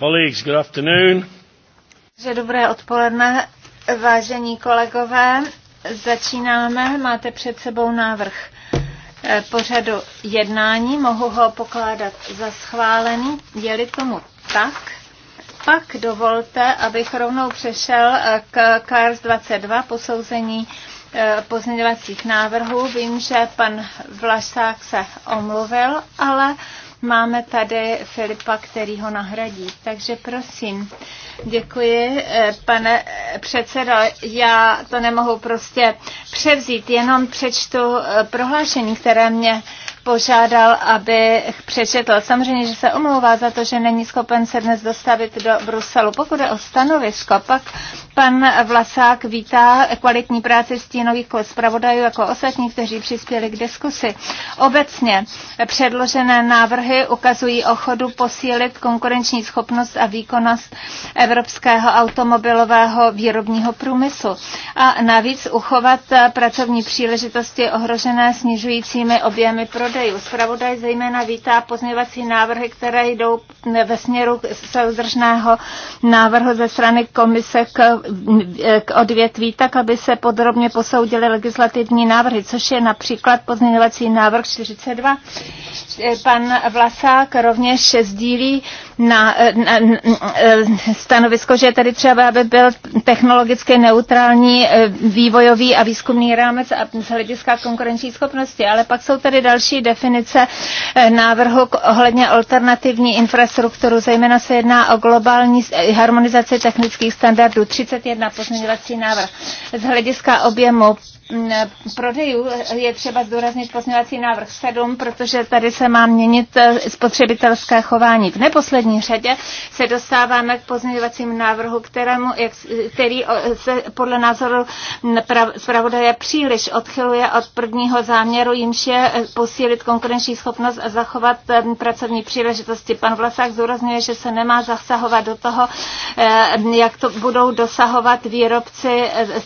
Colleagues, good afternoon. Že dobré odpoledne, vážení kolegové. Začínáme, máte před sebou návrh eh, pořadu jednání, mohu ho pokládat za schválený, je-li tomu tak, pak dovolte, abych rovnou přešel eh, k CARS 22 posouzení eh, pozměňovacích návrhů. Vím, že pan Vlašák se omluvil, ale Máme tady Filipa, který ho nahradí. Takže prosím. Děkuji, eh, pane předsedo. Já to nemohu prostě převzít, jenom přečtu eh, prohlášení, které mě požádal, aby přečetl. Samozřejmě, že se omlouvá za to, že není schopen se dnes dostavit do Bruselu. Pokud je o stanovisko, pak pan Vlasák vítá kvalitní práci stínových zpravodajů jako ostatní, kteří přispěli k diskusi. Obecně předložené návrhy ukazují ochodu posílit konkurenční schopnost a výkonnost evropského automobilového výrobního průmyslu a navíc uchovat pracovní příležitosti ohrožené snižujícími objemy prodeje výdajů. zpravodaj, zejména vítá pozměvací návrhy, které jdou ve směru soudržného návrhu ze strany komise k, k odvětví, tak aby se podrobně posoudily legislativní návrhy, což je například pozměňovací návrh 42. Pan Vlasák rovněž sdílí na, eh, na, na eh, stanovisko, že je tady třeba, aby byl technologicky neutrální eh, vývojový a výzkumný rámec a z hlediska konkurenční schopnosti. Ale pak jsou tady další definice návrhu ohledně alternativní infrastrukturu. Zejména se jedná o globální harmonizaci technických standardů. 31 pozměňovací návrh. Z hlediska objemu Eh, prodejů eh, je třeba zdůraznit pozměňovací návrh 7, protože tady se má měnit eh, spotřebitelské chování. V neposlední řadě se dostáváme k pozměňovacím návrhu, kterému, který se podle názoru zpravodaje příliš odchyluje od prvního záměru, jimž je posílit konkurenční schopnost a zachovat pracovní příležitosti. Pan Vlasák zdůrazňuje, že se nemá zasahovat do toho, jak to budou dosahovat výrobci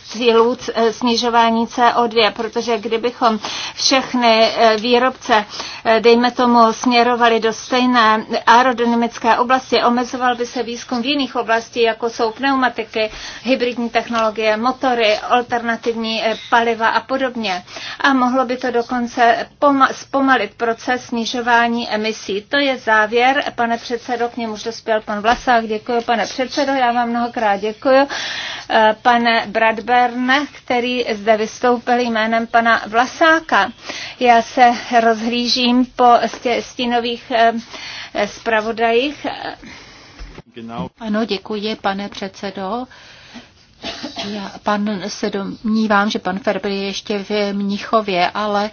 cílů snižování CO2, protože kdybychom všechny eh, výrobce, eh, dejme tomu, směrovali do stejné aerodynamické oblasti, omezoval by se výzkum v jiných oblastí, jako jsou pneumatiky, hybridní technologie, motory, alternativní eh, paliva a podobně. A mohlo by to dokonce zpomalit proces snižování emisí. To je závěr, pane předsedo, k němuž dospěl pan Vlasák. Děkuji, pane předsedo, já vám mnohokrát děkuji. Pane Bradberne, který zde vystoupil vystoupil jménem pana Vlasáka. Já se rozhlížím po stínových eh, zpravodajích. Ano, děkuji, pane předsedo. Já pan se domnívám, že pan Ferber je ještě v Mnichově, ale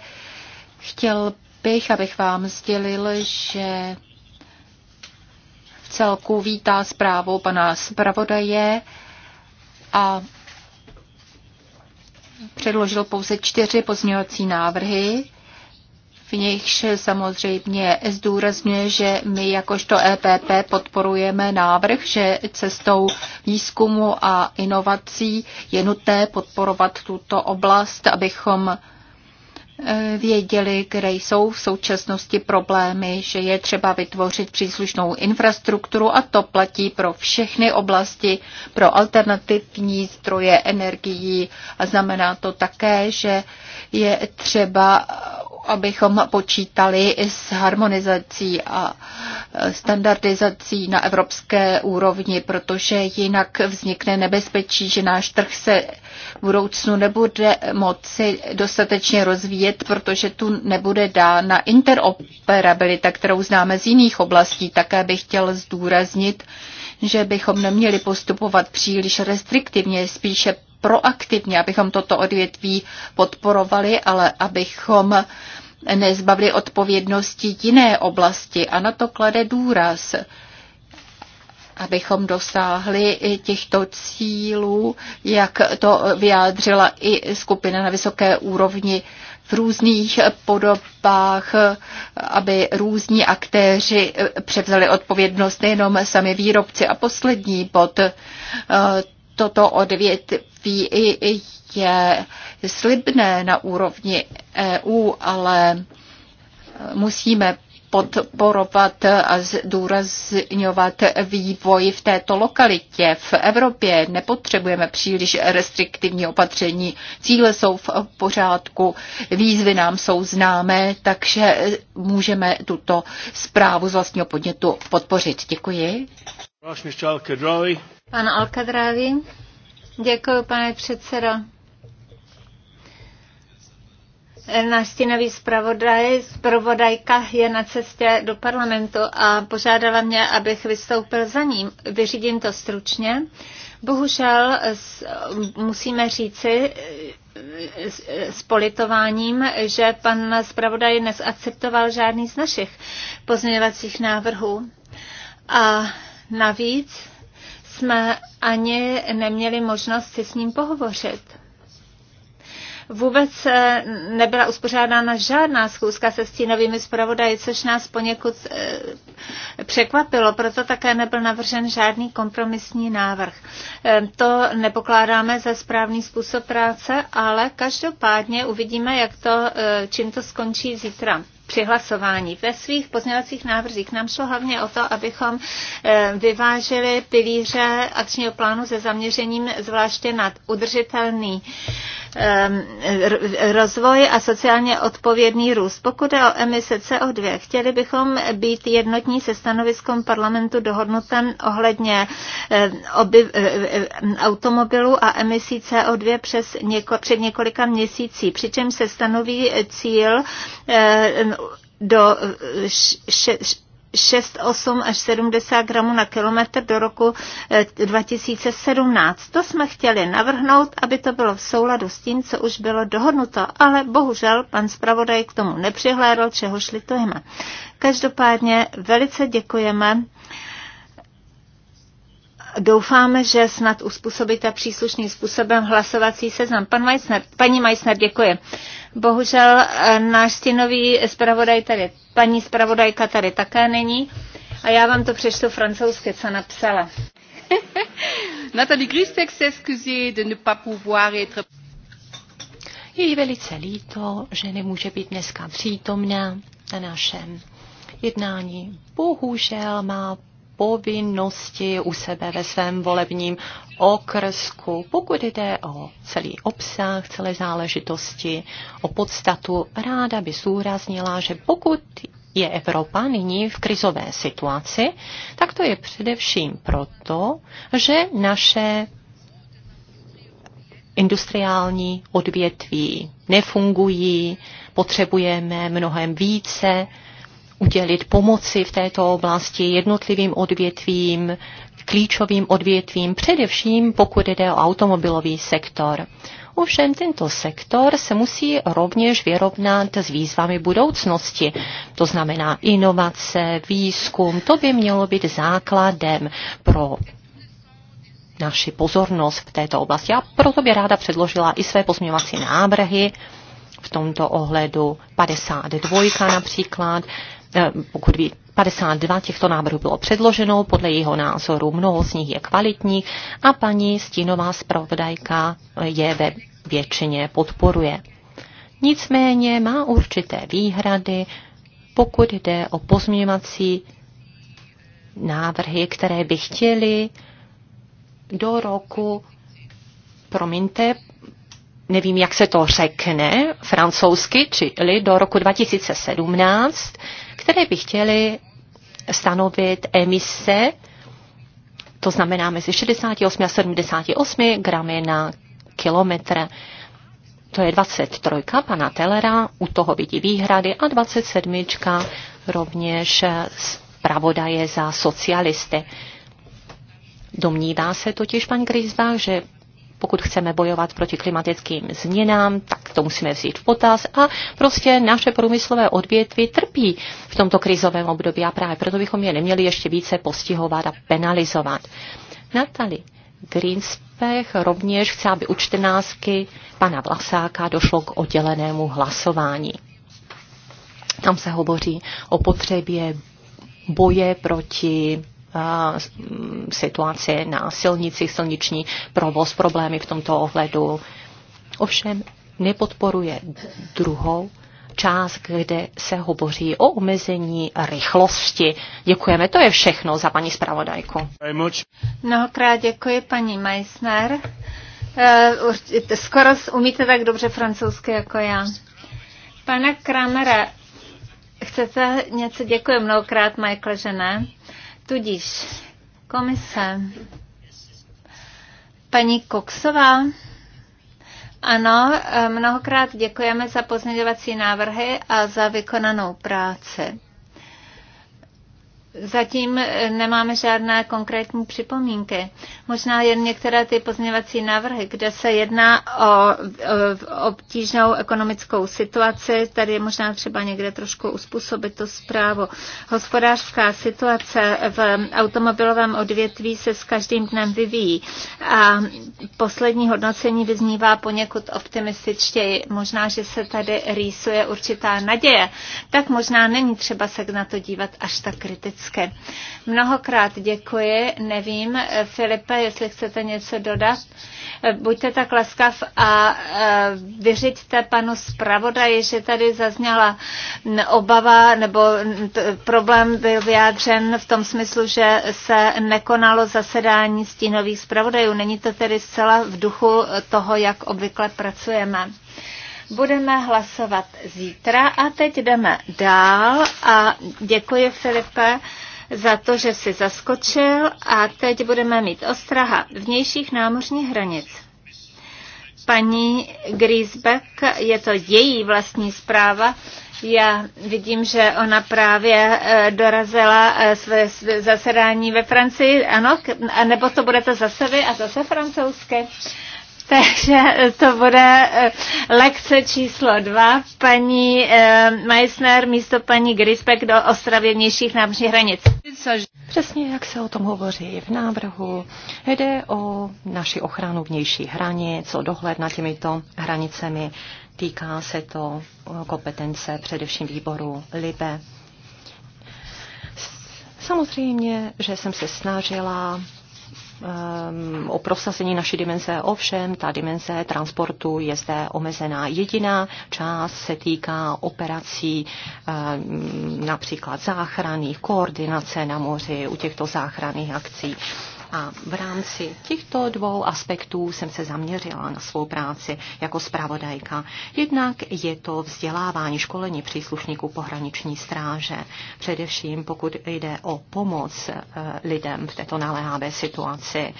chtěl bych, abych vám sdělil, že v celku vítá zprávu pana zpravodaje a předložil pouze čtyři pozměňovací návrhy, v nichž samozřejmě zdůrazňuje, že my jakožto EPP podporujeme návrh, že cestou výzkumu a inovací je nutné podporovat tuto oblast, abychom věděli, kde jsou v současnosti problémy, že je třeba vytvořit příslušnou infrastrukturu a to platí pro všechny oblasti, pro alternativní zdroje energií a znamená to také, že je třeba abychom počítali s harmonizací a standardizací na evropské úrovni, protože jinak vznikne nebezpečí, že náš trh se v budoucnu nebude moci dostatečně rozvíjet, protože tu nebude dána interoperabilita, kterou známe z jiných oblastí. Také bych chtěl zdůraznit, že bychom neměli postupovat příliš restriktivně, spíše proaktivně, abychom toto odvětví podporovali, ale abychom nezbavili odpovědnosti jiné oblasti a na to klade důraz abychom dosáhli těchto cílů, jak to vyjádřila i skupina na vysoké úrovni v různých podobách, aby různí aktéři převzali odpovědnost nejenom sami výrobci. A poslední bod, toto odvětví je slibné na úrovni EU, ale eh, musíme podporovat a zdůrazňovat vývoj v této lokalitě. V Evropě nepotřebujeme příliš restriktivní opatření. Cíle jsou v pořádku, výzvy nám jsou známé, takže můžeme tuto zprávu z vlastního podnětu podpořit. Děkuji. Pan Alkadrávi. Děkuji, pane předsedo. Nástinový zpravodaj, zpravodajka je na cestě do parlamentu a požádala mě, abych vystoupil za ním. Vyřídím to stručně. Bohužel musíme říci s politováním, že pan zpravodaj nesakceptoval žádný z našich pozměňovacích návrhů. A navíc jsme ani neměli možnost si s ním pohovořit. Vůbec eh, nebyla uspořádána žádná schůzka se stínovými zpravodaji, což nás poněkud eh, překvapilo, proto také nebyl navržen žádný kompromisní návrh. Eh, to nepokládáme za správný způsob práce, ale každopádně uvidíme, jak to, čím to skončí zítra při hlasování. Ve svých pozměňovacích návrzích nám šlo hlavně o to, abychom eh, vyvážili pilíře akčního plánu se zaměřením zvláště nad udržitelný ehm, rozvoj a sociálně odpovědný růst. Pokud je o emise CO2, chtěli bychom být jednotní se stanoviskem parlamentu dohodnutem ohledně eh, oby, eh, automobilů a emisí CO2 přes něko, před několika měsící, přičem se stanoví cíl do 6, eh, 8 až 70 gramů na kilometr do roku 2017. Eh, to jsme chtěli navrhnout, aby to bylo v souladu s tím, co už bylo dohodnuto, ale bohužel pan zpravodaj k tomu nepřihlédl, čeho šli to jeme. Každopádně velice děkujeme doufáme, že snad uspůsobíte příslušným způsobem hlasovací seznam. Pan Meissner, paní Majsner, děkuji. Bohužel eh, náš stínový zpravodaj tady, paní zpravodajka tady také není. A já vám to přečtu francouzsky, co napsala. Nathalie Gristek se de ne pas pouvoir être... Je jí velice líto, že nemůže být dneska přítomná na našem jednání. Bohužel má povinnosti u sebe ve svém volebním okrsku. Pokud jde o celý obsah, celé záležitosti, o podstatu, ráda by zúraznila, že pokud je Evropa nyní v krizové situaci, tak to je především proto, že naše industriální odvětví nefungují, potřebujeme mnohem více udělit pomoci v této oblasti jednotlivým odvětvím, klíčovým odvětvím, především pokud jde o automobilový sektor. Ovšem tento sektor se musí rovněž vyrovnat s výzvami budoucnosti. To znamená inovace, výzkum, to by mělo být základem pro naši pozornost v této oblasti. A proto by ráda předložila i své pozměňovací návrhy v tomto ohledu. 52 například Eh, pokud ví, 52 těchto návrhů bylo předloženo, podle jeho názoru mnoho z nich je kvalitní a paní Stínová zpravodajka je ve většině podporuje. Nicméně má určité výhrady, pokud jde o pozměňovací návrhy, které by chtěly do roku, promiňte, nevím, jak se to řekne francouzsky, čili do roku 2017, které by chtěly stanovit emise, to znamená mezi 68 a 78 gramy na kilometr. To je 23 pana Telera, u toho vidí výhrady a 27 rovněž zpravodaje za socialisty. Domnívá se totiž pan Grisbach, že pokud chceme bojovat proti klimatickým změnám, tak to musíme vzít v potaz a prostě naše průmyslové odvětví trpí v tomto krizovém období a právě proto bychom je neměli ještě více postihovat a penalizovat. Natali, Greenspech rovněž chce, aby u čtrnáctky pana Vlasáka došlo k oddělenému hlasování. Tam se hovoří o potřebě boje proti Mm, situace na silnicích, silniční provoz, problémy v tomto ohledu. Ovšem nepodporuje druhou část, kde se hovoří o omezení rychlosti. Děkujeme, to je všechno za paní zpravodajku. Mnohokrát děkuji paní Meissner. E, skoro umíte tak dobře francouzsky jako já. Pane Kramere, chcete něco? Děkuji mnohokrát, Michael, že ne. Tudíž komise. Paní Koksová. Ano, mnohokrát děkujeme za pozměňovací návrhy a za vykonanou práci. Zatím eh, nemáme žádné konkrétní připomínky. Možná jen některé ty pozměňovací návrhy, kde se jedná o, o obtížnou ekonomickou situaci. Tady je možná třeba někde trošku uspůsobit to zprávu. Hospodářská situace v automobilovém odvětví se s každým dnem vyvíjí a poslední hodnocení vyznívá poněkud optimističtěji. Možná, že se tady rýsuje určitá naděje. Tak možná není třeba se na to dívat až tak kriticky vždycky. Mnohokrát děkuji, nevím, Filipe, jestli chcete něco dodat. Buďte tak laskav a e, vyřiďte panu zpravodaji, že tady zazněla obava nebo problém byl vyjádřen v tom smyslu, že se nekonalo zasedání stínových zpravodajů. Není to tedy zcela v duchu toho, jak obvykle pracujeme budeme hlasovat zítra a teď jdeme dál a děkuji Filipe za to, že si zaskočil a teď budeme mít ostraha vnějších námořních hranic. Paní Griesbeck, je to její vlastní zpráva, já vidím, že ona právě eh, dorazila eh, své zasedání ve Francii, ano, nebo to budete zase vy a zase francouzsky. Takže to bude eh, lekce číslo dva. Paní eh, Meissner místo paní Grispek do ostravěnějších námořních hranic. Přesně jak se o tom hovoří v návrhu, jde o naši ochranu vnějších hranic, o dohled nad těmito hranicemi. Týká se to eh, kompetence především výboru LIBE. Samozřejmě, že jsem se snažila Ehm, o prosazení naší dimenze. Ovšem, ta dimenze transportu je zde omezená. Jediná část se týká operací ehm, například záchranných, koordinace na moři u těchto záchranných akcí. A v rámci těchto dvou aspektů jsem se zaměřila na svou práci jako zpravodajka. Jednak je to vzdělávání, školení příslušníků pohraniční stráže, především pokud jde o pomoc eh, lidem v této naléhavé situaci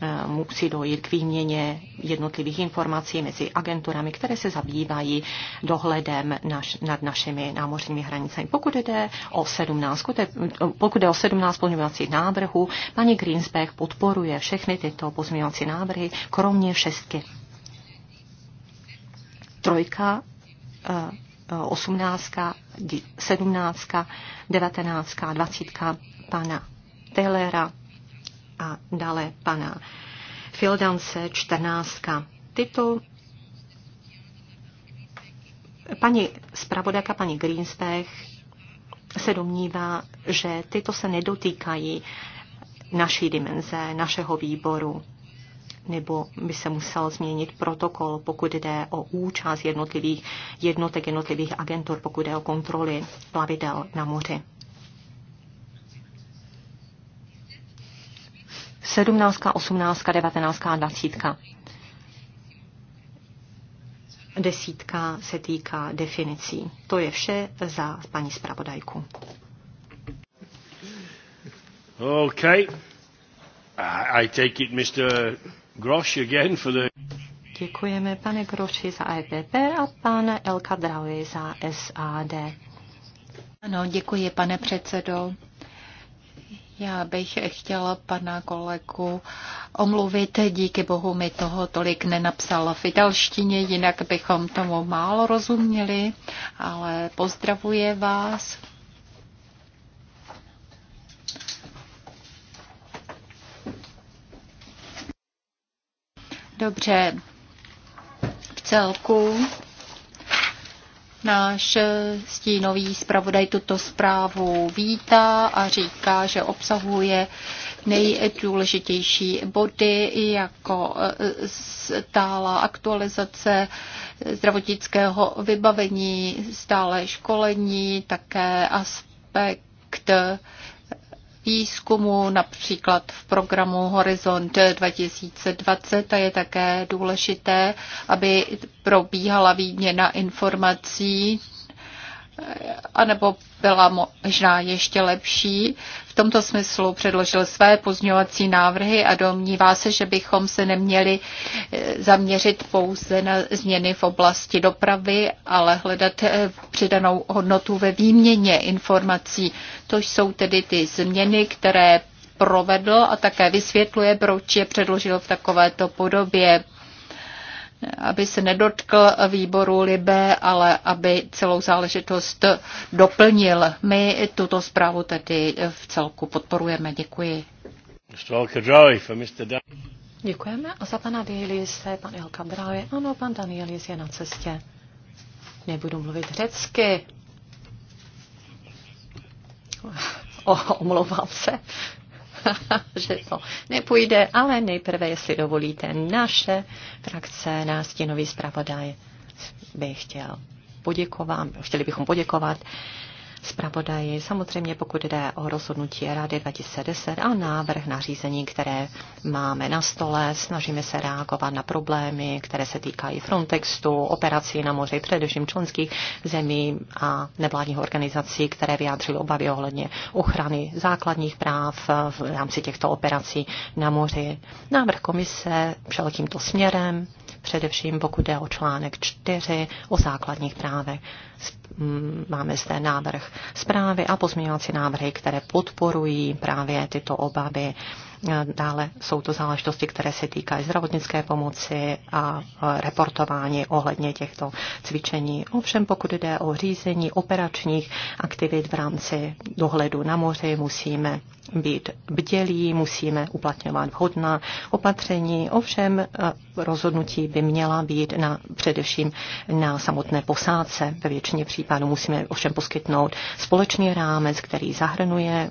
Eh, musí dojít k výměně jednotlivých informací mezi agenturami, které se zabývají dohledem naš, nad našimi námořními hranicemi. Pokud jde o 17, eh, pokud jde o 17 pozměňovacích návrhů, paní Greensberg podporuje všechny tyto pozměňovací návrhy, kromě šestky. Trojka, eh, osmnáctka, sedmnáctka, devatenáctka, dvacítka pana Taylora, a dále pana Fildance 14. Tyto paní zpravodajka, paní Greenspech se domnívá, že tyto se nedotýkají naší dimenze, našeho výboru, nebo by se musel změnit protokol, pokud jde o účast jednotlivých jednotek, jednotlivých agentur, pokud jde o kontroly plavidel na moři. 17, 18, 19 a 20. Desítka se týká definicí. To je vše za paní zpravodajku. Okay. I take it, Mr. Grosch, again for the... Děkujeme pane Groši za EPP a pan Elka Drauji za SAD. Ano, děkuji, pane předsedo. Já bych chtěla pana kolegu omluvit. Díky bohu mi toho tolik nenapsal v italštině, jinak bychom tomu málo rozuměli, ale pozdravuje vás. Dobře, v celku Náš stínový zpravodaj tuto zprávu vítá a říká, že obsahuje nejdůležitější body jako eh, stála aktualizace zdravotnického vybavení, stále školení, také aspekt výzkumu, například v programu Horizont 2020 a je také důležité, aby probíhala výměna informací anebo byla možná ještě lepší. V tomto smyslu předložil své pozňovací návrhy a domnívá se, že bychom se neměli eh, zaměřit pouze na změny v oblasti dopravy, ale hledat eh, přidanou hodnotu ve výměně informací. To jsou tedy ty změny, které provedl a také vysvětluje, proč je předložil v takovéto podobě aby se nedotkl výboru Libé, ale aby celou záležitost doplnil. My tuto zprávu tedy v celku podporujeme. Děkuji. Děkujeme. A za pana Danielise, pan El Kadraoje. Ano, pan Danielis je na cestě. Nebudu mluvit řecky. O, omlouvám se, že to nepůjde, ale nejprve, jestli dovolíte, naše frakce, stěnový zpravodaj by chtěl poděkovat, chtěli bychom poděkovat zpravodaji. Samozřejmě pokud jde o rozhodnutí Rady 2010 a návrh nařízení, které máme na stole, snažíme se reagovat na problémy, které se týkají Frontextu, operací na moři, především členských zemí a nevládních organizací, které vyjádřily obavy ohledně ochrany základních práv v rámci těchto operací na moři. Návrh komise šel tímto směrem především pokud jde o článek 4 o základních právech. Máme zde návrh zprávy a pozměňovací návrhy, které podporují právě tyto obavy Dále jsou to záležitosti, které se týkají zdravotnické pomoci a e, reportování ohledně těchto cvičení. Ovšem, pokud jde o řízení operačních aktivit v rámci dohledu na moři, musíme být bdělí, musíme uplatňovat vhodná opatření. Ovšem, e, rozhodnutí by měla být na, především na samotné posádce. Ve většině případů musíme ovšem poskytnout společný rámec, který zahrnuje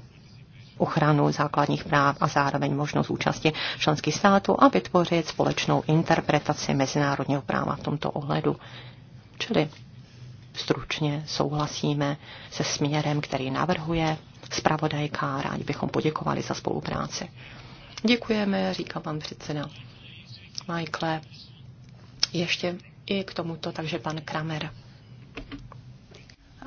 ochranu základních práv a zároveň možnost účasti členských států a vytvořit společnou interpretaci mezinárodního práva v tomto ohledu. Čili stručně souhlasíme se směrem, který navrhuje zpravodajka rád rádi bychom poděkovali za spolupráci. Děkujeme, říká pan předseda. Michael, ještě i k tomuto, takže pan Kramer.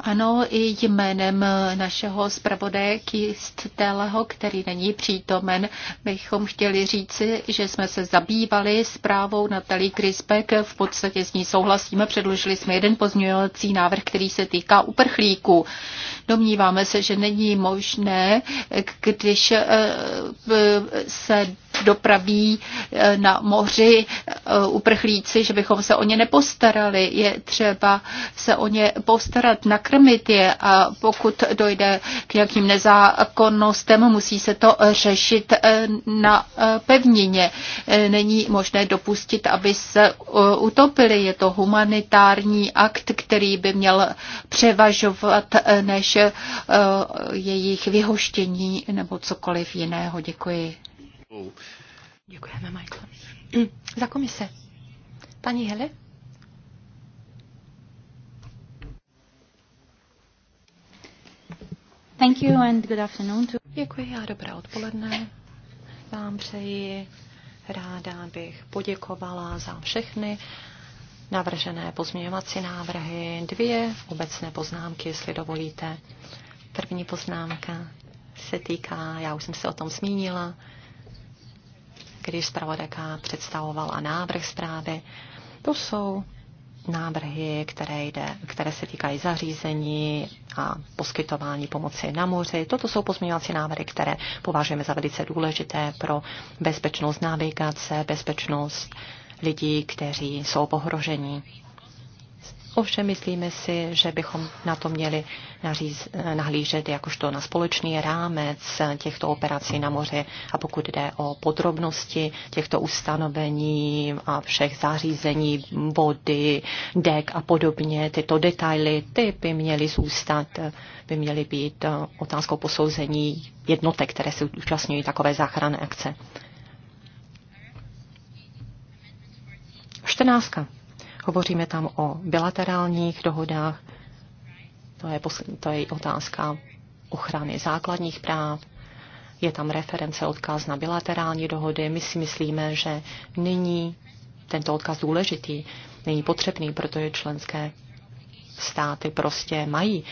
Ano, i jménem našeho zpravodaje Kistelho, který není přítomen, bychom chtěli říci, že jsme se zabývali zprávou Natalí Krispek, v podstatě s ní souhlasíme, předložili jsme jeden pozměňovací návrh, který se týká uprchlíků. Domníváme se, že není možné, když eh, se dopraví eh, na moři eh, uprchlíci, že bychom se o ně nepostarali. Je třeba se o ně postarat, nakrmit je a pokud dojde k nějakým nezákonnostem, musí se to řešit eh, na pevnině. Není možné dopustit, aby se utopili. Je to humanitární akt, který by měl převažovat než jejich vyhoštění nebo cokoliv jiného. Děkuji. Děkujeme, Michael. Za komise. Paní Hele? Thank you and good afternoon to... Děkuji a dobré odpoledne. Vám přeji. Ráda bych poděkovala za všechny navržené pozměňovací návrhy. Dvě obecné poznámky, jestli dovolíte. První poznámka se týká, já už jsem se o tom zmínila, když zpravodajka představovala návrh zprávy. To jsou návrhy, které, jde, které se týkají zařízení a poskytování pomoci na moři. Toto jsou pozměňovací návrhy, které považujeme za velice důležité pro bezpečnost navigace, bezpečnost lidí, kteří jsou pohroženi. Ovšem myslíme si, že bychom na to měli naříz, eh, nahlížet jakožto na společný rámec těchto operací na moři a pokud jde o podrobnosti těchto ustanovení a všech zařízení, vody, dek a podobně, tyto detaily, ty by měly zůstat, by měly být eh, otázkou posouzení jednotek, které se účastňují takové záchranné akce. 14. Hovoříme tam o bilaterálních dohodách, to je, to je otázka ochrany základních práv, je tam reference odkaz na bilaterální dohody. My si myslíme, že není tento odkaz důležitý, není potřebný, protože členské státy prostě mají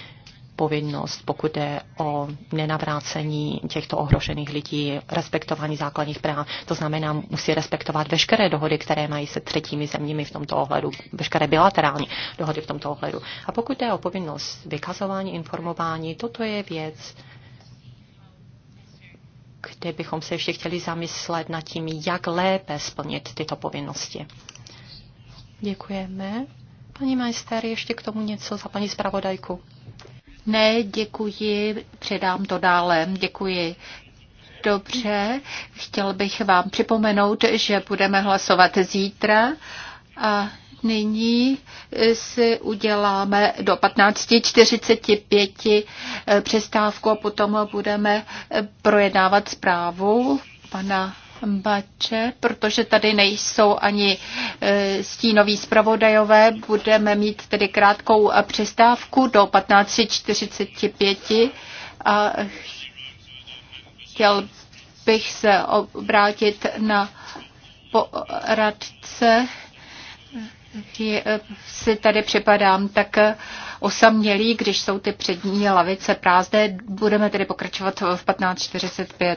Povinnost, pokud jde o nenavrácení těchto ohrožených lidí, respektování základních práv. To znamená, musí respektovat veškeré dohody, které mají se třetími zeměmi v tomto ohledu, veškeré bilaterální dohody v tomto ohledu. A pokud jde o povinnost vykazování, informování, toto je věc, kde bychom se ještě chtěli zamyslet nad tím, jak lépe splnit tyto povinnosti. Děkujeme. Paní majster, ještě k tomu něco za paní zpravodajku. Ne, děkuji, předám to dále. Děkuji. Dobře, chtěl bych vám připomenout, že budeme hlasovat zítra a nyní si uděláme do 15.45 eh, přestávku a potom budeme projednávat zprávu pana Bače, protože tady nejsou ani e, stínoví zpravodajové. Budeme mít tedy krátkou e, přestávku do 15.45 a chtěl bych se obrátit na poradce e, si tady připadám tak osamělý, když jsou ty přední lavice prázdné. Budeme tedy pokračovat v 15.45.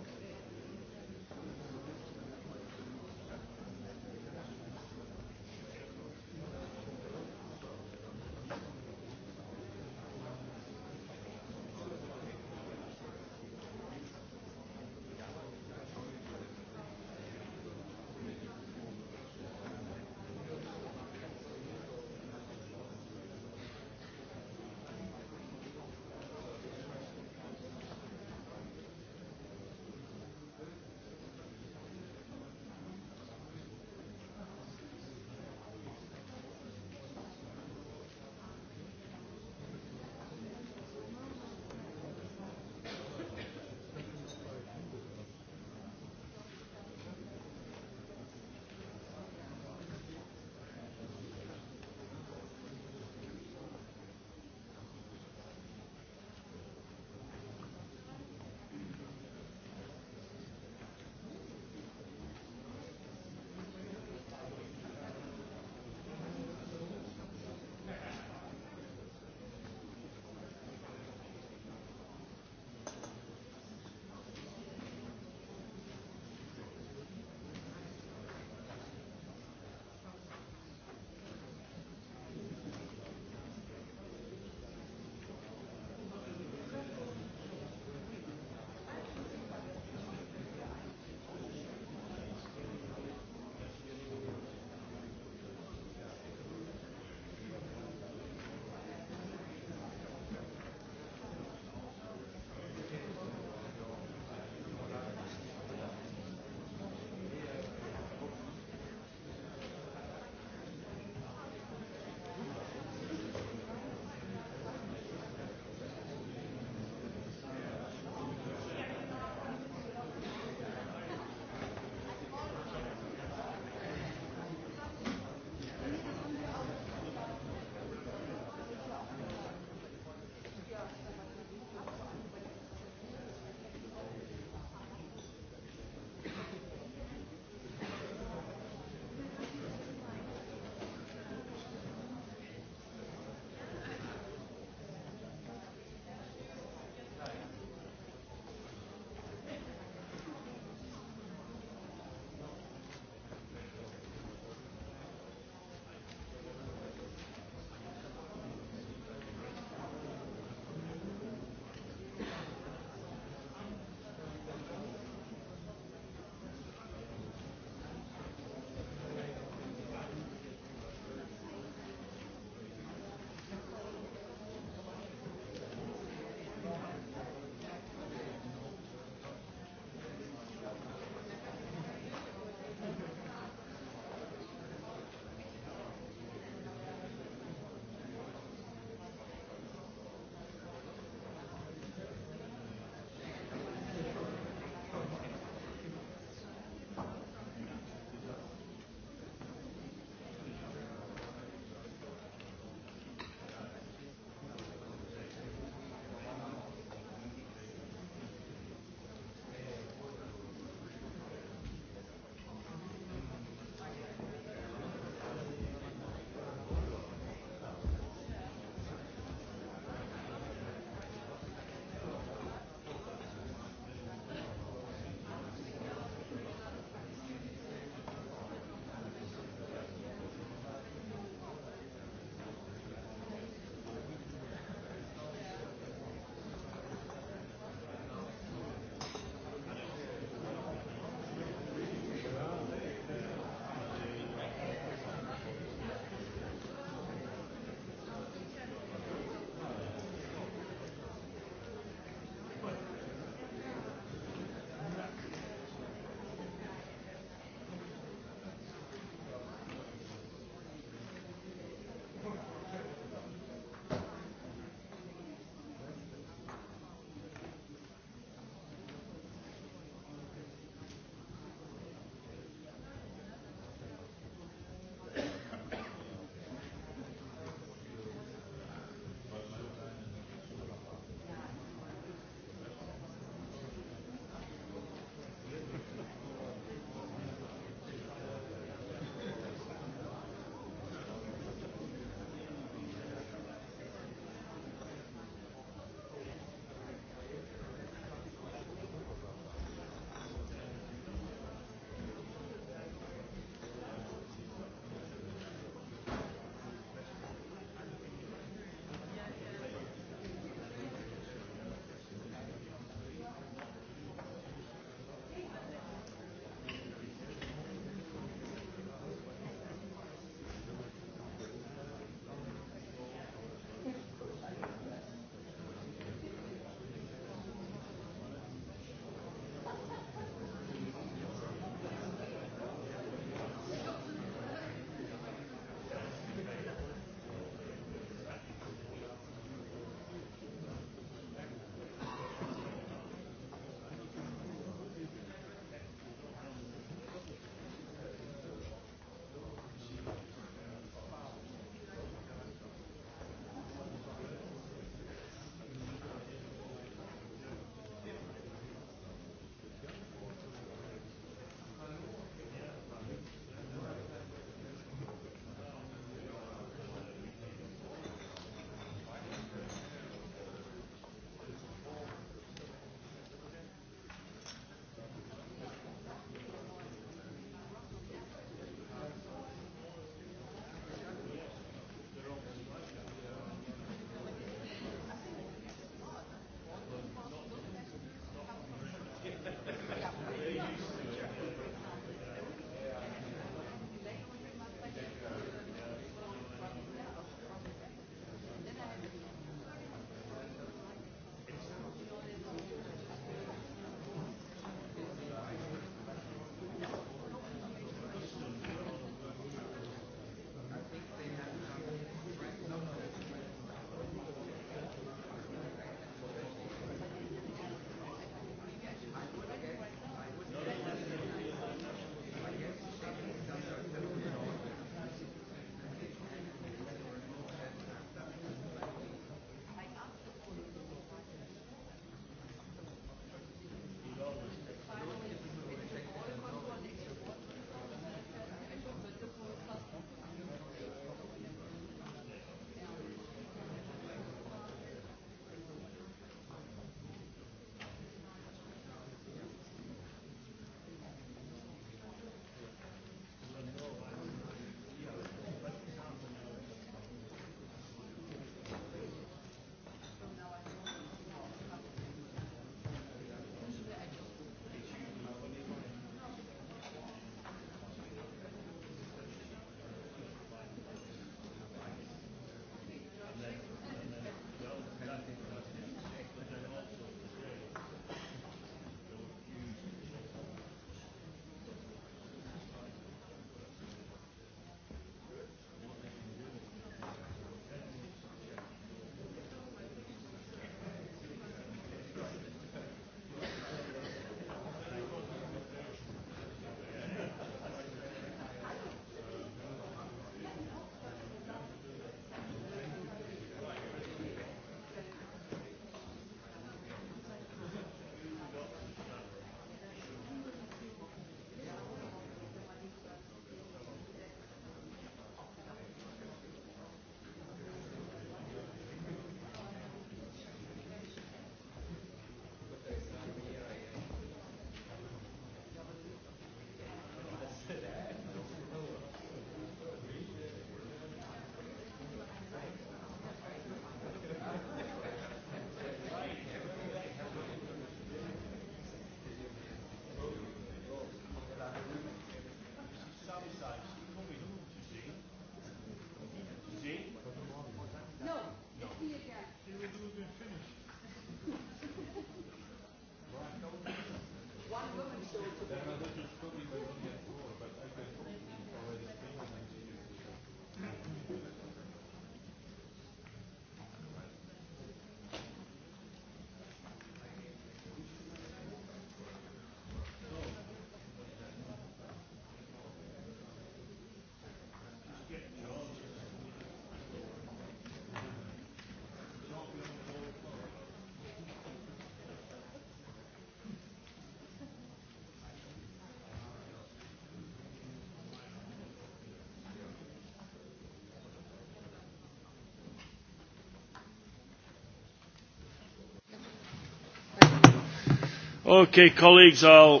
Okay, colleagues, I'll...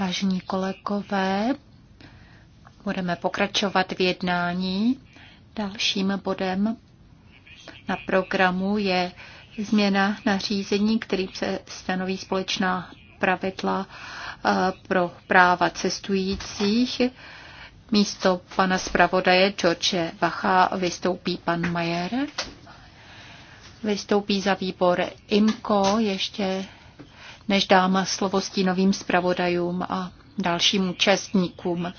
Vážení kolegové, budeme pokračovat v jednání. Dalším bodem na programu je změna nařízení, kterým se stanoví společná pravidla eh, pro práva cestujících. Místo pana zpravodaje George Vacha vystoupí pan Majer. Vystoupí za výbor IMCO ještě než dám slovo stínovým zpravodajům a dalším účastníkům.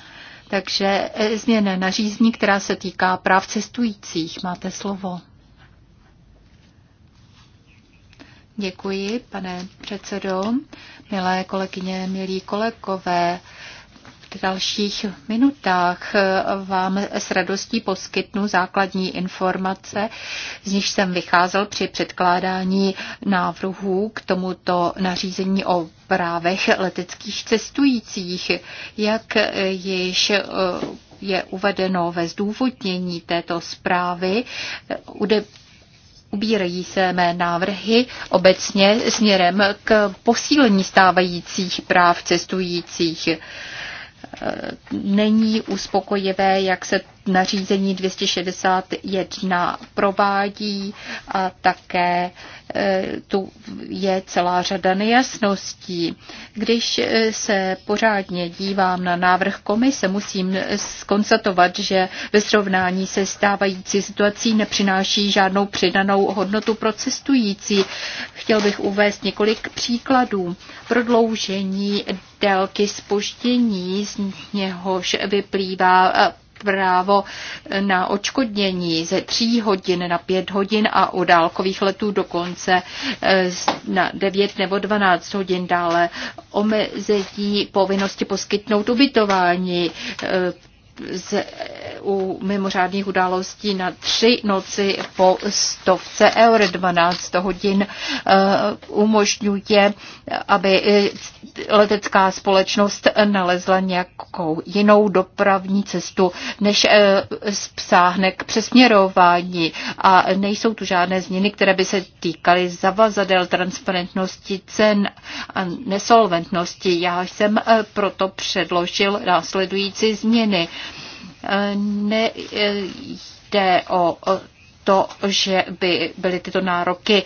Takže e, změna nařízení, která se týká práv cestujících. Máte slovo. Děkuji, pane předsedo, milé kolegyně, milí kolegové. V dalších minutách vám s radostí poskytnu základní informace, z nich jsem vycházel při předkládání návrhů k tomuto nařízení o právech leteckých cestujících, jak již eh, je uvedeno ve zdůvodnění této zprávy, Ubírají se mé návrhy obecně směrem k posílení stávajících práv cestujících není uspokojivé, jak se nařízení 261 provádí a také e, tu je celá řada nejasností. Když e, se pořádně dívám na návrh komise, musím skonstatovat, že ve srovnání se stávající situací nepřináší žádnou přidanou hodnotu pro cestující. Chtěl bych uvést několik příkladů. Prodloužení délky spoždění, z něhož vyplývá e, právo na očkodnění ze tří hodin na pět hodin a u dálkových letů dokonce eh, na 9 nebo 12 hodin dále omezení povinnosti poskytnout ubytování, eh, z, u mimořádných událostí na tři noci po stovce eur 12 hodin eh, umožňuje, aby eh, letecká společnost nalezla nějakou jinou dopravní cestu, než eh, spsáhne k přesměrování a nejsou tu žádné změny, které by se týkaly zavazadel, transparentnosti cen a nesolventnosti. Já jsem proto předložil následující změny nejde o to, že by byly tyto nároky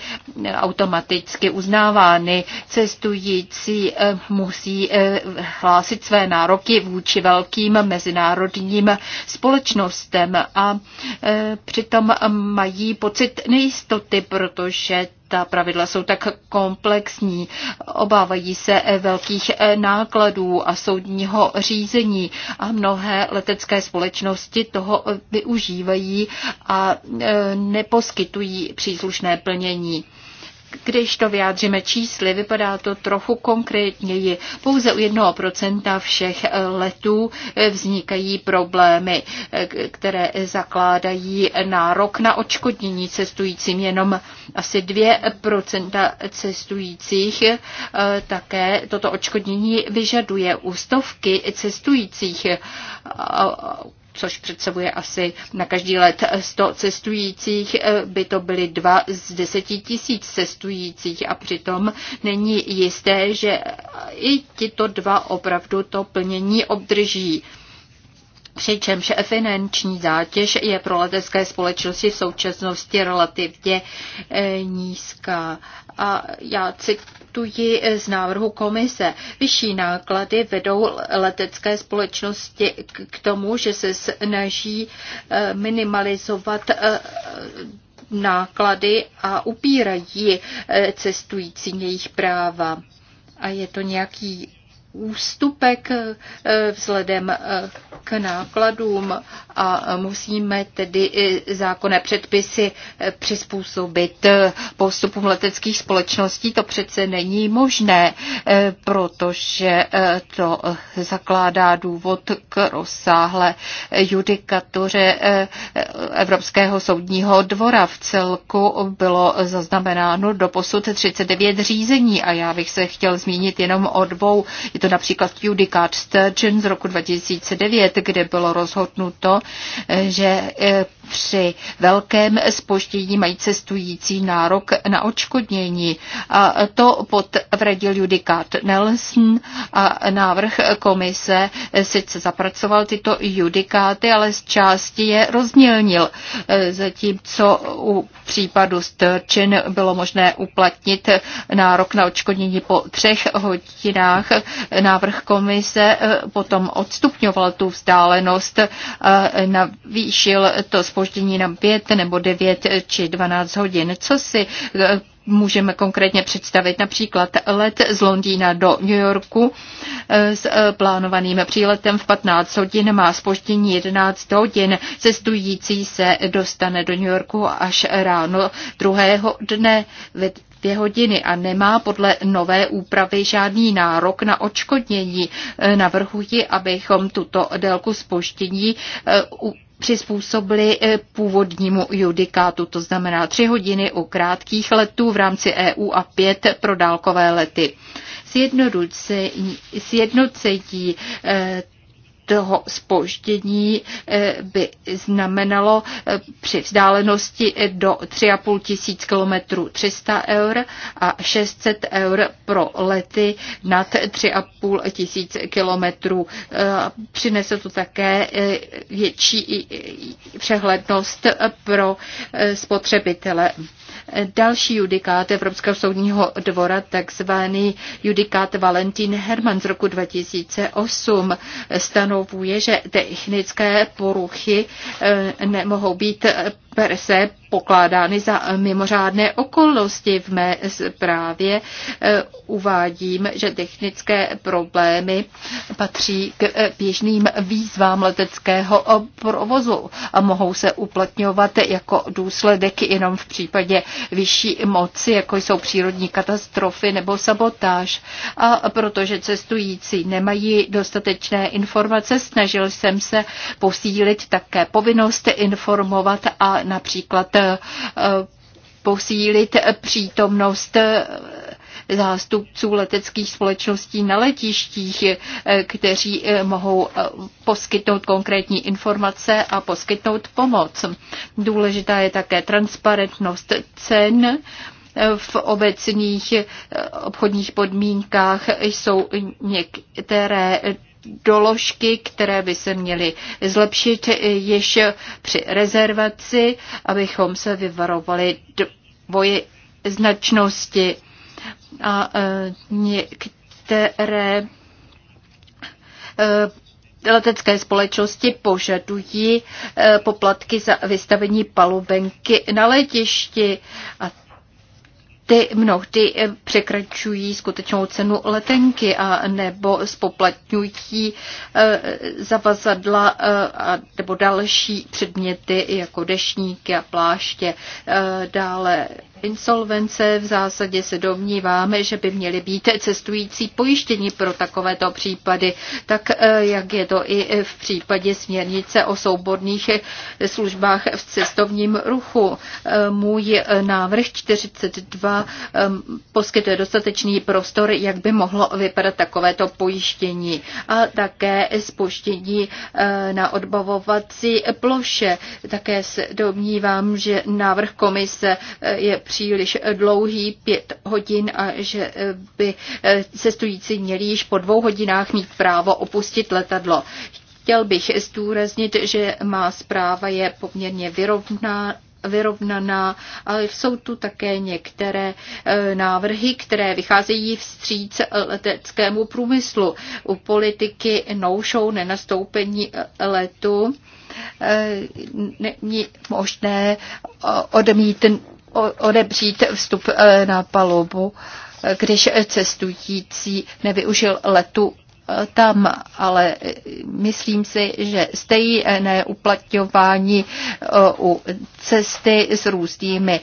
automaticky uznávány. Cestující eh, musí eh, hlásit své nároky vůči velkým mezinárodním společnostem a eh, přitom mají pocit nejistoty, protože ta pravidla jsou tak komplexní. Obávají se eh, velkých eh, nákladů a soudního řízení a mnohé letecké společnosti toho eh, využívají a neposkytují příslušné plnění. Když to vyjádříme čísly, vypadá to trochu konkrétněji. Pouze u 1% všech letů vznikají problémy, které zakládají nárok na očkodnění cestujícím. Jenom asi 2% cestujících eh, také toto očkodnění vyžaduje. U stovky cestujících což představuje asi na každý let 100 cestujících, eh, by to byly 2 z 10 tisíc cestujících a přitom není jisté, že i tito dva opravdu to plnění obdrží přičemž finanční zátěž je pro letecké společnosti v současnosti relativně eh, nízká. A já cituji eh, z návrhu komise. Vyšší náklady vedou letecké společnosti k tomu, že se snaží eh, minimalizovat náklady a upírají cestující jejich práva. A je to nějaký ústupek eh, vzhledem eh, k nákladům a musíme tedy zákonné předpisy eh, přizpůsobit postupům leteckých společností. To přece není možné, protože to zakládá důvod k rozsáhlé judikatoře Evropského soudního dvora. V celku bylo zaznamenáno do posud 39 řízení a já bych se chtěl zmínit jenom o dvou to například judikát Sturgeon z roku 2009, kde bylo rozhodnuto, že eh, při velkém spoždění mají cestující nárok na odškodnění. A to potvrdil judikát Nelson a návrh komise sice zapracoval tyto judikáty, ale z části je rozmělnil. Zatímco u případu Sturgeon bylo možné uplatnit nárok na odškodnění po třech hodinách, návrh komise potom odstupňoval tu vzdálenost, navýšil to spoždění na 5 nebo 9 či 12 hodin. Co si eh, můžeme konkrétně představit například let z Londýna do New Yorku eh, s eh, plánovaným příletem v 15 hodin má spoždění 11 hodin. Cestující se dostane do New Yorku až ráno druhého dne ve dvě hodiny a nemá podle nové úpravy žádný nárok na očkodnění. Navrhuji, abychom tuto délku spoždění přizpůsobili eh, původnímu judikátu, to znamená tři hodiny u krátkých letů v rámci EU a pět pro dálkové lety. Sjednocení eh, toho spoždění eh, by znamenalo eh, při vzdálenosti eh, do 3,5 tisíc kilometrů 300 eur a 600 eur pro lety nad 3,5 tisíc kilometrů. Přinese to také větší přehlednost pro spotřebitele další judikát Evropského soudního dvora, takzvaný judikát Valentín Herman z roku 2008, stanovuje, že technické poruchy eh, nemohou být per se pokládány za mimořádné okolnosti. V mé zprávě eh, uvádím, že technické problémy patří k eh, běžným výzvám leteckého provozu a mohou se uplatňovat jako důsledek jenom v případě vyšší moci, jako jsou přírodní katastrofy nebo sabotáž. A protože cestující nemají dostatečné informace, snažil jsem se posílit také povinnost informovat a například posílit přítomnost zástupců leteckých společností na letištích, kteří mohou poskytnout konkrétní informace a poskytnout pomoc. Důležitá je také transparentnost cen. V obecných obchodních podmínkách jsou některé doložky, které by se měly zlepšit již při rezervaci, abychom se vyvarovali dvoji značnosti a e, některé e, letecké společnosti požadují e, poplatky za vystavení palubenky na letišti a ty mnohdy eh, překračují skutečnou cenu letenky a nebo spoplatňují eh, zavazadla eh, a nebo další předměty jako dešníky a pláště. Dále insolvence. V zásadě se domníváme, že by měly být cestující pojištění pro takovéto případy, tak eh, jak je to i v případě směrnice o souborných eh, službách v cestovním ruchu. Eh, můj návrh 42 ehm, poskytuje dostatečný prostor, jak by mohlo vypadat takovéto pojištění a také spoštění na odbavovací ploše. Také se domnívám, že návrh komise je příliš dlouhý, pět hodin a že eh, by eh, cestující měli již po dvou hodinách mít právo opustit letadlo. Chtěl bych zdůraznit, že má zpráva je poměrně vyrovná, vyrovnaná, ale jsou tu také některé eh, návrhy, které vycházejí vstříc leteckému průmyslu. U politiky no-show nenastoupení letu není možné odmítnout odebřít vstup eh, na palubu, eh, když cestující nevyužil letu eh, tam, ale myslím si, že stejné uplatňování u cesty s různými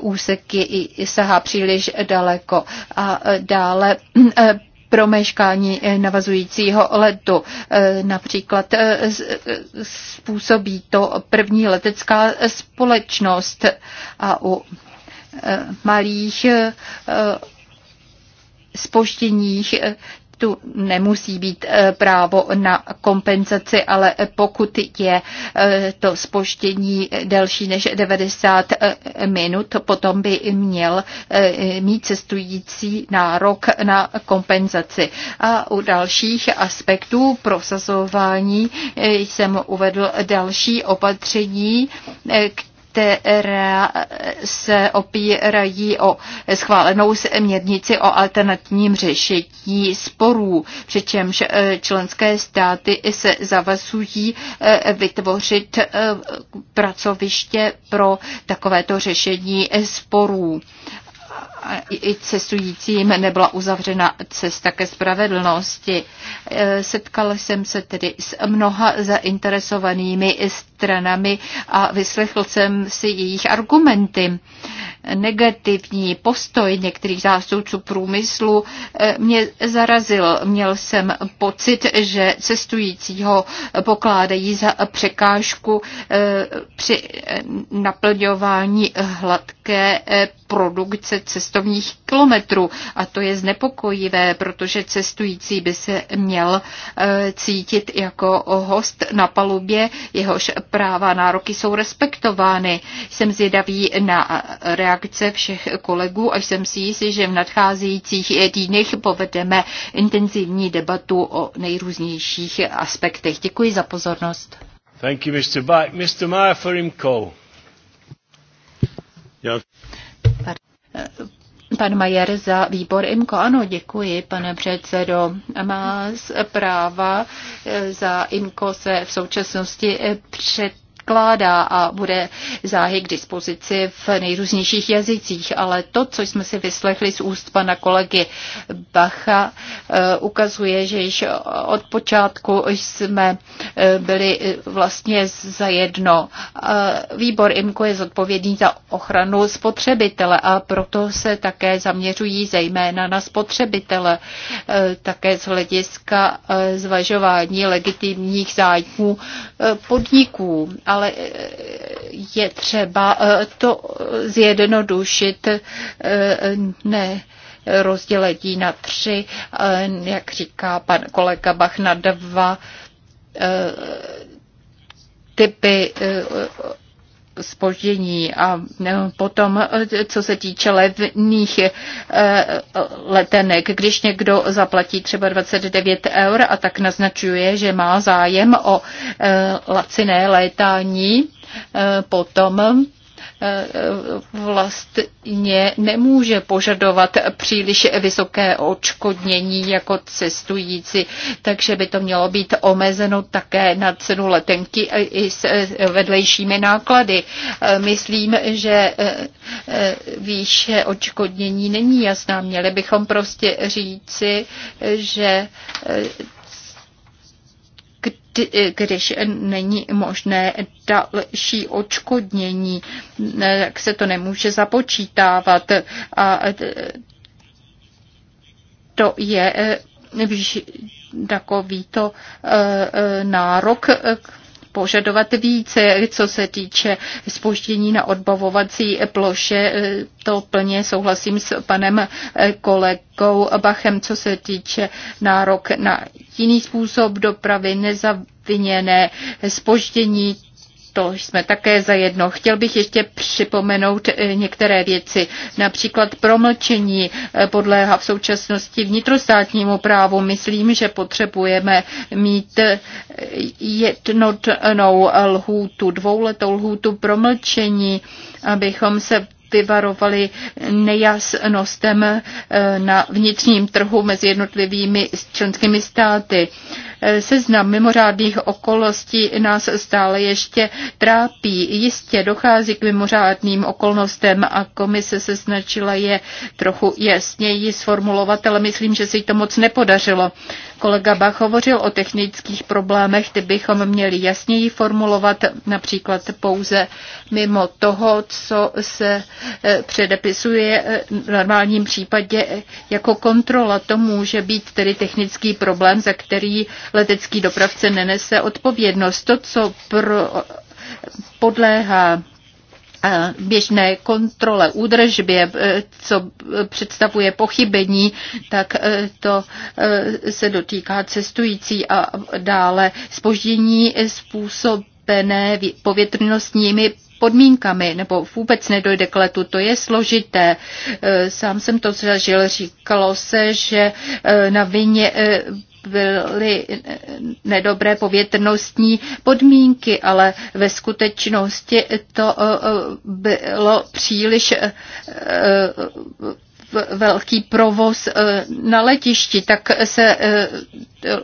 úseky sahá příliš daleko. A dále promeškání eh, navazujícího letu. Eh, například eh, způsobí to první letecká společnost a u malých spožděních tu nemusí být e, právo na kompenzaci, ale pokud je e, to spoštění delší než 90 e, minut, potom by měl mít cestující nárok na kompenzaci. A u dalších aspektů prosazování jsem uvedl další opatření, které které se opírají o schválenou směrnici o alternativním řešení sporů, přičemž eh, členské státy se zavazují eh, vytvořit eh, pracoviště pro takovéto řešení sporů i cestujícím nebyla uzavřena cesta ke spravedlnosti. E, setkal jsem se tedy s mnoha zainteresovanými stranami a vyslechl jsem si jejich argumenty. Negativní postoj některých zástupců průmyslu e, mě zarazil. Měl jsem pocit, že cestujícího pokládají za překážku e, při naplňování hladké produkce cestovních kilometrů. A to je znepokojivé, protože cestující by se měl e, cítit jako host na palubě, jehož práva nároky jsou respektovány. Jsem zvědavý na reakce všech kolegů a jsem si jistý, že v nadcházejících týdnech povedeme intenzivní debatu o nejrůznějších aspektech. Děkuji za pozornost. Thank you, Mr. Mr. Meyer for IMCO. Yeah. Eh, pan Majer za výbor IMKO. Ano, děkuji, pane předsedo. Má zpráva eh, za IMKO se v současnosti eh, před předkládá a bude záhy k dispozici v nejrůznějších jazycích. Ale to, co jsme si vyslechli z úst pana kolegy Bacha, eh, ukazuje, že již od počátku jsme eh, byli eh, vlastně zajedno. Výbor IMCO je zodpovědný za ochranu spotřebitele a proto se také zaměřují zejména na spotřebitele, také z hlediska zvažování legitimních zájmů podniků ale eh, je třeba eh, to zjednodušit, eh, ne rozdělení na tři, jak říká pan kolega Bach, na dva typy spoždění a no, potom, co se týče levných eh, letenek, když někdo zaplatí třeba 29 eur a tak naznačuje, že má zájem o eh, laciné létání, eh, potom vlastně nemůže požadovat příliš vysoké odškodnění jako cestující, takže by to mělo být omezeno také na cenu letenky i s vedlejšími náklady. Myslím, že eh, eh, výše odškodnění není jasná. Měli bychom prostě říci, že eh, Eh, když není možné další očkodnění, tak se to nemůže započítávat. A eh, to je eh, to nárok, požadovat více, co se týče spoždění na odbavovací ploše. To plně souhlasím s panem kolegou Bachem, co se týče nárok na jiný způsob dopravy, nezaviněné spoždění to jsme také zajedno. Chtěl bych ještě připomenout eh, některé věci. Například promlčení eh, podléhá v současnosti vnitrostátnímu právu. Myslím, že potřebujeme mít eh, jednotnou lhůtu, dvouletou lhůtu promlčení, abychom se vyvarovali nejasnostem na vnitřním trhu mezi jednotlivými členskými státy. Seznam mimořádných okolností nás stále ještě trápí. Jistě dochází k mimořádným okolnostem a komise se snažila je trochu jasněji sformulovat, ale myslím, že se jí to moc nepodařilo. Kolega Bach hovořil o technických problémech, ty bychom měli jasněji formulovat, například pouze mimo toho, co se eh, předepisuje eh, v normálním případě eh, jako kontrola. To může být tedy technický problém, za který letecký dopravce nenese odpovědnost. To, co pro, podléhá eh, běžné kontrole, údržbě, eh, co eh, představuje pochybení, tak to se dotýká cestující a dále spoždění způsobené povětrnostními podmínkami, nebo vůbec nedojde k letu, to je složité. Sám jsem to zažil, říkalo se, že na vině byly nedobré povětrnostní podmínky, ale ve skutečnosti to eh, eh, bylo příliš eh, velký provoz na letišti, tak se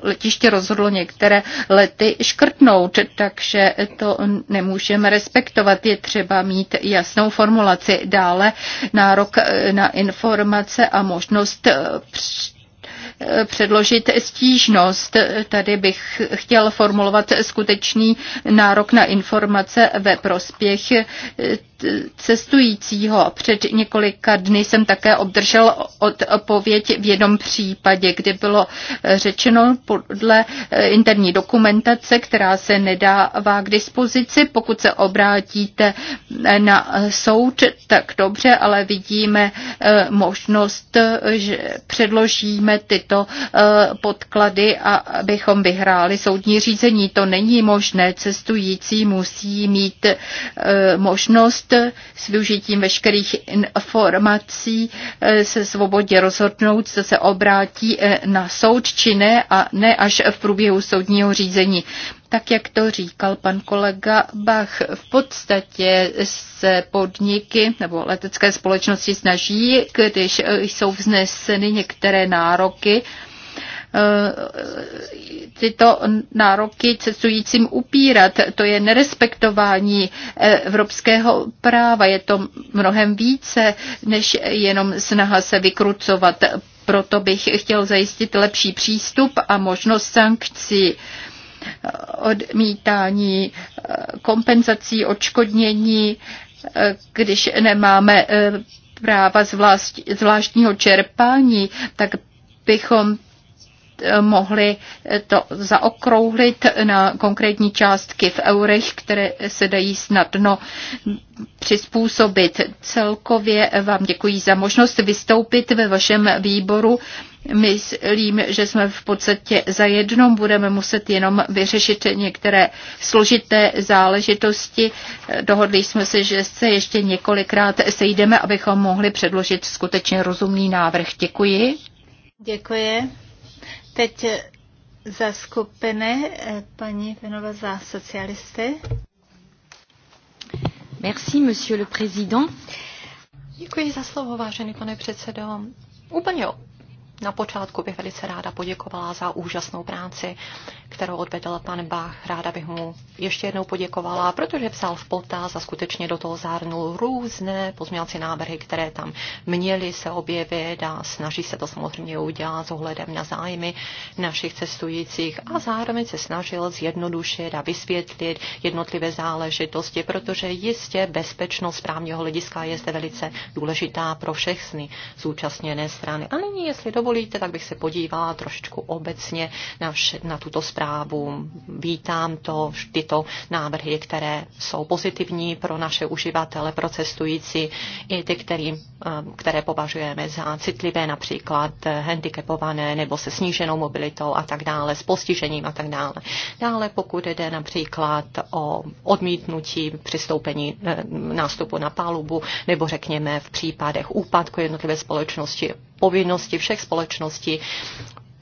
letiště rozhodlo některé lety škrtnout, takže to nemůžeme respektovat. Je třeba mít jasnou formulaci. Dále nárok na informace a možnost předložit stížnost. Tady bych chtěl formulovat skutečný nárok na informace ve prospěch cestujícího. Před několika dny jsem také obdržel odpověď v jednom případě, kdy bylo eh, řečeno podle eh, interní dokumentace, která se nedává k dispozici, pokud se obrátíte eh, na soud, tak dobře, ale vidíme možnost, že předložíme tyto podklady, abychom vyhráli soudní řízení. To není možné. Cestující musí mít možnost s využitím veškerých informací eh, se svobodně rozhodnout, co se obrátí eh, na soud či ne a ne až v průběhu soudního řízení. Tak jak to říkal pan kolega Bach, v podstatě se podniky nebo letecké společnosti snaží, když eh, jsou vzneseny některé nároky, Eh, tyto nároky cestujícím upírat. To je nerespektování eh, evropského práva. Je to mnohem více, než jenom snaha se vykrucovat. Proto bych chtěl zajistit lepší přístup a možnost sankcí odmítání eh, kompenzací, odškodnění, když nemáme práva zvlášť, zvláštního čerpání, tak bychom mohli to zaokrouhlit na konkrétní částky v eurech, které se dají snadno přizpůsobit. Celkově vám děkuji za možnost vystoupit ve vašem výboru. Myslím, že jsme v podstatě za jednou budeme muset jenom vyřešit některé složité záležitosti. Dohodli jsme se, že se ještě několikrát sejdeme, abychom mohli předložit skutečně rozumný návrh. Děkuji. Děkuji. Teď za skupiny eh, paní Venova za socialisty. Merci, monsieur le président. Děkuji za slovo, vážený pane předsedo. Úplně jo. na počátku bych velice ráda poděkovala za úžasnou práci, kterou odvedl pan Bach. Ráda bych mu ještě jednou poděkovala, protože psal v potaz a skutečně do toho zahrnul různé pozměňovací návrhy, které tam měly se objevit a snaží se to samozřejmě udělat s ohledem na zájmy našich cestujících a zároveň se snažil zjednodušit a vysvětlit jednotlivé záležitosti, protože jistě bezpečnost právního hlediska je zde velice důležitá pro všechny zúčastněné strany. A nyní, jestli dovolíte, tak bych se podívala trošičku obecně na, vš- na tuto zprávu právu. Vítám to, tyto návrhy, které jsou pozitivní pro naše uživatele, pro cestující, i ty, který, eh, které považujeme za citlivé, například handicapované nebo se sníženou mobilitou a tak dále, s postižením a tak dále. Dále, pokud jde například o odmítnutí přistoupení eh, nástupu na palubu, nebo řekněme v případech úpadku jednotlivé společnosti, povinnosti všech společností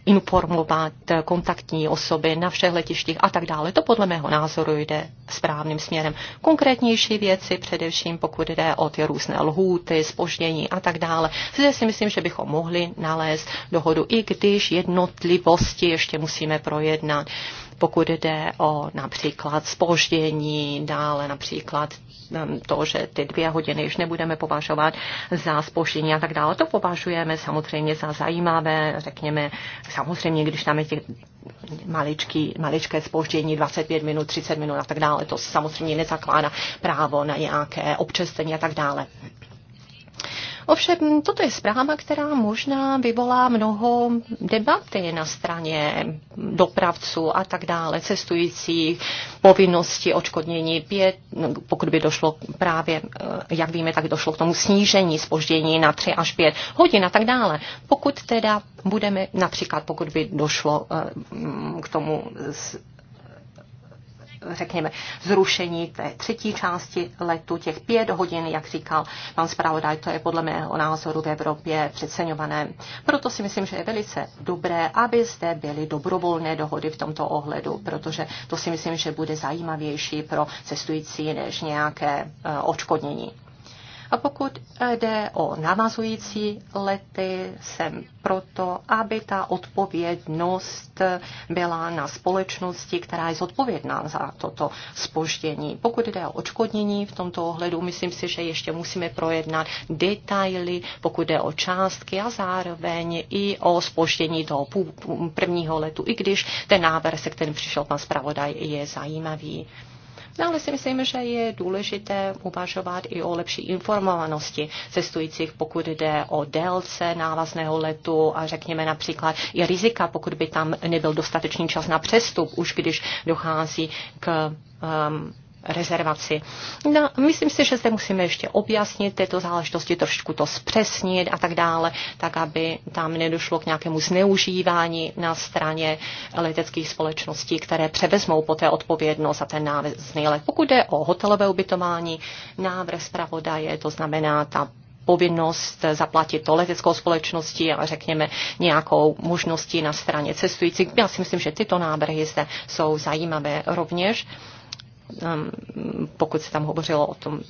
informovat kontaktní osoby na všech letištích a tak dále. To podle mého názoru jde správným směrem. Konkrétnější věci, především pokud jde o ty různé lhůty, spoždění a tak dále. Zde si myslím, že bychom mohli nalézt dohodu, i když jednotlivosti ještě musíme projednat pokud jde o například spoždění, dále například to, že ty dvě hodiny již nebudeme považovat za spoždění a tak dále. To považujeme samozřejmě za zajímavé, řekněme, samozřejmě, když tam je těch maličký, maličké spoždění 25 minut, 30 minut a tak dále, to samozřejmě nezakládá právo na nějaké občestení a tak dále. Ovšem, toto je zpráva, která možná vyvolá mnoho debaty na straně dopravců a tak dále, cestujících, povinnosti očkodnění pět, pokud by došlo právě, eh, jak víme, tak došlo k tomu snížení spoždění na tři až pět hodin a tak dále. Pokud teda budeme, například pokud by došlo eh, k tomu řekněme, zrušení té třetí části letu, těch pět hodin, jak říkal pan zpravodaj, to je podle mého názoru v Evropě přeceňované. Proto si myslím, že je velice dobré, aby zde byly dobrovolné dohody v tomto ohledu, protože to si myslím, že bude zajímavější pro cestující než nějaké eh, očkodnění. A pokud jde o navazující lety, jsem proto, aby ta odpovědnost byla na společnosti, která je zodpovědná za toto spoždění. Pokud jde o očkodnění v tomto ohledu, myslím si, že ještě musíme projednat detaily, pokud jde o částky a zároveň i o spoždění toho prvního letu, i když ten návrh, se kterým přišel pan zpravodaj, je zajímavý. Dále no, si myslím, že je důležité uvažovat i o lepší informovanosti cestujících, pokud jde o délce návazného letu a řekněme například i rizika, pokud by tam nebyl dostatečný čas na přestup, už když dochází k um, rezervaci. No, myslím si, že zde musíme ještě objasnit tyto záležitosti, trošku to zpřesnit a tak dále, tak aby tam nedošlo k nějakému zneužívání na straně leteckých společností, které převezmou poté odpovědnost za ten návazný let. Pokud jde o hotelové ubytování, návrh zpravodaje, to znamená ta povinnost zaplatit to leteckou společnosti a řekněme nějakou možností na straně cestujících. Já si myslím, že tyto návrhy zde jsou zajímavé rovněž pokud se tam hovořilo o tom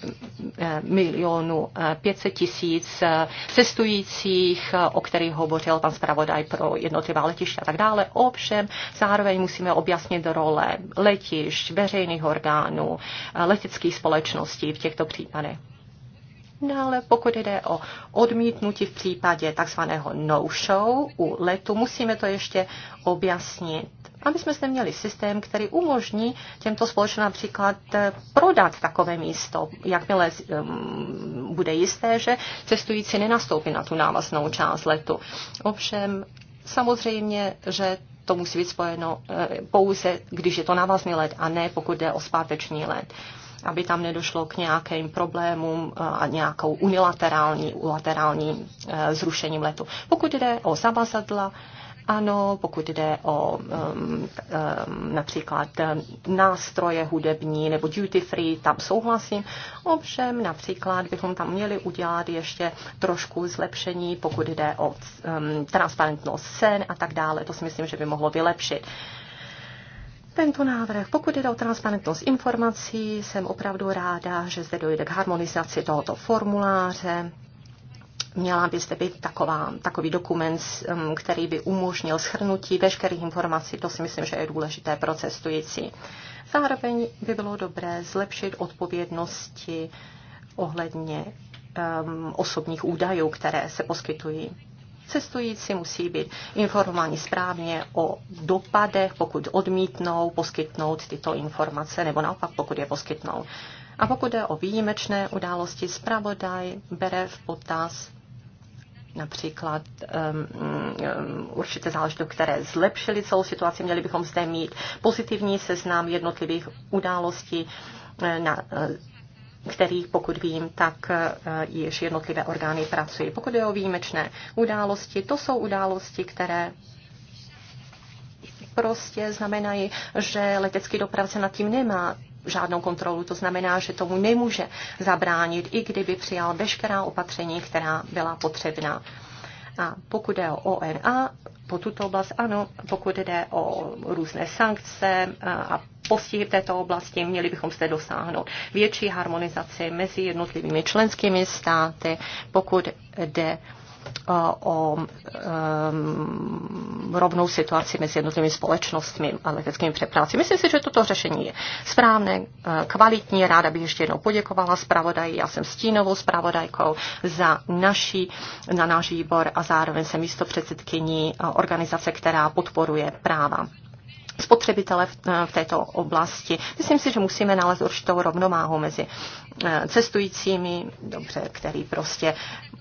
eh, milionu 500 eh, tisíc eh, cestujících, o kterých hovořil pan zpravodaj pro jednotlivá letiště a tak dále. Ovšem, zároveň musíme objasnit role letišť, veřejných orgánů, leteckých společností v těchto případech. No, ale pokud jde o odmítnutí v případě takzvaného no-show u letu, musíme to ještě objasnit aby jsme zde měli systém, který umožní těmto společnostem například eh, prodat takové místo, jakmile eh, bude jisté, že cestující nenastoupí na tu návaznou část letu. Ovšem, samozřejmě, že to musí být spojeno eh, pouze, když je to návazný let a ne pokud jde o zpáteční let aby tam nedošlo k nějakým problémům eh, a nějakou unilaterální, unilaterální eh, zrušením letu. Pokud jde o zavazadla, ano, pokud jde o um, um, například eh, nástroje hudební nebo duty free, tam souhlasím. Ovšem například bychom tam měli udělat ještě trošku zlepšení, pokud jde o um, transparentnost sen a tak dále. To si myslím, že by mohlo vylepšit tento návrh. Pokud jde o transparentnost informací, jsem opravdu ráda, že zde dojde k harmonizaci tohoto formuláře. Měla by zde být taková, takový dokument, um, který by umožnil schrnutí veškerých informací. To si myslím, že je důležité pro cestující. Zároveň by bylo dobré zlepšit odpovědnosti ohledně um, osobních údajů, které se poskytují Cestující musí být informováni správně o dopadech, pokud odmítnou poskytnout tyto informace, nebo naopak, pokud je poskytnou. A pokud je o výjimečné události, zpravodaj bere v potaz například um, um, určité záležitosti, které zlepšily celou situaci. Měli bychom zde mít pozitivní seznam jednotlivých událostí na který, pokud vím, tak eh, již jednotlivé orgány pracují. Pokud je o výjimečné události, to jsou události, které prostě znamenají, že letecký dopravce nad tím nemá žádnou kontrolu. To znamená, že tomu nemůže zabránit, i kdyby přijal veškerá opatření, která byla potřebná. A pokud je o ONA, po tuto oblast, ano, pokud jde o různé sankce a postihy v této oblasti, měli bychom zde dosáhnout větší harmonizaci mezi jednotlivými členskými státy, pokud jde o um, rovnou situaci mezi jednotlivými společnostmi a leteckými přepravci. Myslím si, že toto řešení je správné, e, kvalitní. Ráda bych ještě jednou poděkovala zpravodaji. Já jsem stínovou zpravodajkou za naší, na náš výbor a zároveň jsem místo předsedkyní e, organizace, která podporuje práva spotřebitele e, v této oblasti. Myslím si, že musíme nalézt určitou rovnováhu mezi cestujícími, dobře, který prostě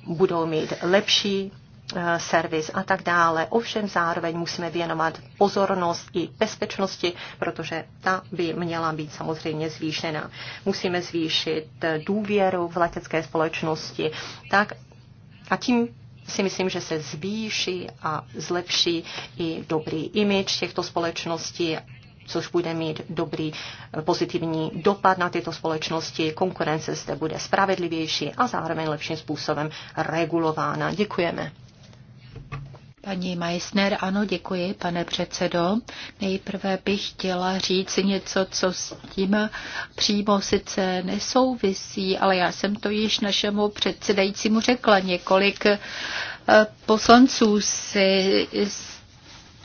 budou mít lepší eh, servis a tak dále. Ovšem zároveň musíme věnovat pozornost i bezpečnosti, protože ta by měla být samozřejmě zvýšena. Musíme zvýšit eh, důvěru v letecké společnosti tak a tím si myslím, že se zvýší a zlepší i dobrý imič těchto společností což bude mít dobrý eh, pozitivní dopad na tyto společnosti. Konkurence zde bude spravedlivější a zároveň lepším způsobem regulována. Děkujeme. Paní Meissner, ano, děkuji, pane předsedo. Nejprve bych chtěla říct něco, co s tím přímo sice nesouvisí, ale já jsem to již našemu předsedajícímu řekla. Několik eh, poslanců si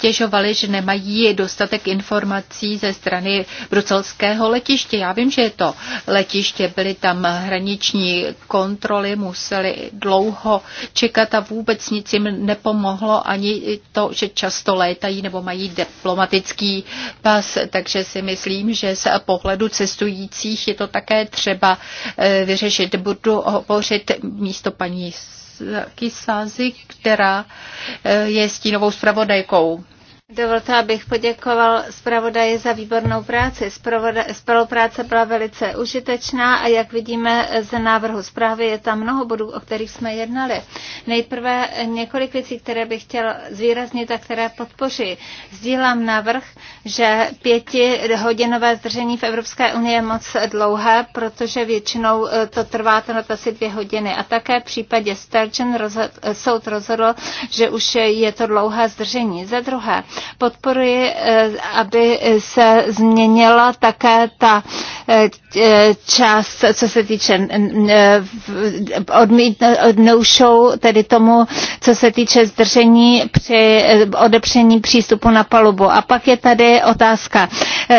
stěžovali, že nemají dostatek informací ze strany bruselského letiště. Já vím, že je to letiště, byly tam hraniční kontroly, museli dlouho čekat a vůbec nic jim nepomohlo ani to, že často létají nebo mají diplomatický pas, takže si myslím, že z pohledu cestujících je to také třeba eh, vyřešit. Budu hovořit místo paní Sakisázy, která eh, je stínovou zpravodajkou. Dovolte, abych poděkoval zpravodaji za výbornou práci. Spolupráce byla velice užitečná a jak vidíme ze návrhu zprávy, je tam mnoho bodů, o kterých jsme jednali. Nejprve několik věcí, které bych chtěl zvýraznit a které podpoří. Sdílám návrh, že pětihodinové zdržení v Evropské unii je moc dlouhé, protože většinou eh, to trvá to na asi dvě hodiny. A také v případě Sturgeon rozhod, soud rozhodl, že už je to dlouhé zdržení. Za druhé, Podporuji, eh, aby se změnila také ta eh, část, co se týče eh, odnoušou, tedy tomu, co se týče zdržení při odepření přístupu na palubu. A pak je tady otázka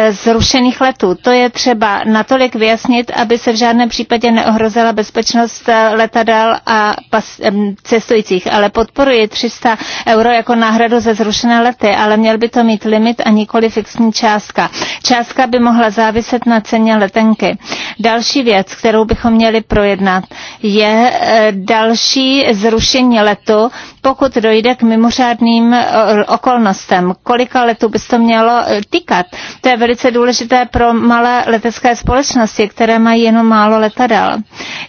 zrušených letů. To je třeba natolik vyjasnit, aby se v žádném případě neohrozila bezpečnost letadel a pas, cestujících. Ale podporuji 300 euro jako náhradu za zrušené lety, ale ale měl by to mít limit a nikoli fixní částka. Částka by mohla záviset na ceně letenky. Další věc, kterou bychom měli projednat, je eh, další zrušení letu pokud dojde k mimořádným e, okolnostem. Kolika letů by to mělo e, týkat? To je velice důležité pro malé letecké společnosti, které mají jenom málo letadel.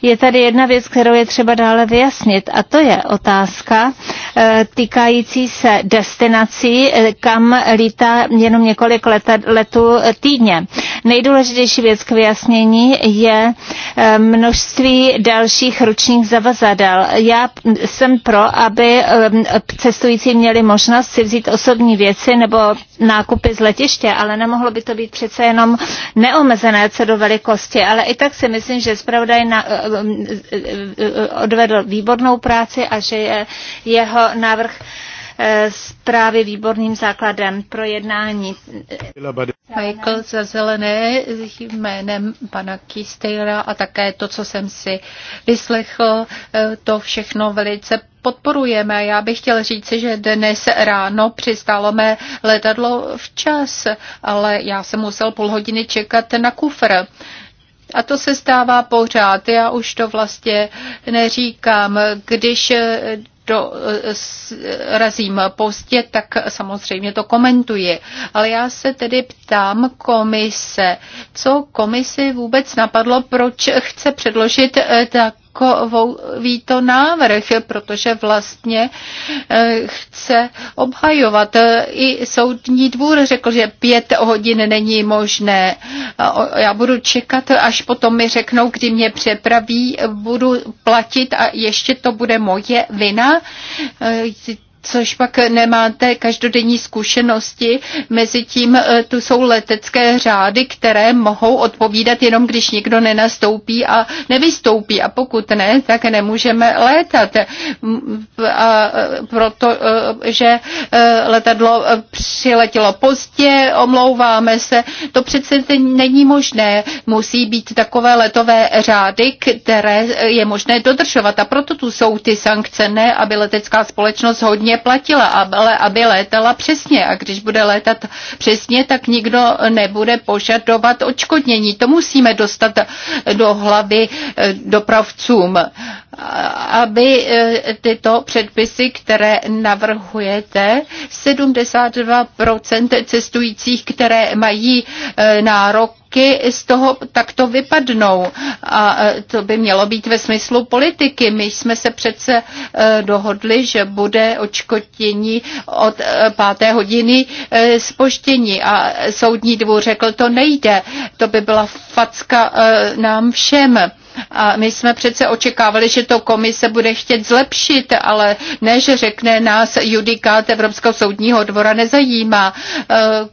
Je tady jedna věc, kterou je třeba dále vyjasnit a to je otázka e, týkající se destinací, kam lítá jenom několik letů týdně. Nejdůležitější věc k vyjasnění je množství dalších ručních zavazadel. Já jsem pro, aby Um, cestující měli možnost si vzít osobní věci nebo nákupy z letiště, ale nemohlo by to být přece jenom neomezené co do velikosti. Ale i tak si myslím, že zpravodaj na, uh, um, uh, uh, odvedl výbornou práci a že je jeho návrh zprávy výborným základem pro jednání. Michael za zelené jménem pana Kistejra a také to, co jsem si vyslechl, eh, to všechno velice podporujeme. Já bych chtěl říct, že dnes ráno přistálo mé letadlo včas, ale já jsem musel půl hodiny čekat na kufr. A to se stává pořád. Já už to vlastně neříkám. Když eh, do, eh, eh, razím postě, tak samozřejmě to komentuji. Ale já se tedy ptám komise, co komisi vůbec napadlo, proč chce předložit tak takový to návrh, protože vlastně eh, chce obhajovat. I soudní dvůr řekl, že pět hodin není možné. Já budu čekat, až potom mi řeknou, kdy mě přepraví, budu platit a ještě to bude moje vina. Eh, což pak nemáte každodenní zkušenosti. Mezitím eh, tu jsou letecké řády, které mohou odpovídat jenom, když nikdo nenastoupí a nevystoupí. A pokud ne, tak nemůžeme létat. A eh, proto, eh, že letadlo přiletělo pozdě, omlouváme se. To přece není možné. Musí být takové letové řády, které je možné dodržovat. A proto tu jsou ty sankce, ne aby letecká společnost hodně přesně platila, ale aby létala přesně. A když bude létat přesně, tak nikdo nebude požadovat očkodnění. To musíme dostat do hlavy eh, dopravcům, aby eh, tyto předpisy, které navrhujete, 72% cestujících, které mají eh, nárok banky z toho takto vypadnou. A e, to by mělo být ve smyslu politiky. My jsme se přece e, dohodli, že bude očkotění od e, páté hodiny spoštění a soudní dvůr řekl, to nejde. To by byla facka nám všem. A my jsme přece očekávali, že to komise bude chtět zlepšit, ale ne, že řekne nás judikát Evropského soudního dvora nezajímá.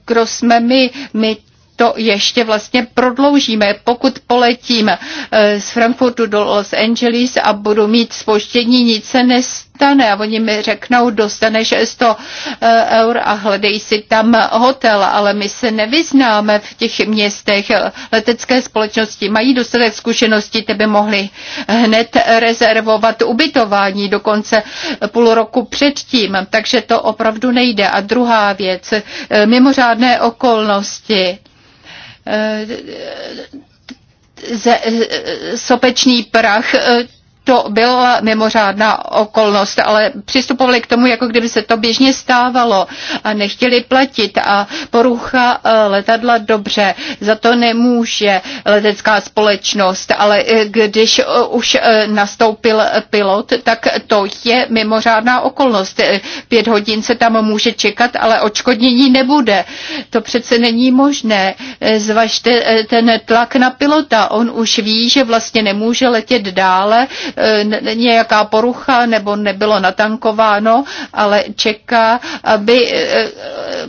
Kdo jsme my? My to ještě vlastně prodloužíme. Pokud poletím eh, z Frankfurtu do Los Angeles a budu mít spoštění, nic se nestane. A oni mi řeknou, dostaneš 100 eh, eur a hledej si tam hotel. Ale my se nevyznáme v těch městech. Letecké společnosti mají dostatek zkušeností, by mohli hned rezervovat ubytování dokonce půl roku předtím. Takže to opravdu nejde. A druhá věc, eh, mimořádné okolnosti Eh, sopečný prach eh, to byla mimořádná okolnost, ale přistupovali k tomu, jako kdyby se to běžně stávalo a nechtěli platit a porucha eh, letadla dobře, za to nemůže letecká společnost, ale eh, když eh, už nastoupil pilot, tak to je mimořádná okolnost. Pět hodin se tam může čekat, ale očkodnění nebude. To přece není možné. Zvažte ten tlak na pilota. On už ví, že vlastně nemůže letět dále, Eh, nějaká porucha nebo nebylo natankováno, ale čeká, aby eh, eh,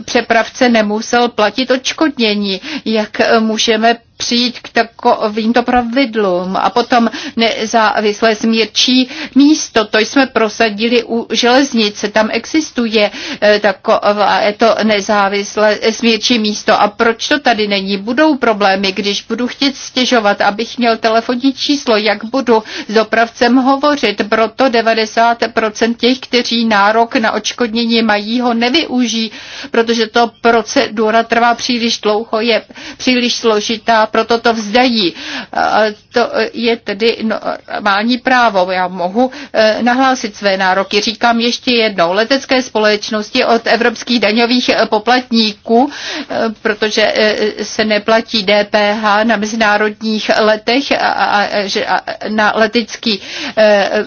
přepravce nemusel platit odškodnění. Jak můžeme přijít k takovýmto pravidlům a potom nezávislé smírčí místo. To jsme prosadili u železnice, tam existuje e, takové to nezávislé smírčí místo. A proč to tady není? Budou problémy, když budu chtět stěžovat, abych měl telefonní číslo, jak budu s dopravcem hovořit. Proto 90% těch, kteří nárok na očkodnění mají, ho nevyužijí, protože to procedura trvá příliš dlouho, je příliš složitá proto to vzdají. To je tedy no, normální právo. Já mohu e, nahlásit své nároky. Říkám ještě jednou, letecké společnosti od evropských daňových e, poplatníků, e, protože se neplatí DPH na mezinárodních letech a na letecký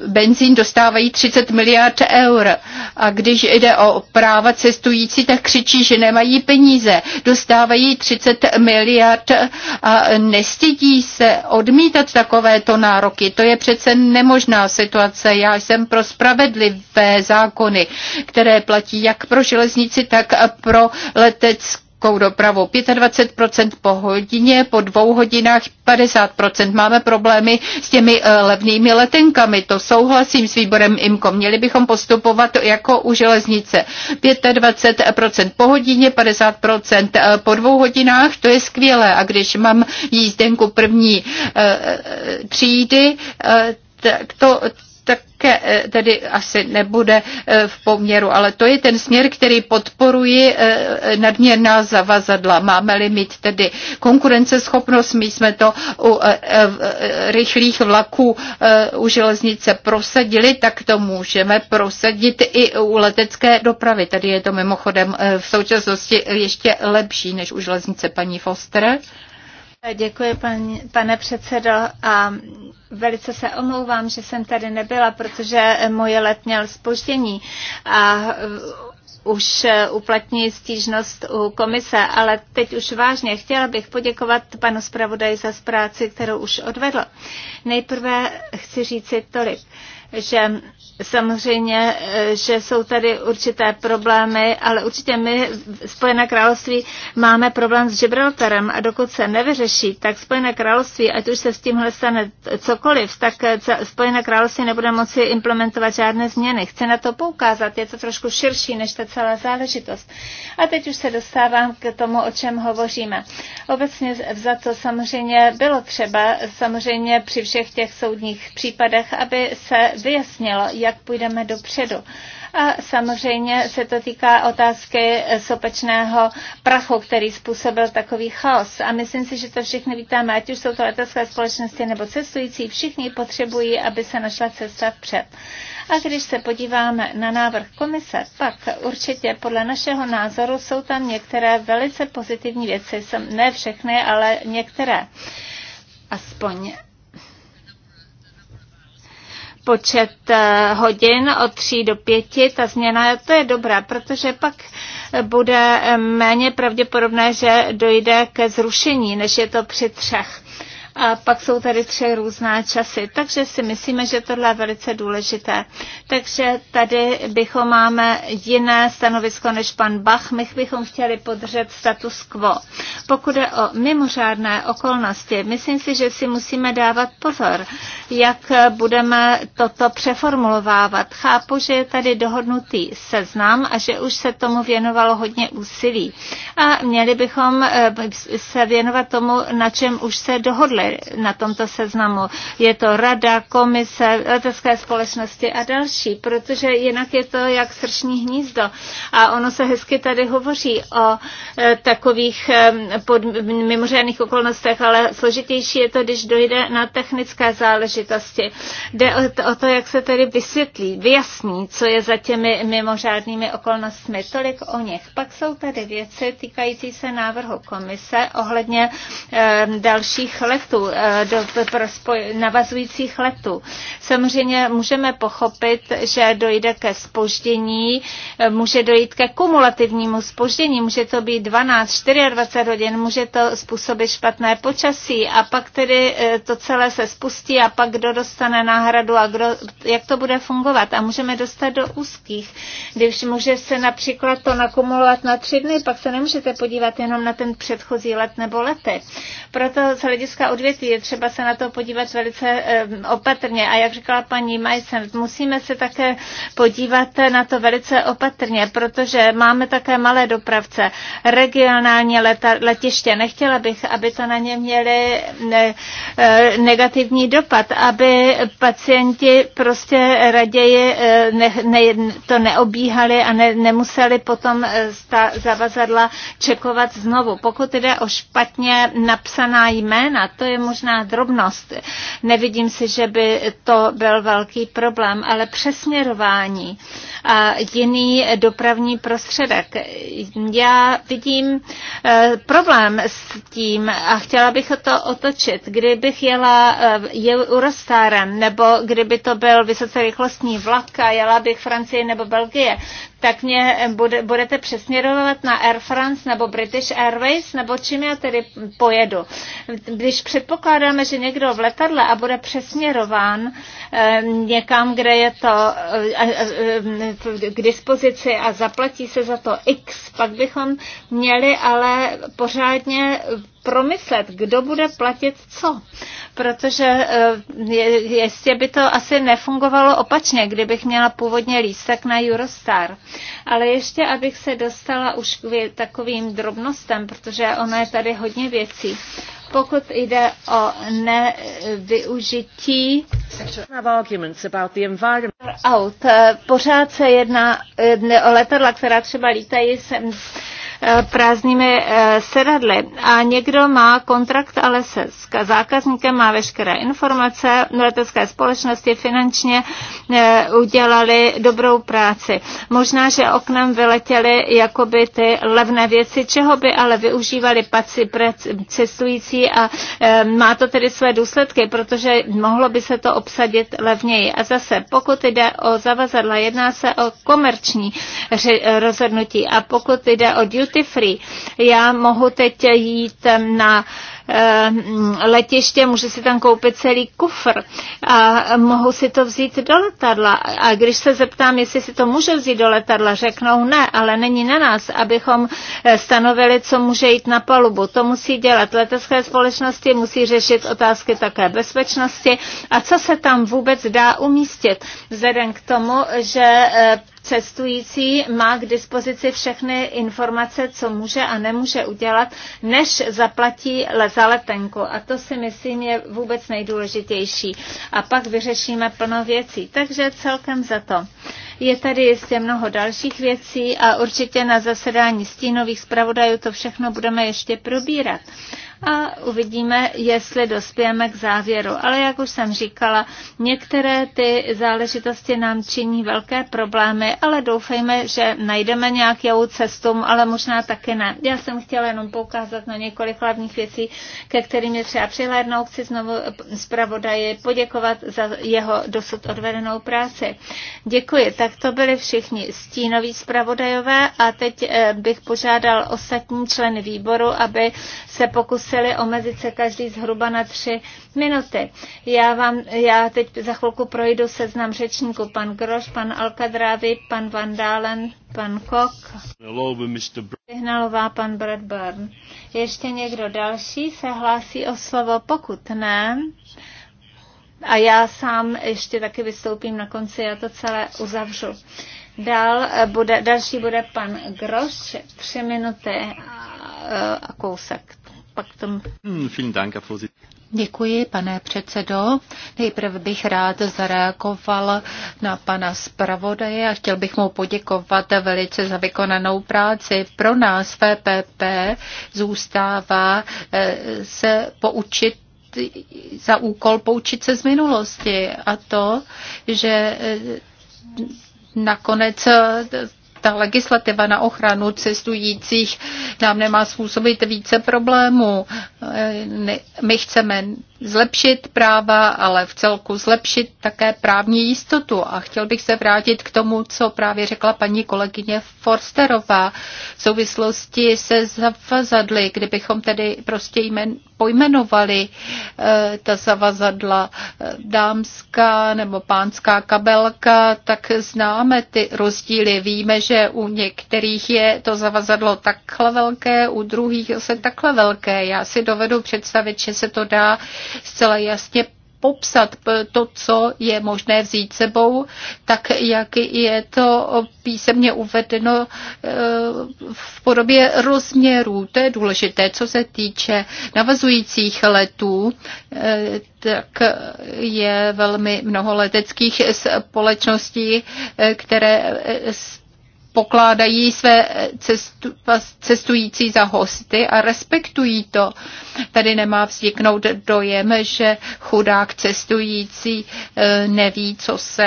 benzín dostávají 30 miliard eur. A když jde o práva cestující, tak křičí, že nemají peníze. Dostávají 30 miliard a nestydí se odmítat takovéto nároky. To je přece nemožná situace. Já jsem pro spravedlivé zákony, které platí jak pro železnici, tak pro letecké lehkou dopravu. 25% po hodině, po dvou hodinách 50%. Máme problémy s těmi eh, levnými letenkami. To souhlasím s výborem IMKO. Měli bychom postupovat jako u železnice. 25% po hodině, 50% eh, po dvou hodinách, to je skvělé. A když mám jízdenku první eh, třídy, tak to také eh, tedy asi nebude eh, v poměru, ale to je ten směr, který podporuji eh, nadměrná zavazadla. Máme-li mít tedy konkurenceschopnost, my jsme to u rychlých vlaků u železnice prosadili, tak to můžeme prosadit i u letecké dopravy. Tady je to mimochodem v současnosti ještě lepší než u železnice paní Foster. Děkuji, paní, pane předsedo. A velice se omlouvám, že jsem tady nebyla, protože moje let měl spoždění. A uh, už uh, uplatní stížnost u komise, ale teď už vážně chtěla bych poděkovat panu zpravodaji za práci, kterou už odvedl. Nejprve chci říci tolik, že samozřejmě, eh, že jsou tady určité problémy, ale určitě my, Spojené království, máme problém s Gibraltarem a dokud se nevyřeší, tak Spojené království, ať už se s tímhle stane cokoliv, tak eh, Spojené království nebude moci implementovat žádné změny. Chci na to poukázat, je to trošku širší než ta celá záležitost. A teď už se dostávám k tomu, o čem hovoříme. Obecně za to samozřejmě bylo třeba, samozřejmě při všech těch soudních případech, aby se vyjasnilo, jak půjdeme dopředu. A samozřejmě se to týká otázky sopečného prachu, který způsobil takový chaos. A myslím si, že to všichni vítáme, ať už jsou to letecké společnosti nebo cestující, všichni potřebují, aby se našla cesta vpřed. A když se podíváme na návrh komise, pak určitě podle našeho názoru jsou tam některé velice pozitivní věci, ne všechny, ale některé aspoň počet eh, hodin od 3 do 5, ta změna, to je dobrá, protože pak bude eh, méně pravděpodobné, že dojde ke zrušení, než je to při třech a pak jsou tady tři různá časy. Takže si myslíme, že tohle je velice důležité. Takže tady bychom máme jiné stanovisko než pan Bach. My bychom chtěli podržet status quo. Pokud je o mimořádné okolnosti, myslím si, že si musíme dávat pozor, jak budeme toto přeformulovávat. Chápu, že je tady dohodnutý seznam a že už se tomu věnovalo hodně úsilí. A měli bychom eh, se věnovat tomu, na čem už se dohodli na tomto seznamu. Je to rada, komise, letecké společnosti a další, protože jinak je to jak srční hnízdo. A ono se hezky tady hovoří o e, takových e, pod, mimořádných okolnostech, ale složitější je to, když dojde na technické záležitosti. Jde o to, jak se tady vysvětlí, vyjasní, co je za těmi mimořádnými okolnostmi. Tolik o nich. Pak jsou tady věci týkající se návrhu komise ohledně e, dalších letů letu, eh, do navazujících letů. Samozřejmě můžeme pochopit, že dojde ke spoždění, eh, může dojít ke kumulativnímu spoždění, může to být 12, 24 hodin, může to způsobit špatné počasí a pak tedy eh, to celé se spustí a pak kdo dostane náhradu a kdo, jak to bude fungovat. A můžeme dostat do úzkých, když může se například to nakumulovat na tři dny, pak se nemůžete podívat jenom na ten předchozí let nebo lety. Proto z hlediska odvětví odvětví. Je třeba se na to podívat velice opatrně. A jak říkala paní Majsen, musíme se také podívat na to velice opatrně, protože máme také malé dopravce, regionální leta, letiště. Nechtěla bych, aby to na ně měli e, negativní dopad, aby pacienti prostě raději e, ne, ne, to neobíhali a ne, nemuseli potom e, ta zavazadla čekovat znovu. Pokud jde o špatně napsaná jména, to je je možná drobnost. Nevidím si, že by to byl velký problém, ale přesměrování a jiný dopravní prostředek. Já vidím eh, problém s tím a chtěla bych to otočit. Kdybych jela Eurostarem eh, nebo kdyby to byl vysoce rychlostní vlak a jela bych Francii nebo Belgie, tak mě eh, bude, budete přesměrovat na Air France nebo British Airways, nebo čím já tedy pojedu. Když předpokládáme, že někdo v letadle a bude přesměrován eh, někam, kde je to eh, k dispozici a zaplatí se za to X, pak bychom měli ale pořádně promyslet, kdo bude platit co. Protože eh, je, jestli by to asi nefungovalo opačně, kdybych měla původně lístek na Eurostar. Ale ještě, abych se dostala už k takovým drobnostem, protože ono je tady hodně věcí pokud jde o nevyužití aut. Eh, pořád se jedná eh, o letadla, která třeba lítají sem Eh, prázdnými eh, sedadly a někdo má kontrakt ale se zákazníkem, má veškeré informace, letecké společnosti finančně eh, udělali dobrou práci. Možná, že oknem vyletěly jakoby ty levné věci, čeho by ale využívali paci, cestující a má to tedy své důsledky, protože mohlo by se to obsadit levněji. A zase, pokud jde o zavazadla, jedná se o komerční rozhodnutí a pokud jde o duty duty free. Já mohu teď jít na eh, letiště, můžu si tam koupit celý kufr a mohu si to vzít do letadla. A když se zeptám, jestli si to může vzít do letadla, řeknou ne, ale není na nás, abychom eh, stanovili, co může jít na palubu. To musí dělat letecké společnosti, musí řešit otázky také bezpečnosti a co se tam vůbec dá umístit. Vzhledem k tomu, že eh, cestující má k dispozici všechny informace, co může a nemůže udělat, než zaplatí za letenku. A to si myslím je vůbec nejdůležitější. A pak vyřešíme plno věcí. Takže celkem za to. Je tady ještě mnoho dalších věcí a určitě na zasedání stínových zpravodajů to všechno budeme ještě probírat a uvidíme, jestli dospějeme k závěru. Ale jak už jsem říkala, některé ty záležitosti nám činí velké problémy, ale doufejme, že najdeme nějakou cestu, ale možná taky ne. Já jsem chtěla jenom poukázat na několik hlavních věcí, ke kterým je třeba přihlédnout. Chci znovu zpravodaji poděkovat za jeho dosud odvedenou práci. Děkuji. Tak to byli všichni stínoví zpravodajové a teď eh, bych požádal ostatní členy výboru, aby se pokusili museli omezit se každý zhruba na tři minuty. Já, vám, já teď za chvilku projdu seznam řečníků. Pan Groš, pan Alkadrávi, pan Van Dalen, pan Kok, Vyhnalová, pan Bradburn. Ještě někdo další se hlásí o slovo? Pokud ne, a já sám ještě taky vystoupím na konci, já to celé uzavřu. Dál eh, bude, další bude pan Groš, tři minuty a, eh, a kousek pak tam... Hmm, Děkuji, pane předsedo. Nejprve bych rád zareagoval na pana zpravodaje a chtěl bych mu poděkovat velice za vykonanou práci. Pro nás VPP zůstává eh, se poučit za úkol poučit se z minulosti a to, že eh, nakonec ta legislativa na ochranu cestujících nám nemá způsobit více problémů. Eh, my chceme zlepšit práva, ale v celku zlepšit také právní jistotu. A chtěl bych se vrátit k tomu, co právě řekla paní kolegyně Forsterová v souvislosti se zavazadly, kdybychom tedy prostě jmen, pojmenovali e, ta zavazadla eh, dámská nebo pánská kabelka, tak známe ty rozdíly. Víme, že u některých je to zavazadlo takhle velké, u druhých se takhle velké. Já si dovedu představit, že se to dá zcela jasně popsat to, co je možné vzít sebou, tak jak je to písemně uvedeno eh, v podobě rozměrů. To je důležité. Co se týče navazujících letů, eh, tak je velmi mnoho leteckých společností, eh, které pokládají své cestu, cestující za hosty a respektují to. Tady nemá vzniknout dojem, že chudák cestující e, neví, co se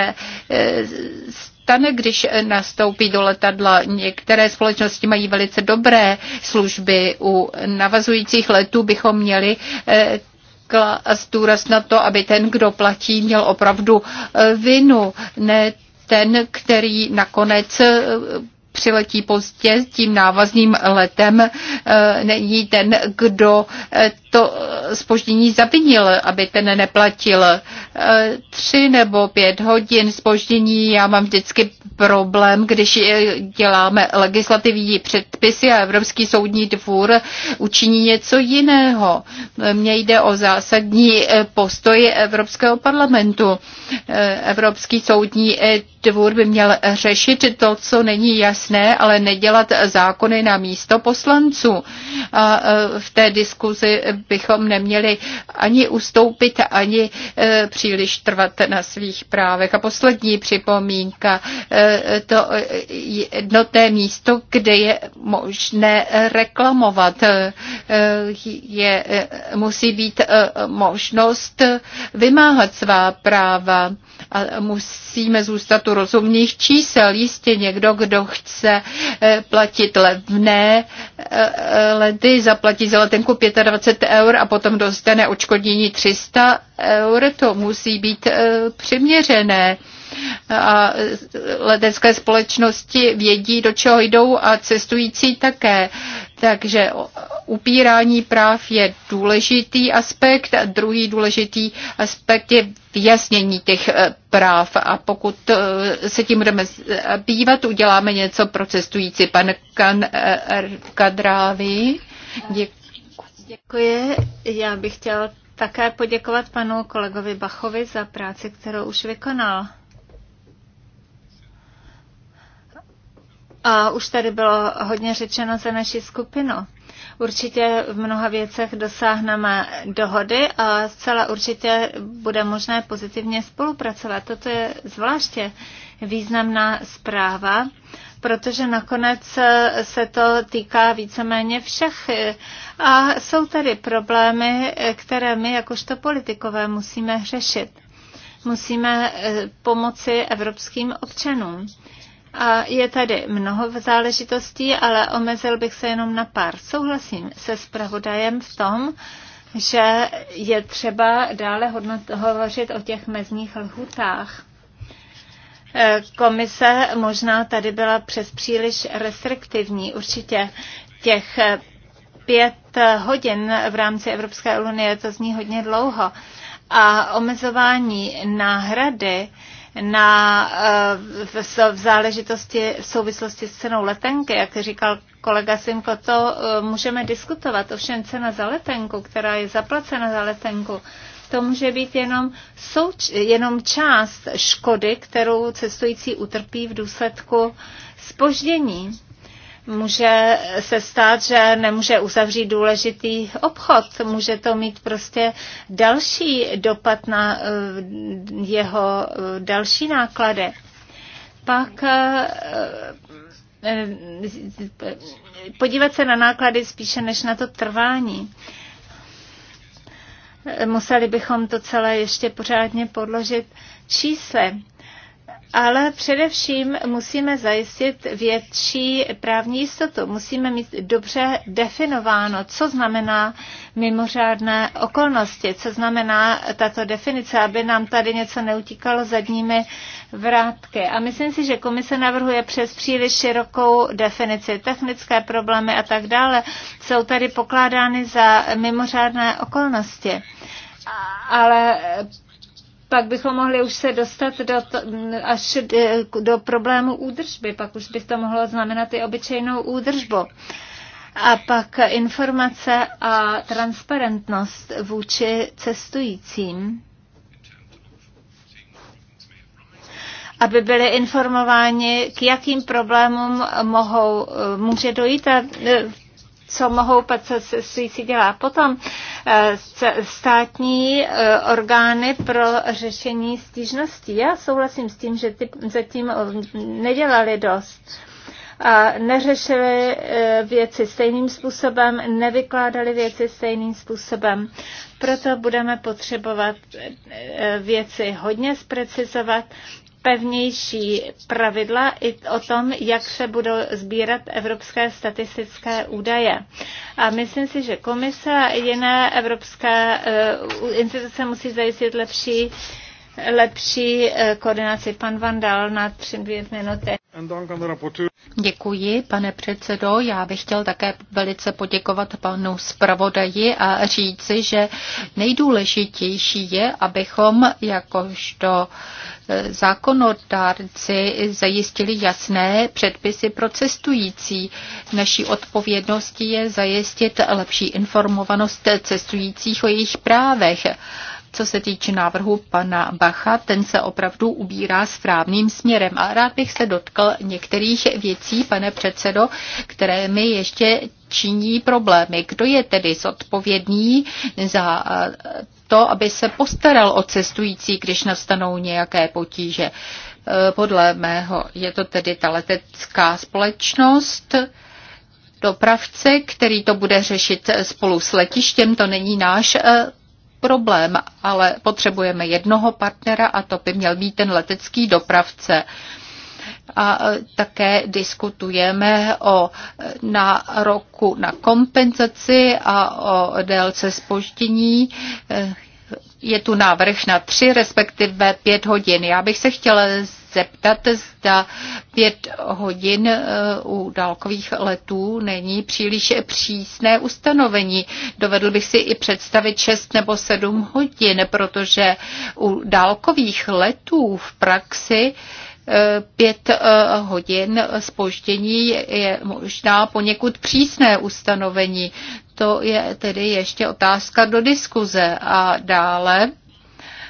e, stane, když nastoupí do letadla. Některé společnosti mají velice dobré služby. U navazujících letů bychom měli e, klást důraz na to, aby ten, kdo platí, měl opravdu vinu, ne ten, který nakonec eh, přiletí pozdě tím návazným letem, eh, není ten, kdo eh, to spoždění zavinil, aby ten neplatil. Tři nebo pět hodin spoždění, já mám vždycky problém, když děláme legislativní předpisy a Evropský soudní dvůr učiní něco jiného. Mně jde o zásadní postoj Evropského parlamentu. Evropský soudní dvůr by měl řešit to, co není jasné, ale nedělat zákony na místo poslanců. A e, v té diskuzi bychom neměli ani ustoupit, ani e, příliš trvat na svých právech. A poslední připomínka, e, to jednotné místo, kde je možné reklamovat, je, musí být možnost vymáhat svá práva a musíme zůstat u rozumných čísel. Jistě někdo, kdo chce eh, platit levné eh, ledy, zaplatí za letenku 25 eur a potom dostane očkodnění 300 eur. To musí být eh, přiměřené a letecké společnosti vědí, do čeho jdou a cestující také. Takže upírání práv je důležitý aspekt a druhý důležitý aspekt je vyjasnění těch eh, práv a pokud eh, se tím budeme zabývat, uděláme něco pro cestující. Pan kan, eh, Kadrávi, děkuji. Děkuji. Já bych chtěla také poděkovat panu kolegovi Bachovi za práci, kterou už vykonal. A už tady bylo hodně řečeno za naši skupinu. Určitě v mnoha věcech dosáhneme dohody a zcela určitě bude možné pozitivně spolupracovat. Toto je zvláště významná zpráva, protože nakonec se to týká víceméně všech. A jsou tady problémy, které my jakožto politikové musíme řešit. Musíme eh, pomoci evropským občanům. A je tady mnoho záležitostí, ale omezil bych se jenom na pár. Souhlasím se spravodajem v tom, že je třeba dále hovořit o těch mezních lhutách. E, komise možná tady byla přes příliš restriktivní. Určitě těch e, pět hodin v rámci Evropské unie, to zní hodně dlouho. A omezování náhrady na, eh, v, v záležitosti v souvislosti s cenou letenky, jak říkal kolega Simko, to eh, můžeme diskutovat. Ovšem cena za letenku, která je zaplacena za letenku, to může být jenom, souč- jenom část škody, kterou cestující utrpí v důsledku spoždění může se stát, že nemůže uzavřít důležitý obchod. Může to mít prostě další dopad na eh, jeho eh, další náklady. Pak eh, podívat se na náklady spíše než na to trvání. Museli bychom to celé ještě pořádně podložit čísly ale především musíme zajistit větší právní jistotu. Musíme mít dobře definováno, co znamená mimořádné okolnosti, co znamená tato definice, aby nám tady něco neutíkalo zadními vrátky. A myslím si, že komise navrhuje přes příliš širokou definici technické problémy a tak dále. Jsou tady pokládány za mimořádné okolnosti ale pak bychom mohli už se dostat do to, až do problému údržby, pak už by to mohlo znamenat i obyčejnou údržbu. A pak informace a transparentnost vůči cestujícím. aby byli informováni, k jakým problémům mohou, může dojít a e, co mohou cestující dělat. Potom eh, státní eh, orgány pro řešení stížností. Já souhlasím s tím, že ty zatím nedělali dost a neřešili eh, věci stejným způsobem, nevykládali věci stejným způsobem. Proto budeme potřebovat věci hodně zprecizovat pevnější pravidla i o tom, jak se budou sbírat evropské statistické údaje. A myslím si, že komise a jiné evropské eh, instituce musí zajistit lepší lepší eh, koordinaci. Pan Vandal na tři dvě minuty. Děkuji, pane předsedo. Já bych chtěl také velice poděkovat panu zpravodaji a říci, že nejdůležitější je, abychom jakožto e, zákonodárci zajistili jasné předpisy pro cestující. Naší odpovědností je zajistit lepší informovanost cestujících o jejich právech co se týče návrhu pana Bacha, ten se opravdu ubírá správným směrem. A rád bych se dotkl některých věcí, pane předsedo, které mi ještě činí problémy. Kdo je tedy zodpovědný za eh, to, aby se postaral o cestující, když nastanou nějaké potíže? Eh, podle mého je to tedy ta letecká společnost, dopravce, který to bude řešit spolu s letištěm, to není náš eh, problém, ale potřebujeme jednoho partnera a to by měl být ten letecký dopravce. A e, také diskutujeme o e, na roku na kompenzaci a o délce spoždění. E, je tu návrh na tři, respektive pět hodin. Já bych se chtěla zeptat, zda pět hodin eh, u dálkových letů není příliš přísné ustanovení. Dovedl bych si i představit 6 nebo 7 hodin, protože u dálkových letů v praxi eh, pět eh, hodin spoždění je možná poněkud přísné ustanovení. To je tedy ještě otázka do diskuze. A dále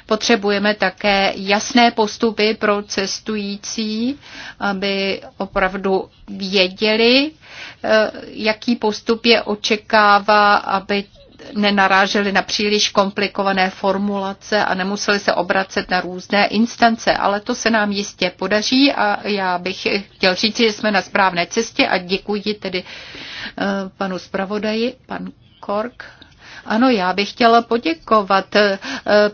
Potřebujeme také jasné postupy pro cestující, aby opravdu věděli, eh, jaký postup je očekává, aby nenaráželi na příliš komplikované formulace a nemuseli se obracet na různé instance, ale to se nám jistě podaří a já bych chtěl říct, že jsme na správné cestě a děkuji tedy eh, panu zpravodaji, pan Kork. Ano, já bych chtěla poděkovat eh,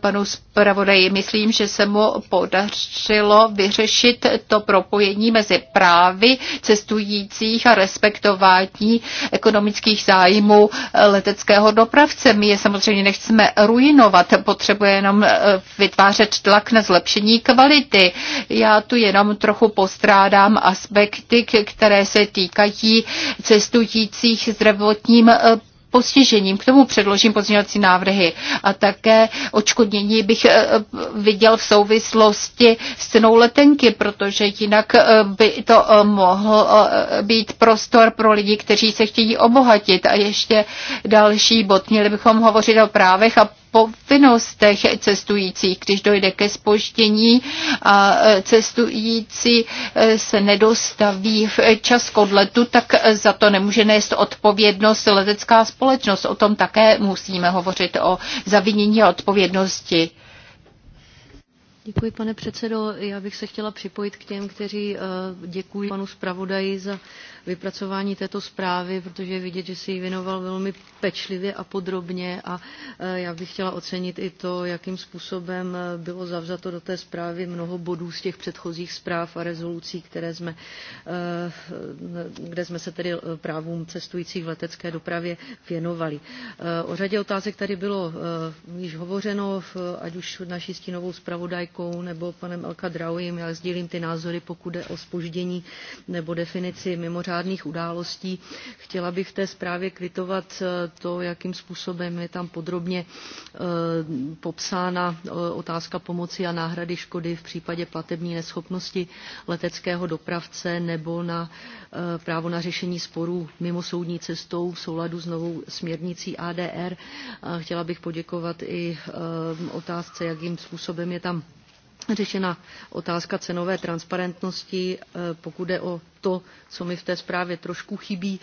panu zpravodaji. Myslím, že se mu podařilo vyřešit to propojení mezi právy cestujících a respektování ekonomických zájmů leteckého dopravce. My je samozřejmě nechceme ruinovat, potřebuje jenom eh, vytvářet tlak na zlepšení kvality. Já tu jenom trochu postrádám aspekty, které se týkají cestujících zdravotním eh, postižením. K tomu předložím pozměňovací návrhy. A také očkodnění bych eh, viděl v souvislosti s cenou letenky, protože jinak eh, by to eh, mohl být prostor pro lidi, kteří se chtějí obohatit. A ještě další bod. Měli bychom hovořit o právech a povinnostech cestujících, když dojde ke spoždění a e, cestující e, se nedostaví v čas k odletu, tak za to nemůže nést odpovědnost letecká společnost. O tom také musíme hovořit o zavinění a odpovědnosti. Děkuji, pane předsedo. Já bych se chtěla připojit k těm, kteří e, děkují panu zpravodaji za vypracování této zprávy, protože je vidět, že si jí věnoval velmi pečlivě a podrobně a e, já bych chtěla ocenit i to, jakým způsobem e, bylo zavzato do té zprávy mnoho bodů z těch předchozích zpráv a rezolucí, které jsme, e, kde jsme se tedy právům cestujících v letecké dopravě věnovali. O řadě otázek tady bylo již hovořeno, ať už naší stínovou zpravodajkou nebo panem Elka Draujem. Já sdílím ty názory, pokud jde o spoždění nebo definici mimořádného mimořádných událostí. Chtěla bych v té zprávě kvitovat eh, to, jakým způsobem je tam podrobně eh, popsána eh, otázka pomoci a náhrady škody v případě platební neschopnosti leteckého dopravce nebo na právo na řešení sporů mimo soudní cestou v souladu s novou směrnicí ADR. Chtěla bych poděkovat i otázce, jakým způsobem je tam řešena otázka cenové transparentnosti, pokud jde o to, co mi v té zprávě trošku chybí.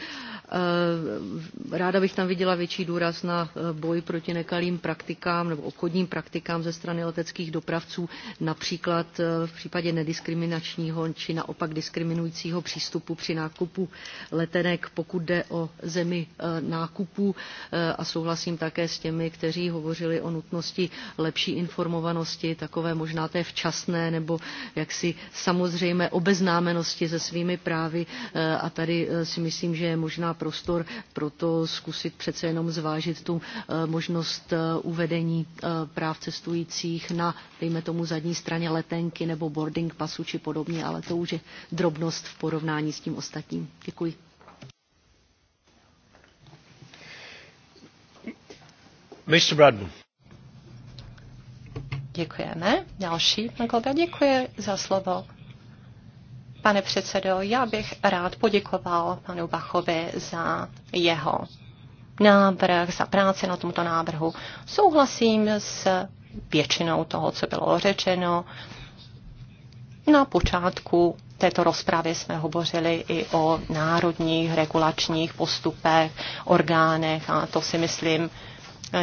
Eh, ráda bych tam viděla větší důraz na eh, boj proti nekalým praktikám nebo obchodním praktikám ze strany leteckých dopravců, například eh, v případě nediskriminačního či naopak diskriminujícího přístupu při nákupu letenek, pokud jde o zemi nákupu. A souhlasím také s těmi, kteří hovořili o nutnosti lepší informovanosti, takové možná té včasné nebo jaksi samozřejmé obeznámenosti se svými zprávy eh, a tady eh, si myslím, že je možná prostor pro to zkusit přece jenom zvážit tu eh, možnost uvedení práv cestujících na, dejme tomu, zadní straně letenky nebo boarding pasu či podobně, ale to už je drobnost v porovnání s tím ostatním. Děkuji. Mr. Bradman. Děkujeme. Další, pan kolega, děkuji za slovo. Pane předsedo, já bych rád poděkoval panu Bachovi za jeho návrh, za práci na tomto návrhu. Souhlasím s většinou toho, co bylo řečeno. Na počátku této rozpravy jsme hovořili i o národních regulačních postupech, orgánech a to si myslím,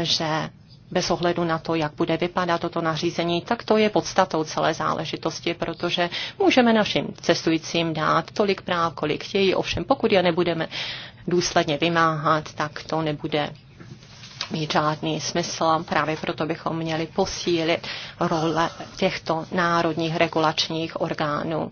že bez ohledu na to, jak bude vypadat toto nařízení, tak to je podstatou celé záležitosti, protože můžeme našim cestujícím dát tolik práv, kolik chtějí, ovšem pokud je nebudeme důsledně vymáhat, tak to nebude mít žádný smysl. Právě proto bychom měli posílit role těchto národních regulačních orgánů.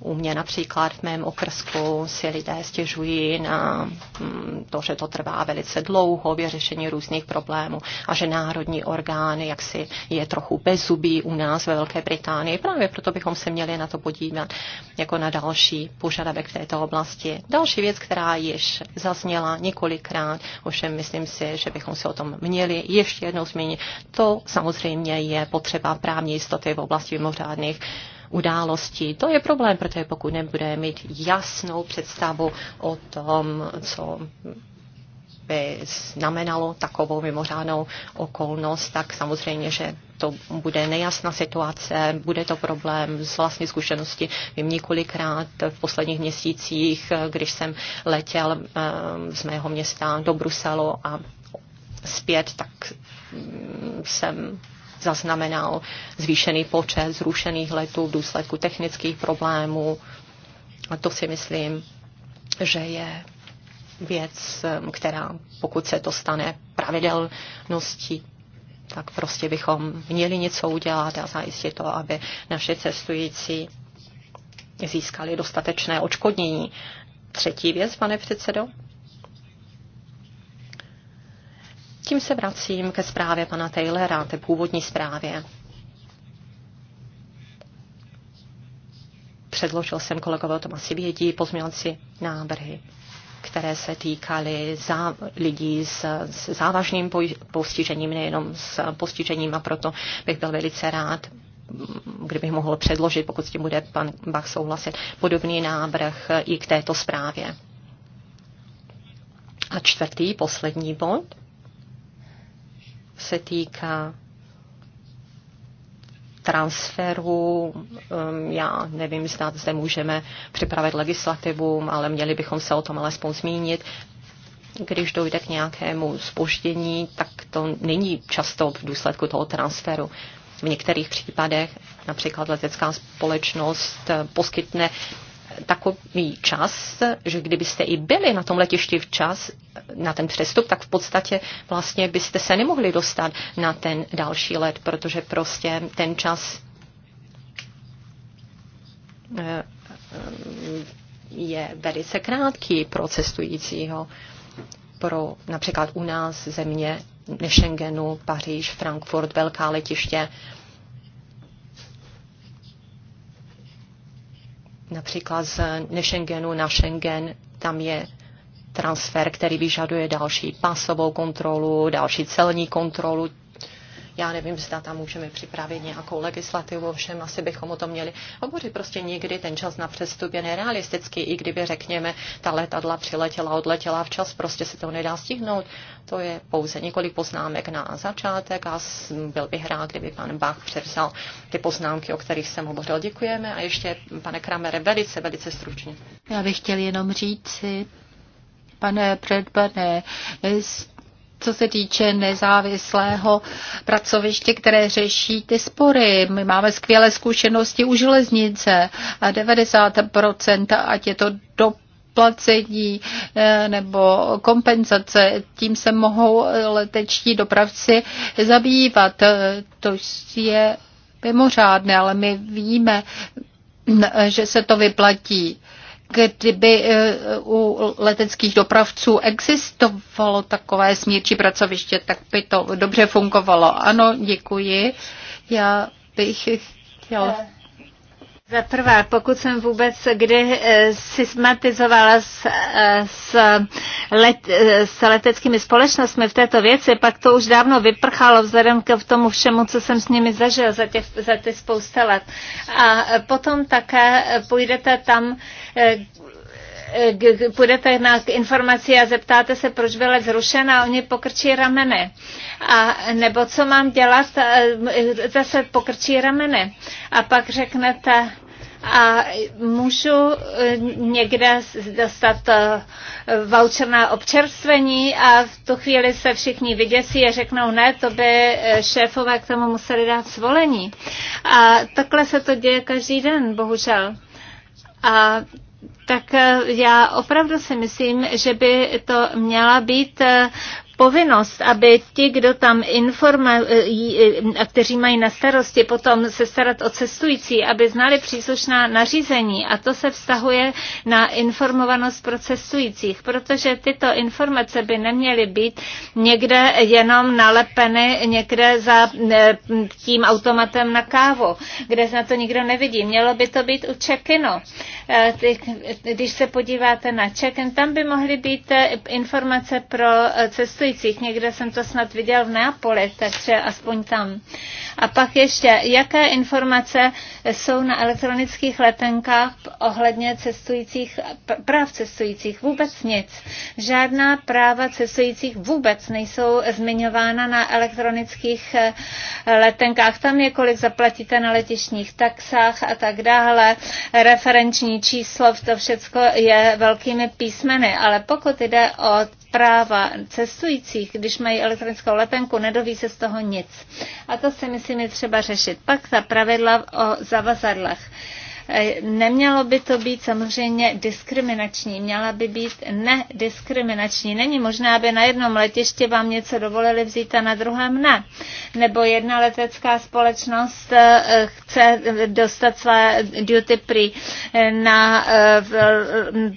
U mě například v mém okrsku si lidé stěžují na mm, to, že to trvá velice dlouho vyřešení různých problémů a že národní orgány jaksi je trochu bezubí u nás ve Velké Británii. Právě proto bychom se měli na to podívat jako na další požadavek v této oblasti. Další věc, která již zazněla několikrát, ovšem myslím si, že bychom se o tom měli ještě jednou zmínit, to samozřejmě je potřeba právní jistoty v oblasti mimořádných události. To je problém, protože pokud nebude mít jasnou představu o tom, co by znamenalo takovou mimořádnou okolnost, tak samozřejmě, že to bude nejasná situace, bude to problém z vlastní zkušenosti. Vím několikrát v posledních měsících, když jsem letěl ehm, z mého města do Bruselu a zpět, tak ehm, jsem zaznamenal zvýšený počet zrušených letů v důsledku technických problémů. A to si myslím, že je věc, která pokud se to stane pravidelností, tak prostě bychom měli něco udělat a zajistit to, aby naše cestující získali dostatečné očkodnění. Třetí věc, pane předsedo, Tím se vracím ke zprávě pana Taylora, té původní zprávě. Předložil jsem kolegové, to asi vědí, pozměňovací návrhy které se týkaly zá, lidí s, s závažným postižením, nejenom s postižením a proto bych byl velice rád, kdybych mohl předložit, pokud s tím bude pan Bach souhlasit, podobný návrh i k této zprávě. A čtvrtý, poslední bod, se týká transferu, já nevím, zda zde můžeme připravit legislativu, ale měli bychom se o tom alespoň zmínit. Když dojde k nějakému spoždění, tak to není často v důsledku toho transferu. V některých případech například letecká společnost poskytne takový čas, že kdybyste i byli na tom letišti včas, na ten přestup, tak v podstatě vlastně byste se nemohli dostat na ten další let, protože prostě ten čas eh, je velice krátký pro cestujícího. Pro například u nás země Schengenu, Paříž, Frankfurt, velká letiště, například z Nešengenu na Schengen, tam je transfer, který vyžaduje další pasovou kontrolu, další celní kontrolu, já nevím, zda tam můžeme připravit nějakou legislativu, všem asi bychom o tom měli hovořit. Prostě nikdy ten čas na přestup je nerealistický, i kdyby, řekněme, ta letadla přiletěla, odletěla včas, prostě se to nedá stihnout. To je pouze několik poznámek na začátek a byl bych rád, kdyby pan Bach převzal ty poznámky, o kterých jsem hovořil. Děkujeme a ještě, pane Kramere, velice, velice stručně. Já bych chtěl jenom říci, pane Bradbane, co se týče nezávislého pracoviště, které řeší ty spory. My máme skvělé zkušenosti u železnice a 90%, ať je to do placení eh, nebo kompenzace. Tím se mohou letečtí dopravci zabývat. Eh, to je mimořádné, ale my víme, že se to vyplatí kdyby eh, u leteckých dopravců existovalo takové smírčí pracoviště, tak by to dobře fungovalo. Ano, děkuji. Já bych chtěla eh, za prvé, pokud jsem vůbec kdy eh, systematizovala s, eh, s, let, eh, s leteckými společnostmi v této věci, pak to už dávno vyprchalo vzhledem k tomu všemu, co jsem s nimi zažil za, těch, za ty spousta let. A potom také půjdete tam, půjdete na informaci a zeptáte se, proč byla zrušena, oni pokrčí rameny. A nebo co mám dělat, zase pokrčí rameny. A pak řeknete, a můžu eh, někde dostat eh, voucher na občerstvení a v tu chvíli se všichni vyděsí a řeknou ne, to by eh, šéfové k tomu museli dát svolení. A takhle se to děje každý den, bohužel. A tak já opravdu si myslím, že by to měla být povinnost, aby ti, kdo tam informují, eh, kteří mají na starosti potom se starat o cestující, aby znali příslušná nařízení a to se vztahuje na informovanost pro cestujících, protože tyto informace by neměly být někde jenom nalepeny někde za eh, tím automatem na kávu, kde na to nikdo nevidí. Mělo by to být u check-inu. Eh, když se podíváte na check-in, tam by mohly být eh, informace pro eh, cestujících. Někde jsem to snad viděl v Neapoli, takže aspoň tam. A pak ještě, jaké informace jsou na elektronických letenkách ohledně cestujících, práv cestujících? Vůbec nic. Žádná práva cestujících vůbec nejsou zmiňována na elektronických letenkách. Tam je, kolik zaplatíte na letišních taxách a tak dále, referenční konkrétní slov, to všechno je velkými písmeny, ale pokud jde o práva cestujících, když mají elektronickou letenku, nedoví se z toho nic. A to si myslím je třeba řešit. Pak ta pravidla o zavazadlech. E, nemělo by to být samozřejmě diskriminační, měla by být nediskriminační. Není možné, aby na jednom letišti vám něco dovolili vzít a na druhém ne. Nebo jedna letecká společnost e, chce dostat své duty free na e,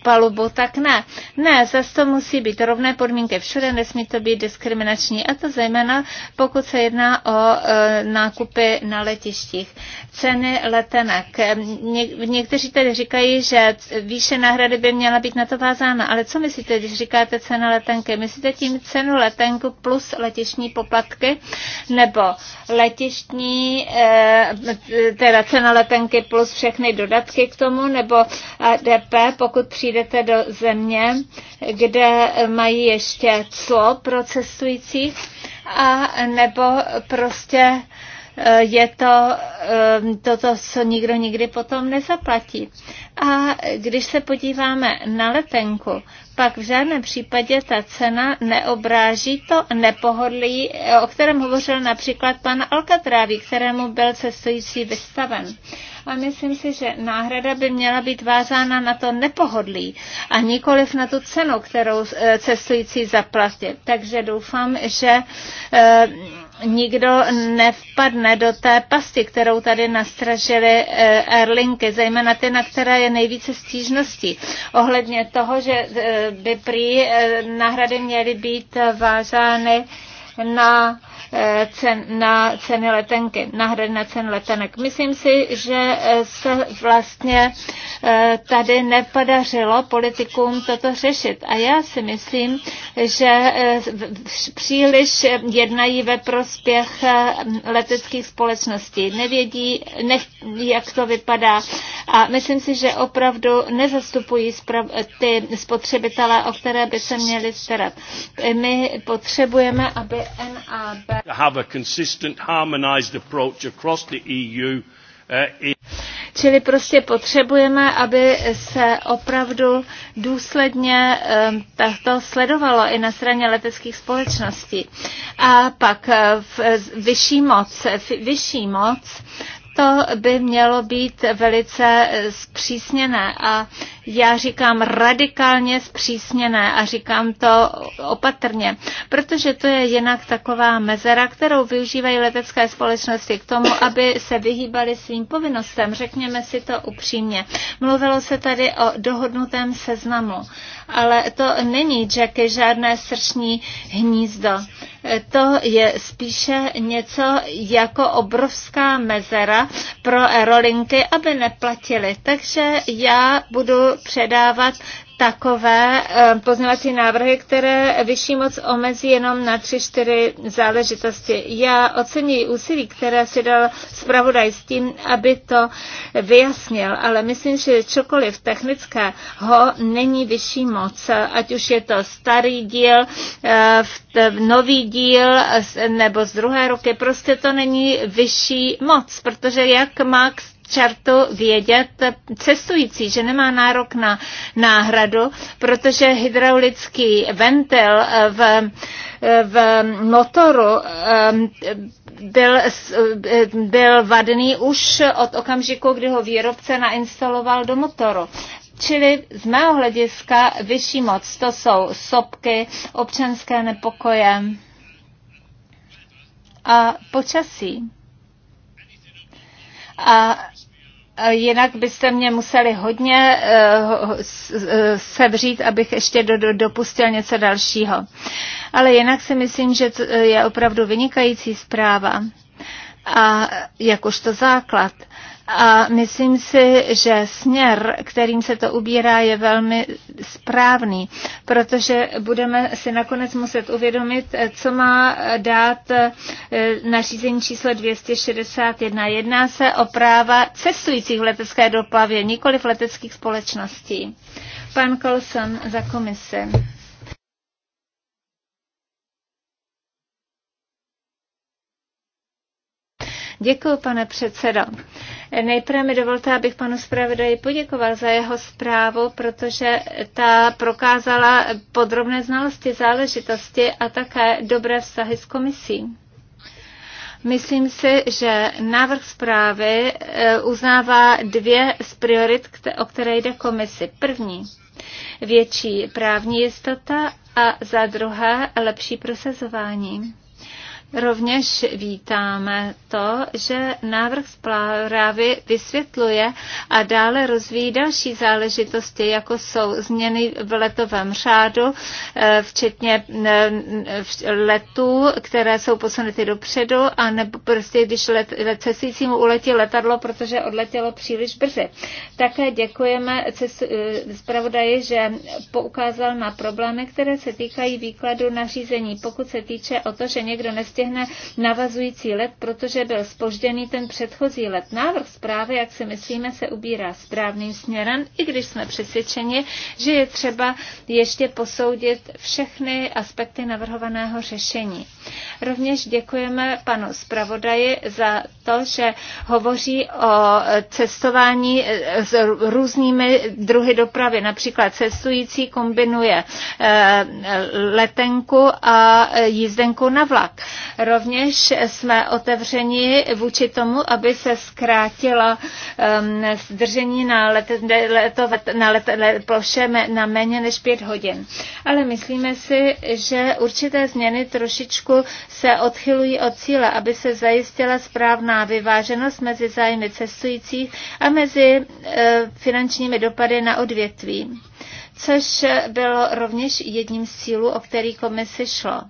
palubu, tak ne. Ne, zase to musí být rovné podmínky všude, nesmí to být diskriminační a to zejména pokud se jedná o nákupy na letištích. Ceny letenek něk- někteří tedy říkají, že výše náhrady by měla být na to vázána, ale co myslíte, když říkáte cena letenky? Myslíte tím cenu letenku plus letišní poplatky nebo letišní, eh, teda cena letenky plus všechny dodatky k tomu nebo DP, pokud přijdete do země, kde mají ještě clo pro cestující? a nebo prostě Eh, je to eh, toto, co nikdo nikdy potom nezaplatí. A když se podíváme na letenku, pak v žádném případě ta cena neobráží to nepohodlí, eh, o kterém hovořil například pan Alcatrávi, kterému byl cestující vystaven. A myslím si, že náhrada by měla být vázána na to nepohodlí a nikoliv na tu cenu, kterou cestující zaplatí. Takže doufám, že nikdo nevpadne do té pasti, kterou tady nastražili eh, airlinky, zejména ty, na které je nejvíce stížností. Ohledně toho, že eh, by prý eh, náhrady měly být vázány na Eh, cen, na ceny letenky, náhrady na ceny letenek. Myslím si, že eh, se vlastně eh, tady nepodařilo politikům toto řešit. A já si myslím, že příliš jednají ve prospěch leteckých společností. Nevědí, nech, jak to vypadá. A myslím si, že opravdu nezastupují ty spotřebitele, o které by se měli starat. My potřebujeme, aby NAB E uh, Čili prostě potřebujeme, aby se opravdu důsledně um, to sledovalo i na straně leteckých společností. A pak uh, vyšší moc, vyšší moc to by mělo být velice zpřísněné a já říkám radikálně zpřísněné a říkám to opatrně, protože to je jinak taková mezera, kterou využívají letecké společnosti k tomu, aby se vyhýbali svým povinnostem. Řekněme si to upřímně. Mluvilo se tady o dohodnutém seznamu ale to není Jackie žádné srční hnízdo. To je spíše něco jako obrovská mezera pro aerolinky, aby neplatili. Takže já budu předávat takové eh, poznávací návrhy, které vyšší moc omezí jenom na tři, čtyři záležitosti. Já ocením úsilí, které si dal zpravodaj s tím, aby to vyjasnil, ale myslím, že čokoliv technického není vyšší moc, ať už je to starý díl, eh, nový díl nebo z druhé ruky, prostě to není vyšší moc, protože jak Max čertu vědět cestující, že nemá nárok na náhradu, protože hydraulický ventil v, v motoru byl, byl vadný už od okamžiku, kdy ho výrobce nainstaloval do motoru. Čili z mého hlediska vyšší moc, to jsou sopky, občanské nepokoje a počasí. A Jinak byste mě museli hodně eh, eh, sevřít, abych ještě dopustil něco dalšího. Ale jinak si myslím, že je opravdu vynikající zpráva a jakožto základ. A myslím si, že směr, kterým se to ubírá, je velmi správný, protože budeme si nakonec muset uvědomit, co má dát eh, nařízení číslo 261. Jedná se o práva cestujících v letecké dopavě, nikoli v leteckých společností. Pan Colson za komisi. Děkuji, pane předsedo. Nejprve mi dovolte, abych panu zpravodaji poděkoval za jeho zprávu, protože ta prokázala podrobné znalosti záležitosti a také dobré vztahy s komisí. Myslím si, že návrh zprávy e, uznává dvě z priorit, o které jde komisi. První, větší právní jistota a za druhé lepší prosazování. Rovněž vítáme to, že návrh zprávy vysvětluje a dále rozvíjí další záležitosti, jako jsou změny v letovém řádu, eh, včetně eh, letů, které jsou posunuty dopředu, a nebo prostě když let, cestujícímu uletí letadlo, protože odletělo příliš brzy. Také děkujeme cestu, eh, zpravodaji, že poukázal na problémy, které se týkají výkladu nařízení, pokud se týče o to, že někdo nestí postihne navazující let, protože byl spožděný ten předchozí let. Návrh zprávy, jak si myslíme, se ubírá správným směrem, i když jsme přesvědčeni, že je třeba ještě posoudit všechny aspekty navrhovaného řešení. Rovněž děkujeme panu zpravodaji za to, že hovoří o cestování eh, s různými druhy dopravy. Například cestující kombinuje eh, letenku a eh, jízdenku na vlak. Rovněž jsme otevřeni vůči tomu, aby se zkrátila um, zdržení na, let, leto, na let, let, ploše na méně než pět hodin. Ale myslíme si, že určité změny trošičku se odchylují od cíle, aby se zajistila správná vyváženost mezi zájmy cestujících a mezi uh, finančními dopady na odvětví což bylo rovněž jedním z cílů, o který komisi šlo.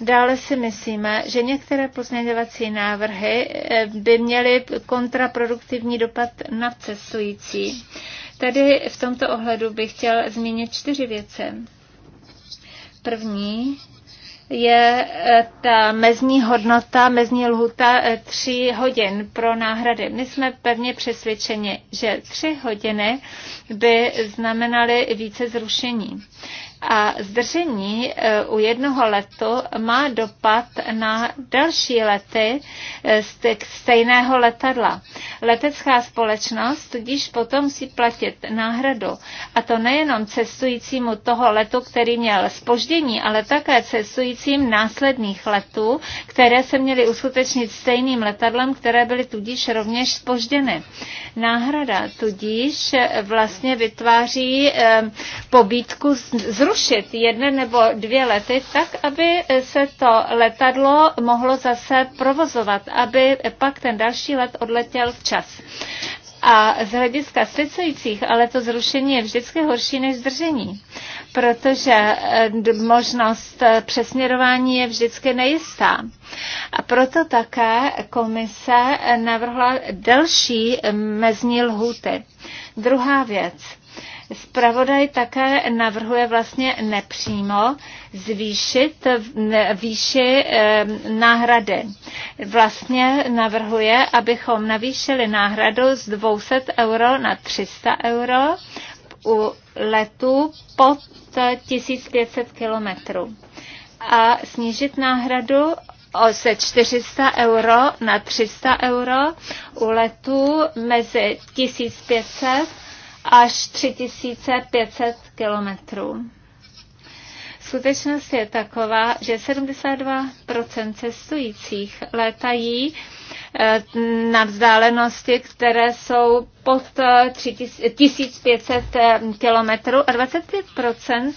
Dále si myslíme, že některé pozměňovací návrhy eh, by měly kontraproduktivní dopad na cestující. Tady v tomto ohledu bych chtěl zmínit čtyři věci. První je eh, ta mezní hodnota, mezní lhuta eh, tři hodin pro náhrady. My jsme pevně přesvědčeni, že tři hodiny by znamenaly více zrušení. A zdržení eh, u jednoho letu má dopad na další lety eh, stejného letadla. Letecká společnost tudíž potom musí platit náhradu. A to nejenom cestujícímu toho letu, který měl spoždění, ale také cestujícím následných letů, které se měly uskutečnit stejným letadlem, které byly tudíž rovněž spožděny. Náhrada tudíž eh, vlastně vytváří pobítku z zrušit jedné nebo dvě lety tak, aby se to letadlo mohlo zase provozovat, aby pak ten další let odletěl včas. A z hlediska svěcujících, ale to zrušení je vždycky horší než zdržení, protože eh, možnost eh, přesměrování je vždycky nejistá. A proto také komise navrhla delší eh, mezní lhuty. Druhá věc Spravodaj také navrhuje vlastně nepřímo zvýšit výši náhrady. Vlastně navrhuje, abychom navýšili náhradu z 200 euro na 300 euro u letu pod 1500 kilometrů a snížit náhradu o se 400 euro na 300 euro u letu mezi 1500 až 3500 kilometrů. Skutečnost je taková, že 72% cestujících létají eh, na vzdálenosti, které jsou pod 1500 eh, eh, kilometrů a 25%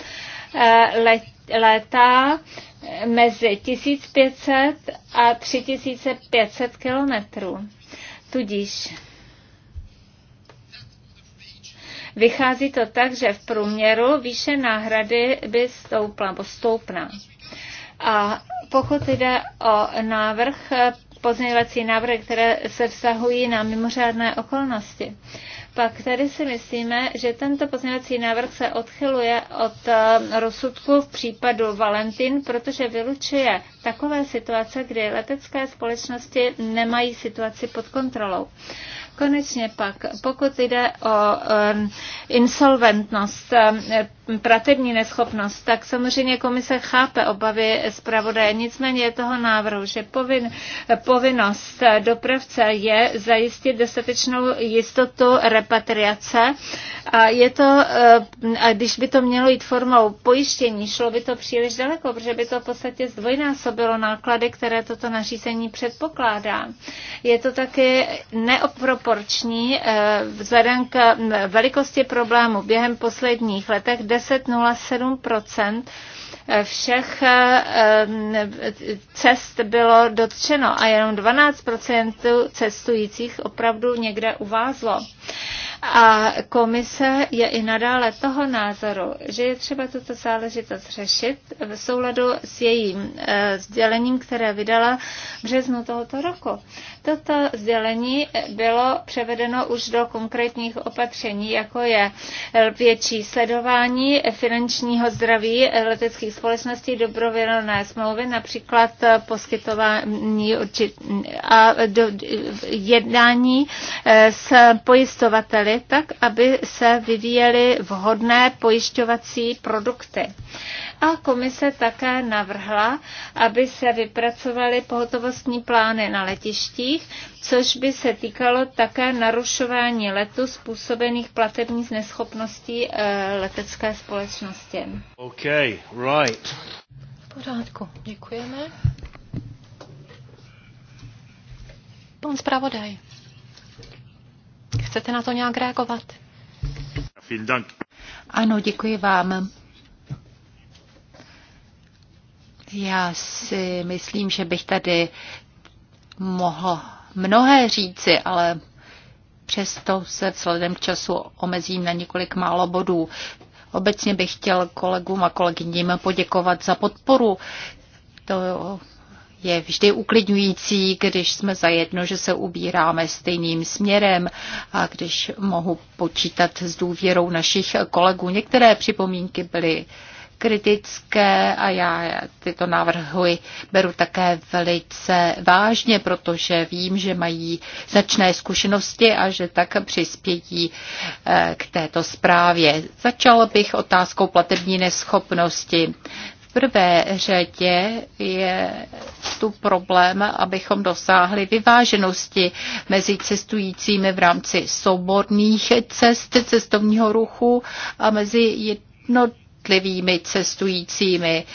létá mezi 1500 a 3500 kilometrů. Tudíž Vychází to tak, že v průměru výše náhrady by stoupla, bo stoupná. A pokud jde o návrh, pozměňovací návrhy, které se vztahují na mimořádné okolnosti, pak tady si myslíme, že tento pozměňovací návrh se odchyluje od eh, rozsudku v případu Valentin, protože vylučuje takové situace, kdy letecké společnosti nemají situaci pod kontrolou. Konečně pak, pokud jde o um, insolventnost, pratební neschopnost, tak samozřejmě komise chápe obavy zpravodaje. Nicméně je toho návrhu, že povin, povinnost dopravce je zajistit dostatečnou jistotu repatriace a je to, eh, a když by to mělo jít formou pojištění, šlo by to příliš daleko, protože by to v podstatě zdvojnásobilo náklady, které toto nařízení předpokládá. Je to taky neoproporční eh, vzhledem k mm, velikosti problému během posledních letech, 10,07 eh, všech eh, cest bylo dotčeno a jenom 12 cestujících opravdu někde uvázlo. A komise je i nadále toho názoru, že je třeba tuto záležitost řešit v souladu s jejím eh, sdělením, které vydala v březnu tohoto roku. Toto sdělení bylo převedeno už do konkrétních opatření, jako je větší sledování finančního zdraví leteckých společností, dobrovolné smlouvy, například poskytování a jednání eh, s pojistovateli podpořili tak, aby se vyvíjely vhodné pojišťovací produkty. A komise také navrhla, aby se vypracovaly pohotovostní plány na letištích, což by se týkalo také narušování letu způsobených platební zneschopností eh, letecké společnosti. Okay, right. V pořádku, děkujeme. Pan zpravodaj. Chcete na to nějak reagovat? Ano, děkuji vám. Já si myslím, že bych tady mohl mnohé říci, ale přesto se vzhledem k času omezím na několik málo bodů. Obecně bych chtěl kolegům a kolegyním poděkovat za podporu. To je vždy uklidňující, když jsme zajedno, že se ubíráme stejným směrem a když mohu počítat s důvěrou našich kolegů. Některé připomínky byly kritické a já tyto návrhy beru také velice vážně, protože vím, že mají značné zkušenosti a že tak přispějí eh, k této zprávě. Začal bych otázkou platební neschopnosti prvé řadě je tu problém, abychom dosáhli vyváženosti mezi cestujícími v rámci souborných cest cestovního ruchu a mezi jednotlivými cestujícími.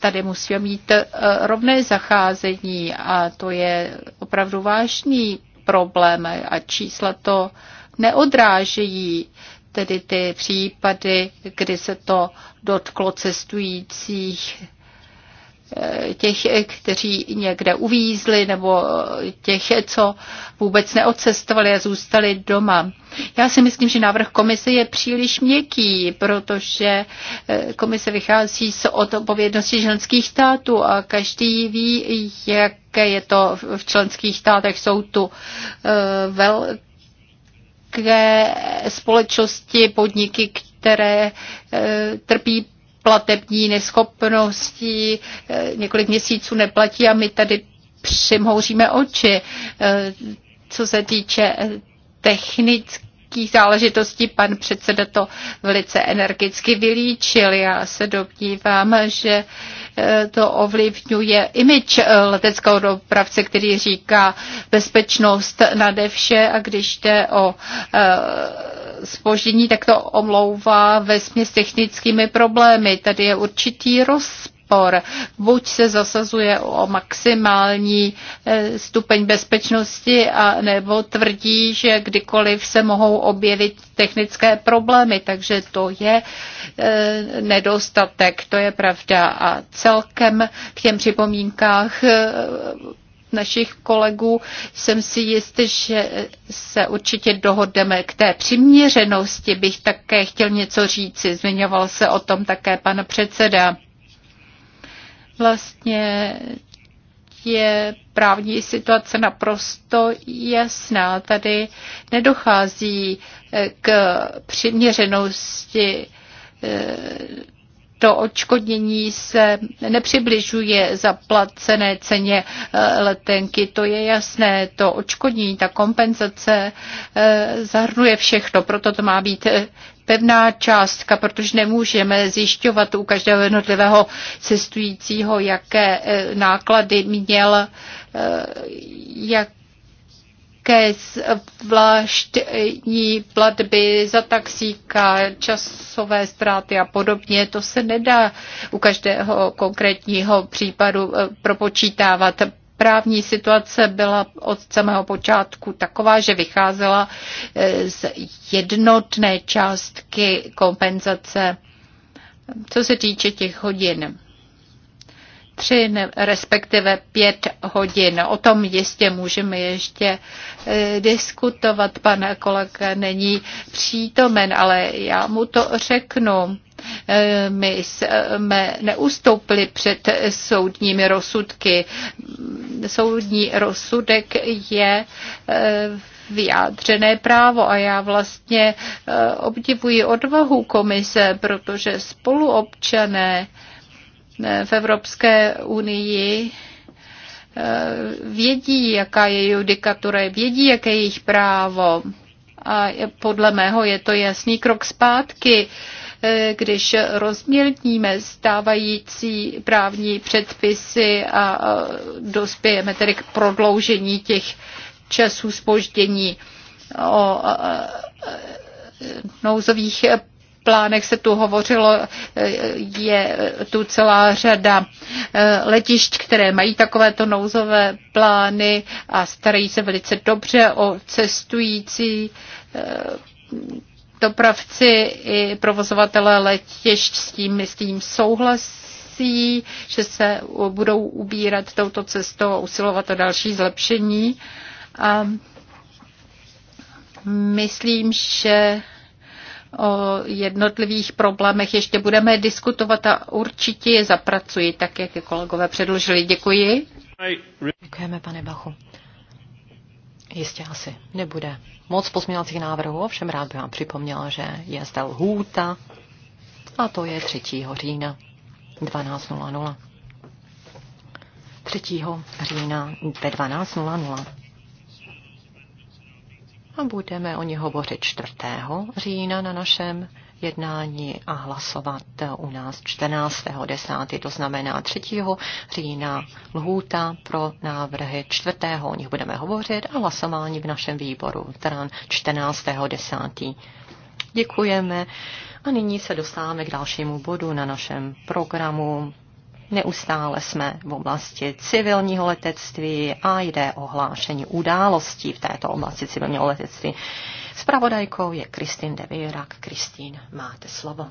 Tady musíme mít eh, rovné zacházení a to je opravdu vážný problém a čísla to neodrážejí tedy ty případy, kdy se to dotklo cestujících, eh, těch, kteří někde uvízli, nebo těch, co vůbec neodcestovali a zůstali doma. Já si myslím, že návrh komise je příliš měkký, protože eh, komise vychází z odpovědnosti členských států a každý ví, jaké je to v členských státech. Jsou tu eh, velké velké společnosti, podniky, které eh, trpí platební neschopností, eh, několik měsíců neplatí a my tady přimhouříme oči. Eh, co se týče technické politických záležitostí. Pan předseda to velice energicky vylíčil. Já se domnívám, že e, to ovlivňuje imič leteckého dopravce, který říká bezpečnost nade vše a když jde o spoždění, e, tak to omlouvá ve směs technickými problémy. Tady je určitý rozpad odpor. Buď se zasazuje o maximální eh, stupeň bezpečnosti, a nebo tvrdí, že kdykoliv se mohou objevit technické problémy, takže to je eh, nedostatek, to je pravda. A celkem k těm připomínkách eh, našich kolegů jsem si jistý, že se určitě dohodneme. K té přiměřenosti bych také chtěl něco říci. Zmiňoval se o tom také pan předseda vlastně je právní situace naprosto jasná. Tady nedochází eh, k přiměřenosti eh, to očkodnění se nepřibližuje zaplacené ceně eh, letenky. To je jasné, to očkodnění, ta kompenzace zahrnuje všechno, proto to má být pevná částka, protože nemůžeme zjišťovat u každého jednotlivého cestujícího, jaké e, náklady měl, e, jaké nějaké zvláštní platby za taxíka, časové ztráty a podobně. To se nedá u každého konkrétního případu e, propočítávat právní situace byla od samého počátku taková, že vycházela eh, z jednotné částky kompenzace. Co se týče těch hodin, tři, respektive pět hodin. O tom jistě můžeme ještě e, diskutovat. Pan kolega není přítomen, ale já mu to řeknu. E, my jsme neustoupili před soudními rozsudky. Soudní rozsudek je e, vyjádřené právo a já vlastně obdivuji odvahu komise, protože spoluobčané v Evropské unii eh, vědí, jaká je judikatura, vědí, jaké je jejich právo. A podle mého je to jasný krok zpátky, eh, když rozmělníme stávající právní předpisy a dospějeme tedy k prodloužení těch časů spoždění o nouzových plánech se tu hovořilo, eh, je tu celá řada eh, letišť, které mají takovéto nouzové plány a starají se velice dobře o cestující eh, dopravci i provozovatele letišť s tím, s tím souhlas že se budou ubírat touto cestou a usilovat o další zlepšení. A myslím, že O jednotlivých problémech ještě budeme diskutovat a určitě je zapracuji, tak jak je kolegové předložili. Děkuji. Děkujeme, pane Bachu. Jistě asi nebude moc pozměňovacích návrhů, ovšem rád bych vám připomněla, že je zde lhůta a to je 3. října 12.00. 3. října ve 12.00 a budeme o ní hovořit 4. října na našem jednání a hlasovat u nás 14. 10. To znamená 3. října lhůta pro návrhy 4. o nich budeme hovořit a hlasování v našem výboru tran 10. Děkujeme a nyní se dostáváme k dalšímu bodu na našem programu Neustále jsme v oblasti civilního letectví a jde o hlášení událostí v této oblasti civilního letectví. Spravodajkou je Kristin Devirak. Kristín, máte slovo.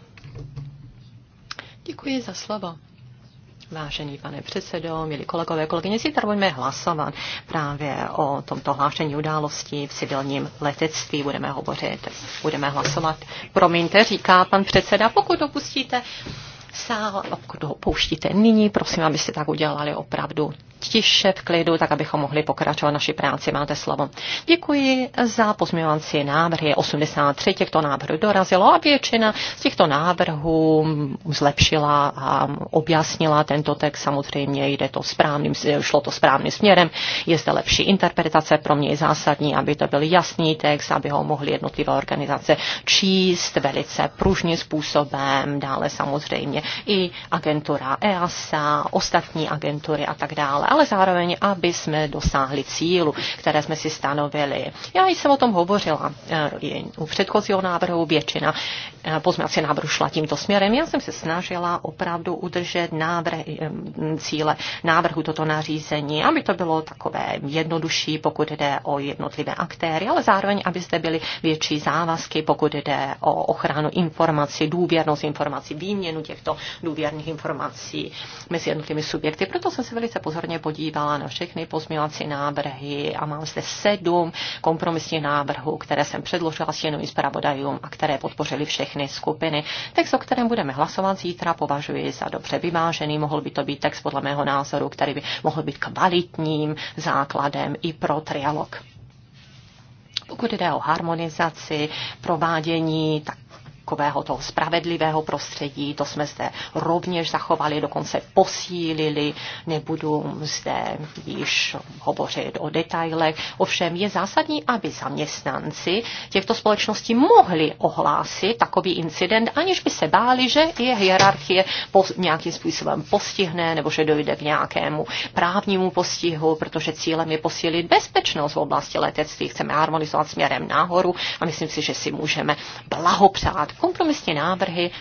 Děkuji za slovo. Vážený pane předsedo, milí kolegové, kolegyně, zítra budeme hlasovat právě o tomto hlášení událostí v civilním letectví. Budeme hovořit, budeme hlasovat. Promiňte, říká pan předseda, pokud opustíte sál, pokud ho pouštíte nyní, prosím, abyste tak udělali opravdu tiše, v klidu, tak abychom mohli pokračovat naši práci. Máte slovo. Děkuji za pozměňovací návrhy. 83 těchto návrhů dorazilo a většina z těchto návrhů zlepšila a objasnila tento text. Samozřejmě jde to správným, šlo to správným směrem. Je zde lepší interpretace, pro mě je zásadní, aby to byl jasný text, aby ho mohly jednotlivé organizace číst velice pružným způsobem, dále samozřejmě i agentura EASA, ostatní agentury a tak dále ale zároveň, aby jsme dosáhli cílu, které jsme si stanovili. Já jsem o tom hovořila eh, u předchozího návrhu, většina eh, pozměnací návrhu šla tímto směrem. Já jsem se snažila opravdu udržet návrh, eh, cíle návrhu toto nařízení, aby to bylo takové jednodušší, pokud jde o jednotlivé aktéry, ale zároveň, aby zde byly větší závazky, pokud jde o ochranu informací, důvěrnost informací, výměnu těchto důvěrných informací mezi jednotlivými subjekty. Proto jsem se velice pozorně podívala na všechny pozměňovací návrhy a mám zde sedm kompromisních návrhů, které jsem předložila s jenom zpravodajům a které podpořili všechny skupiny. Text, o kterém budeme hlasovat zítra, považuji za dobře vyvážený. Mohl by to být text podle mého názoru, který by mohl být kvalitním základem i pro trialog. Pokud jde o harmonizaci, provádění, tak takového toho spravedlivého prostředí, to jsme zde rovněž zachovali, dokonce posílili, nebudu zde již hovořit o detailech. Ovšem je zásadní, aby zaměstnanci těchto společností mohli ohlásit takový incident, aniž by se báli, že je hierarchie nějakým způsobem postihne nebo že dojde k nějakému právnímu postihu, protože cílem je posílit bezpečnost v oblasti letectví. Chceme harmonizovat směrem nahoru a myslím si, že si můžeme blahopřát Kompromisní návrhy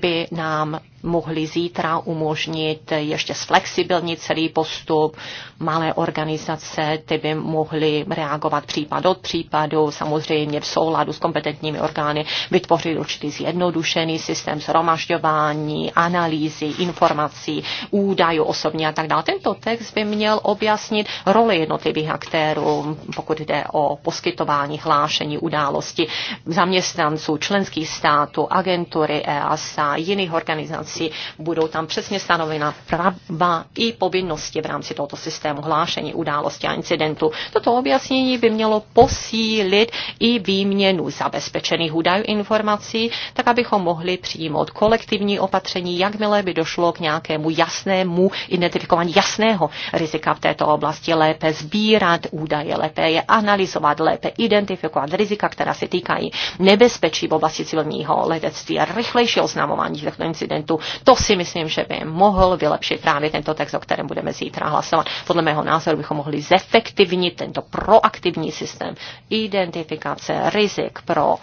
by nám mohli zítra umožnit ještě zflexibilní celý postup. Malé organizace ty by mohly reagovat případ od případu, samozřejmě v souladu s kompetentními orgány vytvořit určitý zjednodušený systém zhromažďování, analýzy, informací, údajů osobně a tak dále. Tento text by měl objasnit roli jednotlivých aktérů, pokud jde o poskytování hlášení události zaměstnanců, členských států, agentury EASA, jiných organizací informací, budou tam přesně stanovena práva i povinnosti v rámci tohoto systému hlášení události a incidentu. Toto objasnění by mělo posílit i výměnu zabezpečených údajů informací, tak abychom mohli přijmout kolektivní opatření, jakmile by došlo k nějakému jasnému identifikování jasného rizika v této oblasti, lépe sbírat údaje, lépe je analyzovat, lépe identifikovat rizika, která se týkají nebezpečí v oblasti civilního letectví, a rychlejší oznamování těchto incidentů, to si myslím, že by mohl vylepšit právě tento text, o kterém budeme zítra hlasovat. Podle mého názoru bychom mohli zefektivnit tento proaktivní systém identifikace rizik pro uh,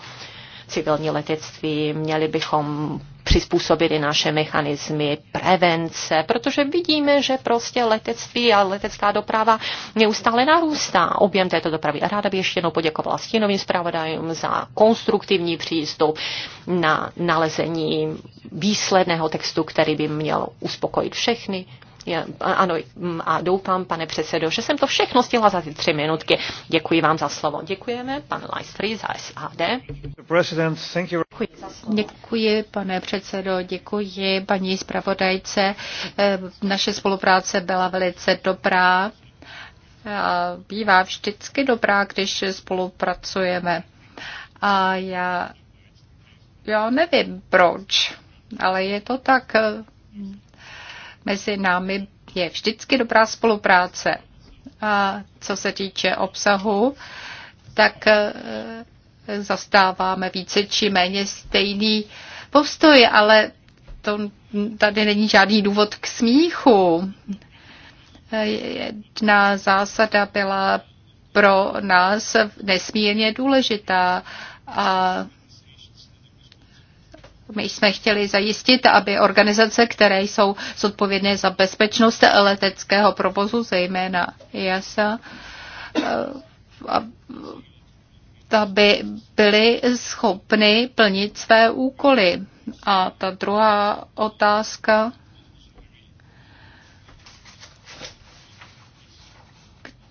civilní letectví, měli bychom přizpůsobit i naše mechanismy prevence, protože vidíme, že prostě letectví a letecká doprava neustále narůstá. Objem této dopravy. A ráda bych ještě jednou poděkovala stínovým zpravodajům za konstruktivní přístup na nalezení výsledného textu, který by měl uspokojit všechny je, ano, mm, a doufám, pane předsedo, že jsem to všechno stihla za ty tři minutky. Děkuji vám za slovo. Děkujeme, pan Lajstry za SAD. Děkuji, děkuji, pane předsedo, děkuji paní zpravodajce. Eh, naše spolupráce byla velice dobrá. Eh, bývá vždycky dobrá, když spolupracujeme. A já, já nevím proč, ale je to tak eh, Mezi námi je vždycky dobrá spolupráce. A co se týče obsahu, tak e, zastáváme více či méně stejný postoj, ale to tady není žádný důvod k smíchu. E, jedna zásada byla pro nás nesmírně důležitá a my jsme chtěli zajistit, aby organizace, které jsou zodpovědné za bezpečnost leteckého provozu, zejména IASA, e eh, aby byly schopny plnit své úkoly. A ta druhá otázka,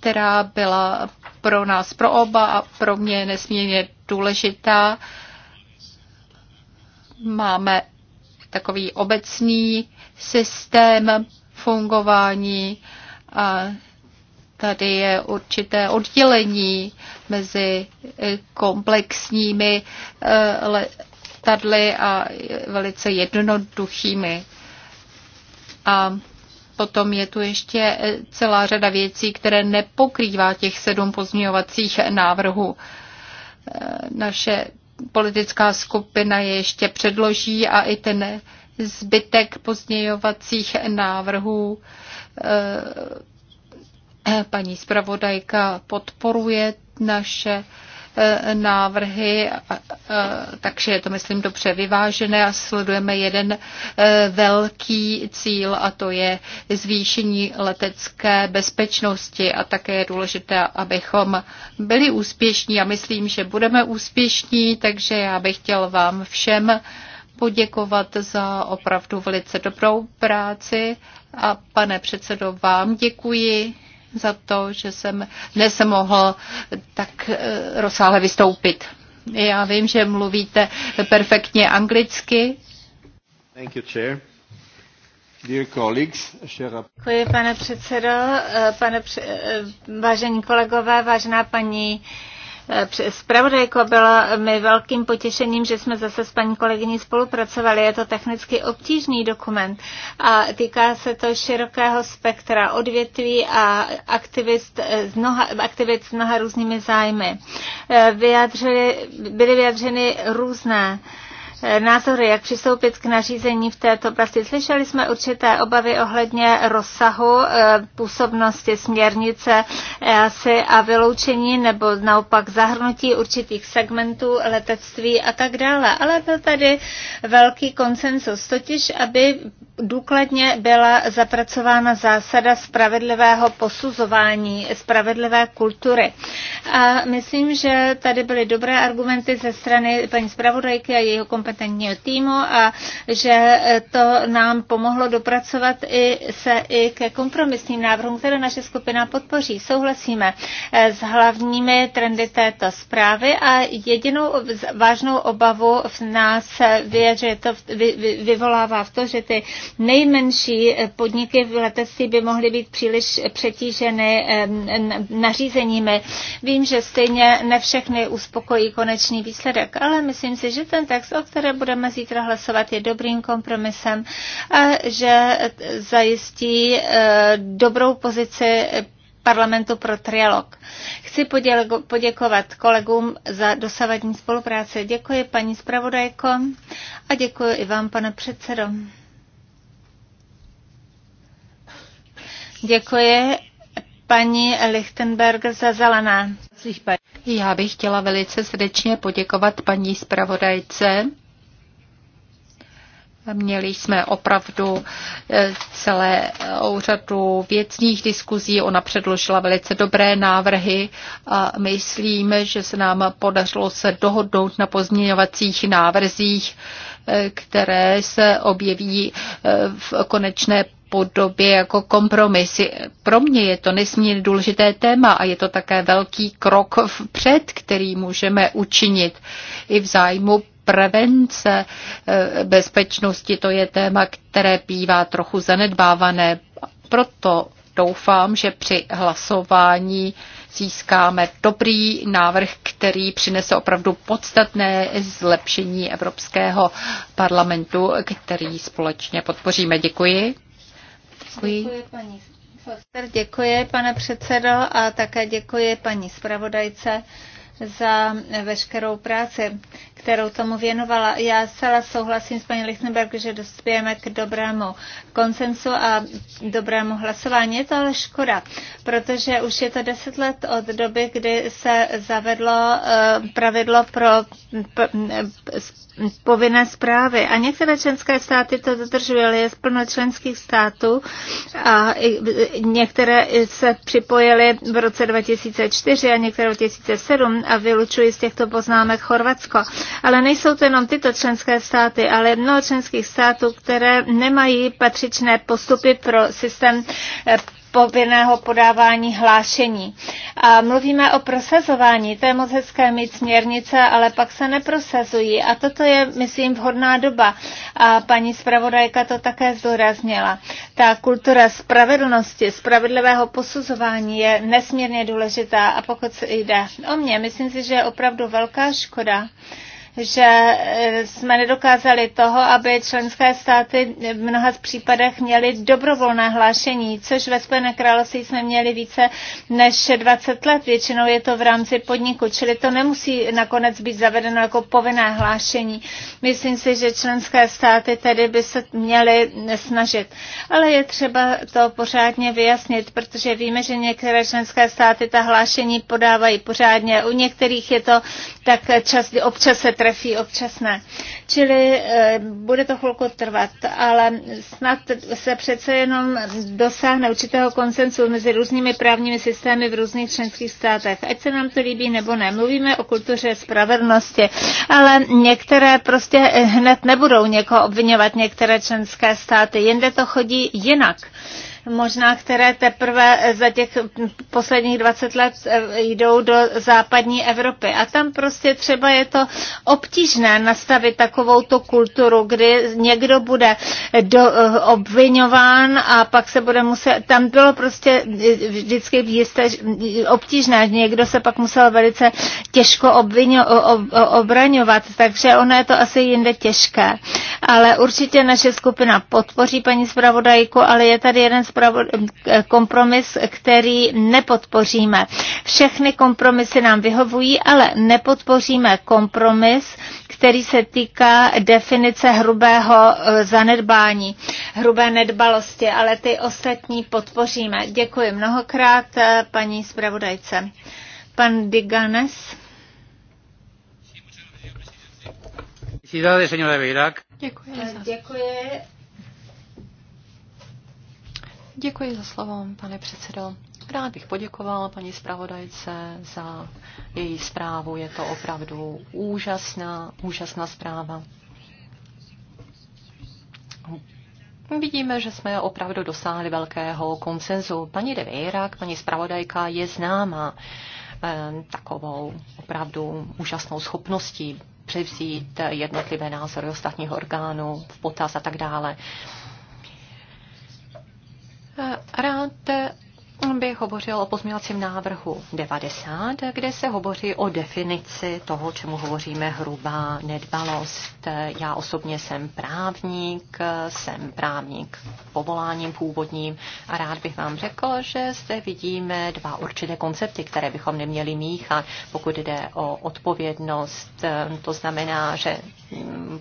která byla pro nás, pro oba a pro mě nesmírně důležitá, Máme takový obecný systém fungování a tady je určité oddělení mezi eh, komplexními eh, letadly a velice jednoduchými. A potom je tu ještě eh, celá řada věcí, které nepokrývá těch sedm pozměňovacích návrhů. Naše politická skupina je ještě předloží a i ten zbytek pozdějovacích návrhů eh, paní zpravodajka podporuje naše E, návrhy, takže je to, myslím, dobře vyvážené a sledujeme jeden e, velký cíl a to je zvýšení letecké bezpečnosti a také je důležité, abychom byli úspěšní a myslím, že budeme úspěšní, takže já bych chtěl vám všem poděkovat za opravdu velice dobrou práci a pane předsedo, vám děkuji za to, že jsem dnes mohl tak eh, rozsáhle vystoupit. Já vím, že mluvíte perfektně anglicky. Thank you, chair. Dear colleagues, share Děkuji, pane předsedo, eh, pane, eh, vážení kolegové, vážená paní uh, zpravodajko. Eh, bylo mi velkým potěšením, že jsme zase s paní kolegyní spolupracovali. Je to technicky obtížný dokument a týká se to širokého spektra odvětví a aktivist eh, z mnoha, aktivit s mnoha různými zájmy. Eh, Vyjadřili, byly vyjadřeny různé uh, názory, jak přistoupit k nařízení v této oblasti. Slyšeli jsme určité obavy ohledně rozsahu eh, působnosti směrnice EASY eh, a vyloučení nebo naopak zahrnutí určitých segmentů letectví a tak dále. Ale byl tady velký konsensus, totiž aby důkladně byla zapracována zásada spravedlivého posuzování, spravedlivé kultury. A myslím, že tady byly dobré argumenty ze strany paní zpravodajky a jejího kompetentního týmu a že to nám pomohlo dopracovat i se i ke kompromisním návrhům, které naše skupina podpoří. Souhlasíme eh, s hlavními trendy této zprávy a jedinou vážnou obavu v nás eh, vyjadřuje to, vy, vy, vyvolává v to, že ty Nejmenší eh, podniky v letectví by mohly být příliš přetíženy eh, nařízeními. Vím, že stejně ne všechny uspokojí konečný výsledek, ale myslím si, že ten text, o které budeme zítra hlasovat, je dobrým kompromisem a že zajistí eh, dobrou pozici parlamentu pro trialog. Chci poděkovat kolegům za dosavadní spolupráci. Děkuji paní zpravodajko a děkuji i vám, pane předsedo. Děkuji paní Lichtenberg za zelená. Já bych chtěla velice srdečně poděkovat paní zpravodajce. Měli jsme opravdu eh, celé eh, řadu věcných diskuzí. Ona předložila velice dobré návrhy a myslím, že se nám podařilo se dohodnout na pozměňovacích návrzích, eh, které se objeví v konečné podobě jako kompromis. Pro mě je to nesmírně důležité téma a je to také velký krok vpřed, který můžeme učinit i v zájmu prevence e, bezpečnosti. To je téma, které bývá trochu zanedbávané. Proto doufám, že při hlasování získáme dobrý návrh, který přinese opravdu podstatné zlepšení Evropského parlamentu, který společně podpoříme. Děkuji. Děkuji. Děkuji paní Foster, děkuji pane předsedo a také děkuji paní zpravodajce za veškerou práci, kterou tomu věnovala. Já zcela souhlasím s paní Lichtenberg, že dospějeme k dobrému konsensu a dobrému hlasování. Je to ale škoda, protože už je to deset let od doby, kdy se zavedlo eh, pravidlo pro povinné zprávy. A některé členské státy to dodržují, ale je plno členských států a některé se připojily v roce 2004 a některé 2007 a vylučují z těchto poznámek Chorvatsko. Ale nejsou to jenom tyto členské státy, ale mnoho členských států, které nemají patřičné postupy pro systém eh, povinného podávání hlášení. A mluvíme o prosazování, to je moc hezké mít směrnice, ale pak se neprosazují. A toto je, myslím, vhodná doba. A paní zpravodajka to také zdůraznila. Ta kultura spravedlnosti, spravedlivého posuzování je nesmírně důležitá. A pokud se jde o mě, myslím si, že je opravdu velká škoda, že eh, jsme nedokázali toho, aby členské státy v mnoha případech měly dobrovolné hlášení, což ve Spojené království jsme měli více než 20 let. Většinou je to v rámci podniku, čili to nemusí nakonec být zavedeno jako povinné hlášení. Myslím si, že členské státy tedy by se měly snažit. Ale je třeba to pořádně vyjasnit, protože víme, že některé členské státy ta hlášení podávají pořádně. U některých je to tak čas, občas se trefí, občas ne. Čili e, bude to chvilku trvat, ale snad se přece jenom dosáhne určitého konsensu mezi různými právními systémy v různých členských státech. Ať se nám to líbí nebo ne. Mluvíme o kultuře spravedlnosti, ale některé prostě hned nebudou někoho obvinovat, některé členské státy. Jinde to chodí jinak možná které teprve za těch posledních 20 let eh, jdou do západní Evropy. A tam prostě třeba je to obtížné nastavit takovou tu kulturu, kdy někdo bude do, eh, obvinován a pak se bude muset, tam bylo prostě vždycky jisté, obtížné, někdo se pak musel velice těžko obvinu, ob, obraňovat, takže ono je to asi jinde těžké. Ale určitě naše skupina podpoří paní zpravodajku, ale je tady jeden z kompromis, který nepodpoříme. Všechny kompromisy nám vyhovují, ale nepodpoříme kompromis, který se týká definice hrubého eh, zanedbání, hrubé nedbalosti, ale ty ostatní podpoříme. Děkuji mnohokrát eh, paní zpravodajce. Pan Diganes. Děkuji. Děkuji. Děkuji za slovo, pane předsedo. Rád bych poděkoval paní zpravodajce za její zprávu. Je to opravdu úžasná, úžasná zpráva. Vidíme, že jsme opravdu dosáhli velkého konsenzu. Paní de paní zpravodajka, je známa eh, takovou opravdu úžasnou schopností převzít jednotlivé názory ostatních orgánů v potaz a tak dále. Rád bych hovořil o pozměňovacím návrhu 90, kde se hovoří o definici toho, čemu hovoříme hrubá nedbalost. Já osobně jsem právník, jsem právník povoláním původním a rád bych vám řekl, že zde vidíme dva určité koncepty, které bychom neměli míchat, pokud jde o odpovědnost. To znamená, že mm,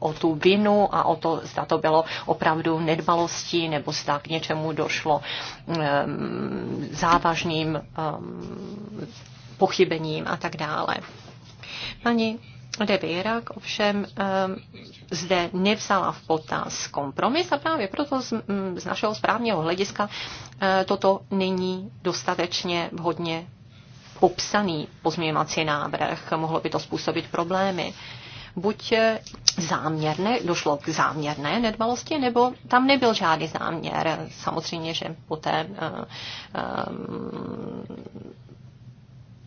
o tu vinu a o to, zda to bylo opravdu nedbalostí nebo zda k něčemu došlo mm, závažným um, pochybením a tak dále. Pani De Vierak ovšem um, zde nevzala v potaz kompromis a právě proto z, mm, z našeho správního hlediska uh, toto není dostatečně vhodně popsaný pozměňovací návrh. Mohlo by to způsobit problémy buď záměrné, došlo k záměrné nedbalosti, nebo tam nebyl žádný záměr. Samozřejmě, že poté eh, eh,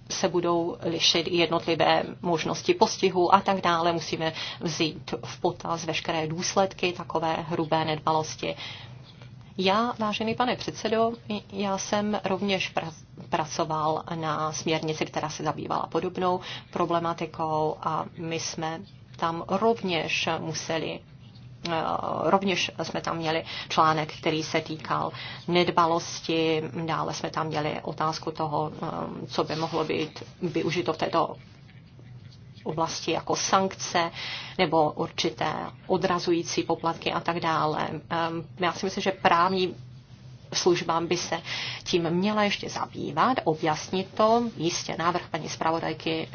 se budou lišit jednotlivé možnosti postihu a tak dále. Musíme vzít v potaz veškeré důsledky takové hrubé nedbalosti. Já, vážený pane předsedo, já jsem rovněž pr- pracoval na směrnici, která se zabývala podobnou problematikou a my jsme tam rovněž museli eh, rovněž jsme tam měli článek, který se týkal nedbalosti, dále jsme tam měli otázku toho, eh, co by mohlo být využito v této oblasti jako sankce nebo určité odrazující poplatky a tak dále. Eh, já si myslím, že právní službám by se tím měla ještě zabývat, objasnit to. Jistě návrh paní zpravodajky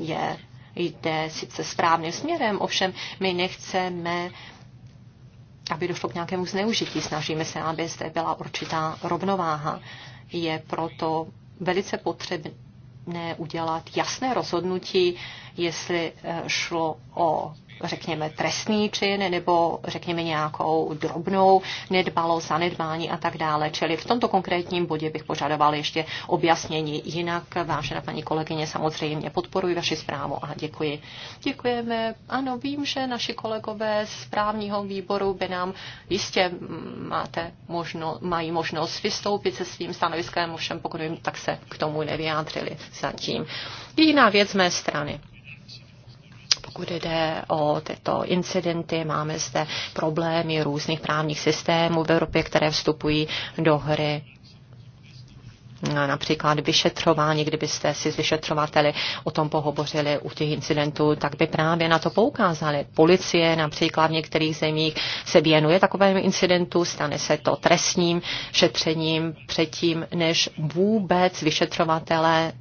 je jde sice správným směrem, ovšem my nechceme aby došlo k nějakému zneužití. Snažíme se, aby zde byla určitá rovnováha. Je proto velice potřebné udělat jasné rozhodnutí, jestli eh, šlo o řekněme, trestný čin nebo, řekněme, nějakou drobnou nedbalost, zanedbání a tak dále. Čili v tomto konkrétním bodě bych požadoval ještě objasnění. Jinak, vážená paní kolegyně, samozřejmě podporuji vaši zprávu a děkuji. Děkujeme. Ano, vím, že naši kolegové z právního výboru by nám jistě máte možno, mají možnost vystoupit se svým stanoviskem, ovšem pokud jim tak se k tomu nevyjádřili zatím. Jediná věc z mé strany pokud jde o tyto incidenty. Máme zde problémy různých právních systémů v Evropě, které vstupují do hry například vyšetřování, kdybyste si s vyšetřovateli o tom pohovořili u těch incidentů, tak by právě na to poukázali. Policie například v některých zemích se věnuje takovému incidentu, stane se to trestním šetřením předtím, než vůbec vyšetřovatele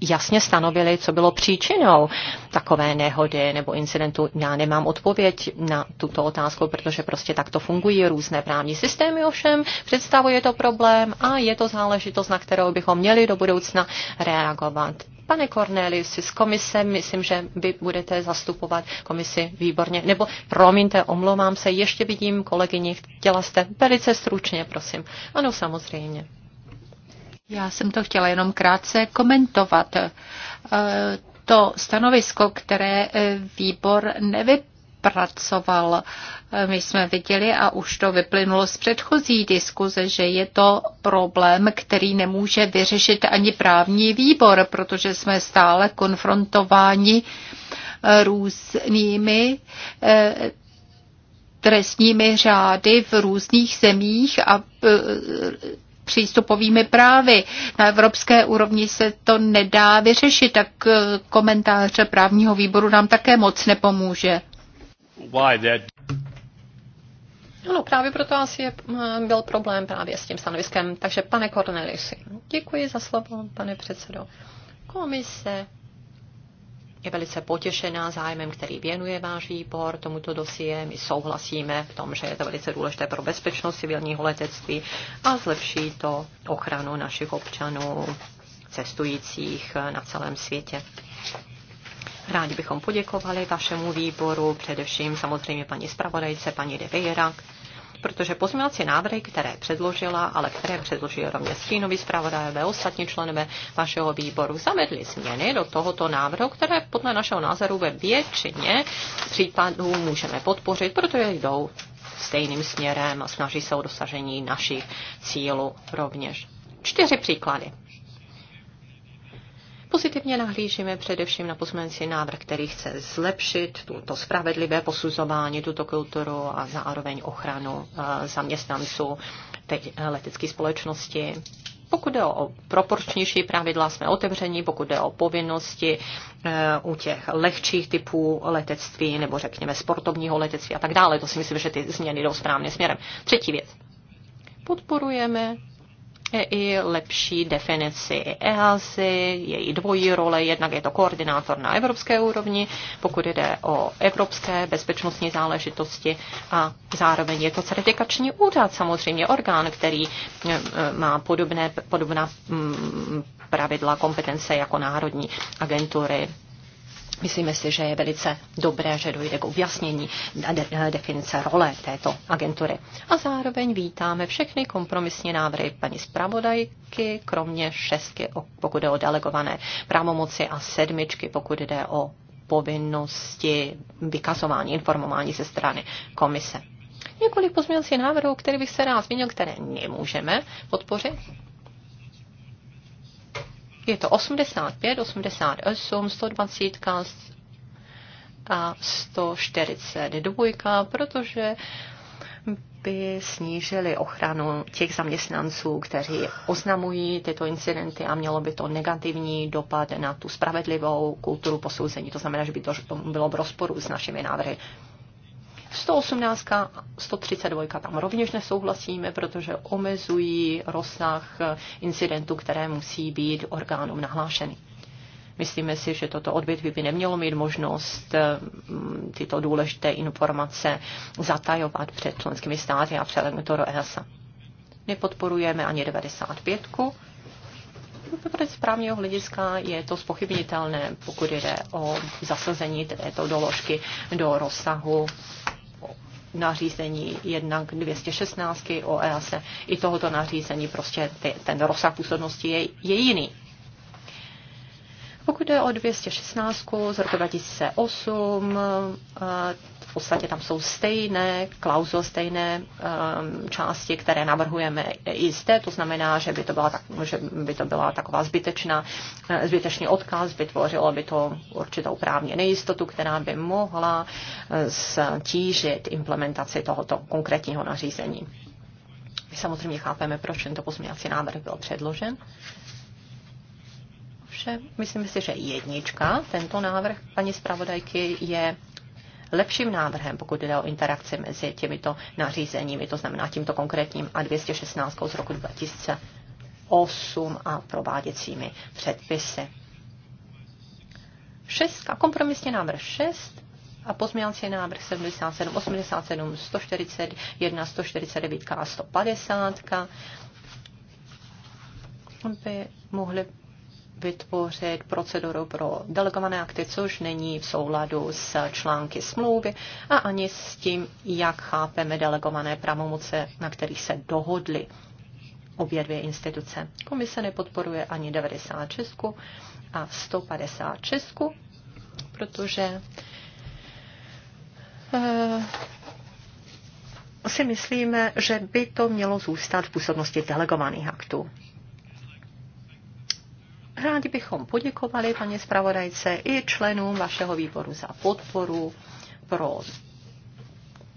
jasně stanovili, co bylo příčinou takové nehody nebo incidentu. Já nemám odpověď na tuto otázku, protože prostě takto fungují různé právní systémy, ovšem představuje to problém a je to záležitost, na kterou bychom měli do budoucna reagovat. Pane Cornelis, s komisem, myslím, že vy budete zastupovat komisi výborně. Nebo, promiňte, omlouvám se, ještě vidím kolegyni, chtěla jste velice stručně, prosím. Ano, samozřejmě. Já jsem to chtěla jenom krátce komentovat. E, to stanovisko, které e, výbor nevypracoval, e, my jsme viděli a už to vyplynulo z předchozí diskuze, že je to problém, který nemůže vyřešit ani právní výbor, protože jsme stále konfrontováni různými trestními řády v různých zemích a přístupovými právy. Na evropské úrovni se to nedá vyřešit, tak eh, komentáře právního výboru nám také moc nepomůže. Why that? Ano, právě proto asi je, eh, byl problém právě s tím stanoviskem. Takže pane Cornelisi, děkuji za slovo, pane předsedo. Komise je velice potěšená zájmem, který věnuje váš výbor tomuto dosie. My souhlasíme v tom, že je to velice důležité pro bezpečnost civilního letectví a zlepší to ochranu našich občanů cestujících na celém světě. Rádi bychom poděkovali vašemu výboru, především samozřejmě paní zpravodajce, paní De Vera, protože pozměňovací návrhy, které předložila, ale které předložil rovněž stínový zpravodajové ostatní členové vašeho výboru, zavedly změny do tohoto návrhu, které podle našeho názoru ve většině případů můžeme podpořit, protože jdou stejným směrem a snaží se o dosažení našich cílů rovněž. Čtyři příklady. Pozitivně nahlížíme především na pozmenci návrh, který chce zlepšit to spravedlivé posuzování, tuto kulturu a zároveň ochranu eh, zaměstnanců teď eh, letecké společnosti. Pokud jde o proporčnější pravidla, jsme otevření, pokud jde o povinnosti eh, u těch lehčích typů letectví nebo řekněme sportovního letectví a tak dále. To si myslím, že ty změny jdou správným směrem. Třetí věc. Podporujeme je i lepší definici EASY, její dvojí role, jednak je to koordinátor na evropské úrovni, pokud jde o evropské bezpečnostní záležitosti a zároveň je to certifikační úřad, samozřejmě orgán, který eh, eh, má podobné, podobná mm, pravidla kompetence jako národní agentury Myslíme si, že je velice dobré, že dojde k objasnění definice role této agentury. A zároveň vítáme všechny kompromisní návrhy paní zpravodajky, kromě šestky, pokud jde o delegované pravomoci a sedmičky, pokud jde o povinnosti vykazování, informování ze strany komise. Několik pozměňovacích návrhů, které bych se rád zmínil, které nemůžeme podpořit je to 85, 88, 120 a 142, protože by snížili ochranu těch zaměstnanců, kteří oznamují tyto incidenty a mělo by to negativní dopad na tu spravedlivou kulturu posouzení. To znamená, že by to bylo v rozporu s našimi návrhy. 118, 132 tam rovněž nesouhlasíme, protože omezují rozsah eh, incidentů, které musí být orgánům nahlášeny. Myslíme si, že toto odvětví by nemělo mít možnost eh, mm, tyto důležité informace zatajovat před členskými státy a před agenturou ESA. Nepodporujeme ani 95. Protože z právního hlediska je to spochybnitelné, pokud jde o zasazení této doložky do rozsahu nařízení jednak 216 o EASE e. i tohoto nařízení, prostě ty, ten rozsah působnosti je, je jiný. Pokud jde o 216 z roku 2008, v podstatě tam jsou stejné klauzule, stejné um, části, které navrhujeme i zde, to znamená, že by to byla, tak, že by to byla taková zbytečná, eh, zbytečný odkaz, by tvořilo by to určitou právně nejistotu, která by mohla stížit eh, implementaci tohoto konkrétního nařízení. My samozřejmě chápeme, proč tento pozměňovací návrh byl předložen Vše, myslím si, že jednička, tento návrh paní zpravodajky je lepším návrhem, pokud jde o interakci mezi těmito nařízeními, to znamená tímto konkrétním a 216 z roku 2008 a prováděcími předpisy. Šestka, kompromisní návrh 6 a pozměňovací návrh 77, 87, 141, 149 a 150 by mohly vytvořit proceduru pro delegované akty, což není v souladu s články smlouvy a ani s tím, jak chápeme delegované pravomoce, na kterých se dohodly obě dvě instituce. Komise nepodporuje ani 96 a 156, protože eh, si myslíme, že by to mělo zůstat v působnosti delegovaných aktů. Rádi bychom poděkovali paní zpravodajce i členům vašeho výboru za podporu pro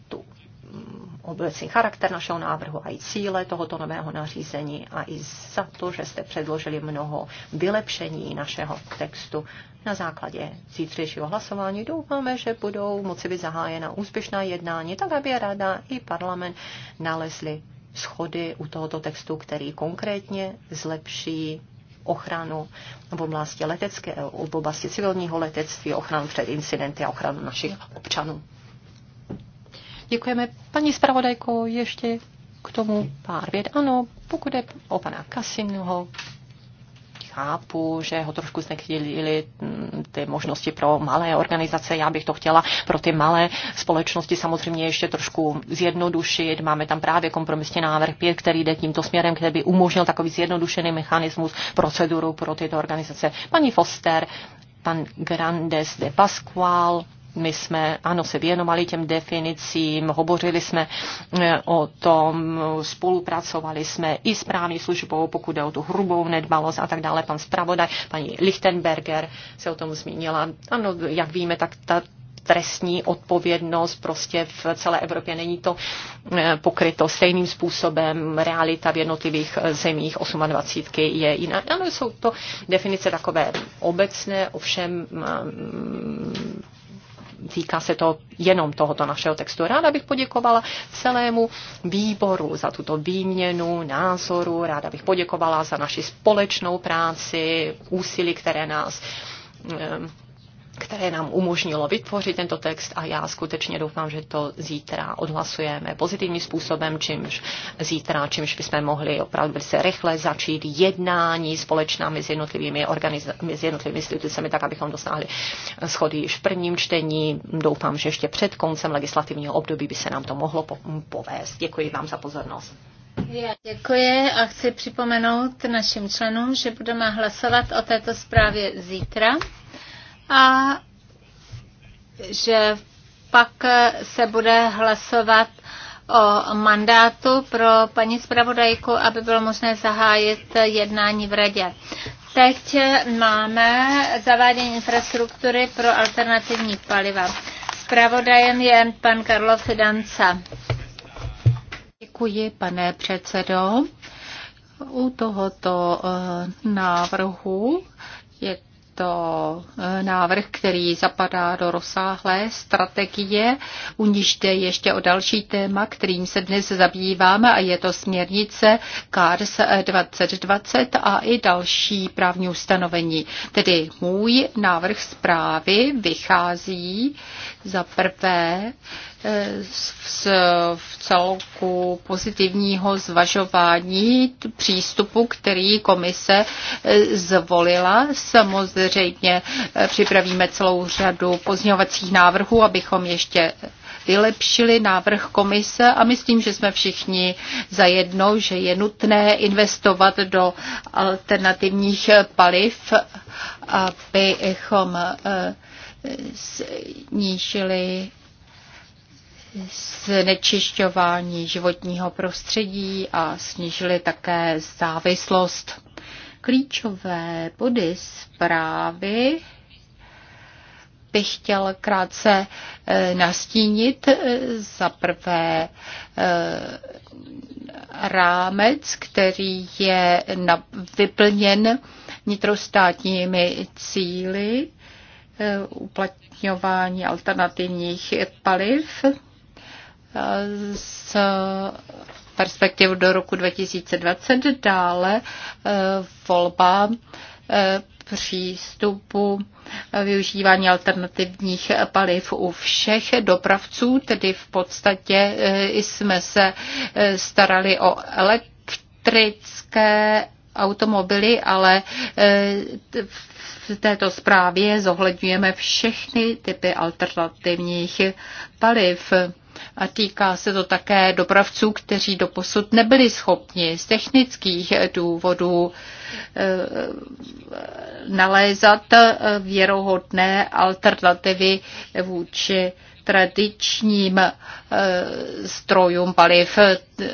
tu mm, obecný charakter našeho návrhu a i cíle tohoto nového nařízení a i za to, že jste předložili mnoho vylepšení našeho textu. Na základě zítřejšího hlasování doufáme, že budou moci být zahájena úspěšná jednání, tak aby Rada i parlament nalezli schody u tohoto textu, který konkrétně zlepší ochranu v oblasti letecké, v oblasti civilního letectví, ochranu před incidenty a ochranu našich občanů. Děkujeme. Paní zpravodajko, ještě k tomu pár věd. Ano, pokud je o pana Kasinho, chápu, že ho trošku znechtělili mm, ty možnosti pro malé organizace. Já bych to chtěla pro ty malé společnosti samozřejmě ještě trošku zjednodušit. Máme tam právě kompromisní návrh 5, který jde tímto směrem, který by umožnil takový zjednodušený mechanismus, proceduru pro tyto organizace. Paní Foster, pan Grandes de Pasqual, my jsme, ano, se věnovali těm definicím, hovořili jsme eh, o tom, spolupracovali jsme i s právní službou, pokud jde o tu hrubou nedbalost a tak dále. Pan zpravodaj, paní Lichtenberger se o tom zmínila. Ano, jak víme, tak ta trestní odpovědnost prostě v celé Evropě není to eh, pokryto stejným způsobem. Realita v jednotlivých eh, zemích 28 je jiná. Ano, jsou to definice takové obecné, ovšem mm, týká se to jenom tohoto našeho textu. Ráda bych poděkovala celému výboru za tuto výměnu názoru, ráda bych poděkovala za naši společnou práci, úsilí, které nás eh, které nám umožnilo vytvořit tento text a já skutečně doufám, že to zítra odhlasujeme pozitivním způsobem, čímž zítra, čímž bychom mohli opravdu se rychle začít jednání společná mezi jednotlivými, organiz- mezi jednotlivými institucemi, tak abychom dosáhli schody již v prvním čtení. Doufám, že ještě před koncem legislativního období by se nám to mohlo po- povést. Děkuji vám za pozornost. Já děkuji a chci připomenout našim členům, že budeme hlasovat o této zprávě zítra a že pak se bude hlasovat o mandátu pro paní zpravodajku, aby bylo možné zahájit jednání v radě. Teď máme zavádění infrastruktury pro alternativní paliva. Zpravodajem je pan Karlo Fidanca. Děkuji, pane předsedo. U tohoto eh, návrhu je to eh, návrh, který zapadá do rozsáhlé strategie, u níž jde ještě o další téma, kterým se dnes zabýváme a je to směrnice CARS 2020 a i další právní ustanovení. Tedy můj návrh zprávy vychází za prvé z, v celku pozitivního zvažování přístupu, který komise e, zvolila. Samozřejmě e, připravíme celou řadu pozňovacích návrhů, abychom ještě vylepšili návrh komise a myslím, že jsme všichni zajedno, že je nutné investovat do alternativních paliv, abychom e, snížili znečišťování životního prostředí a snížili také závislost. Klíčové body zprávy bych chtěl krátce eh, nastínit. Za prvé eh, rámec, který je vyplněn nitrostátními cíly eh, uplatňování alternativních paliv z perspektivu do roku 2020 dále e, volba e, přístupu e, využívání alternativních paliv u všech dopravců, tedy v podstatě jsme se starali o elektrické automobily, ale v této zprávě zohledňujeme všechny typy alternativních paliv. A týká se to také dopravců, kteří doposud nebyli schopni z technických důvodů eh, nalézat eh, věrohodné alternativy vůči tradičním eh, strojům paliv.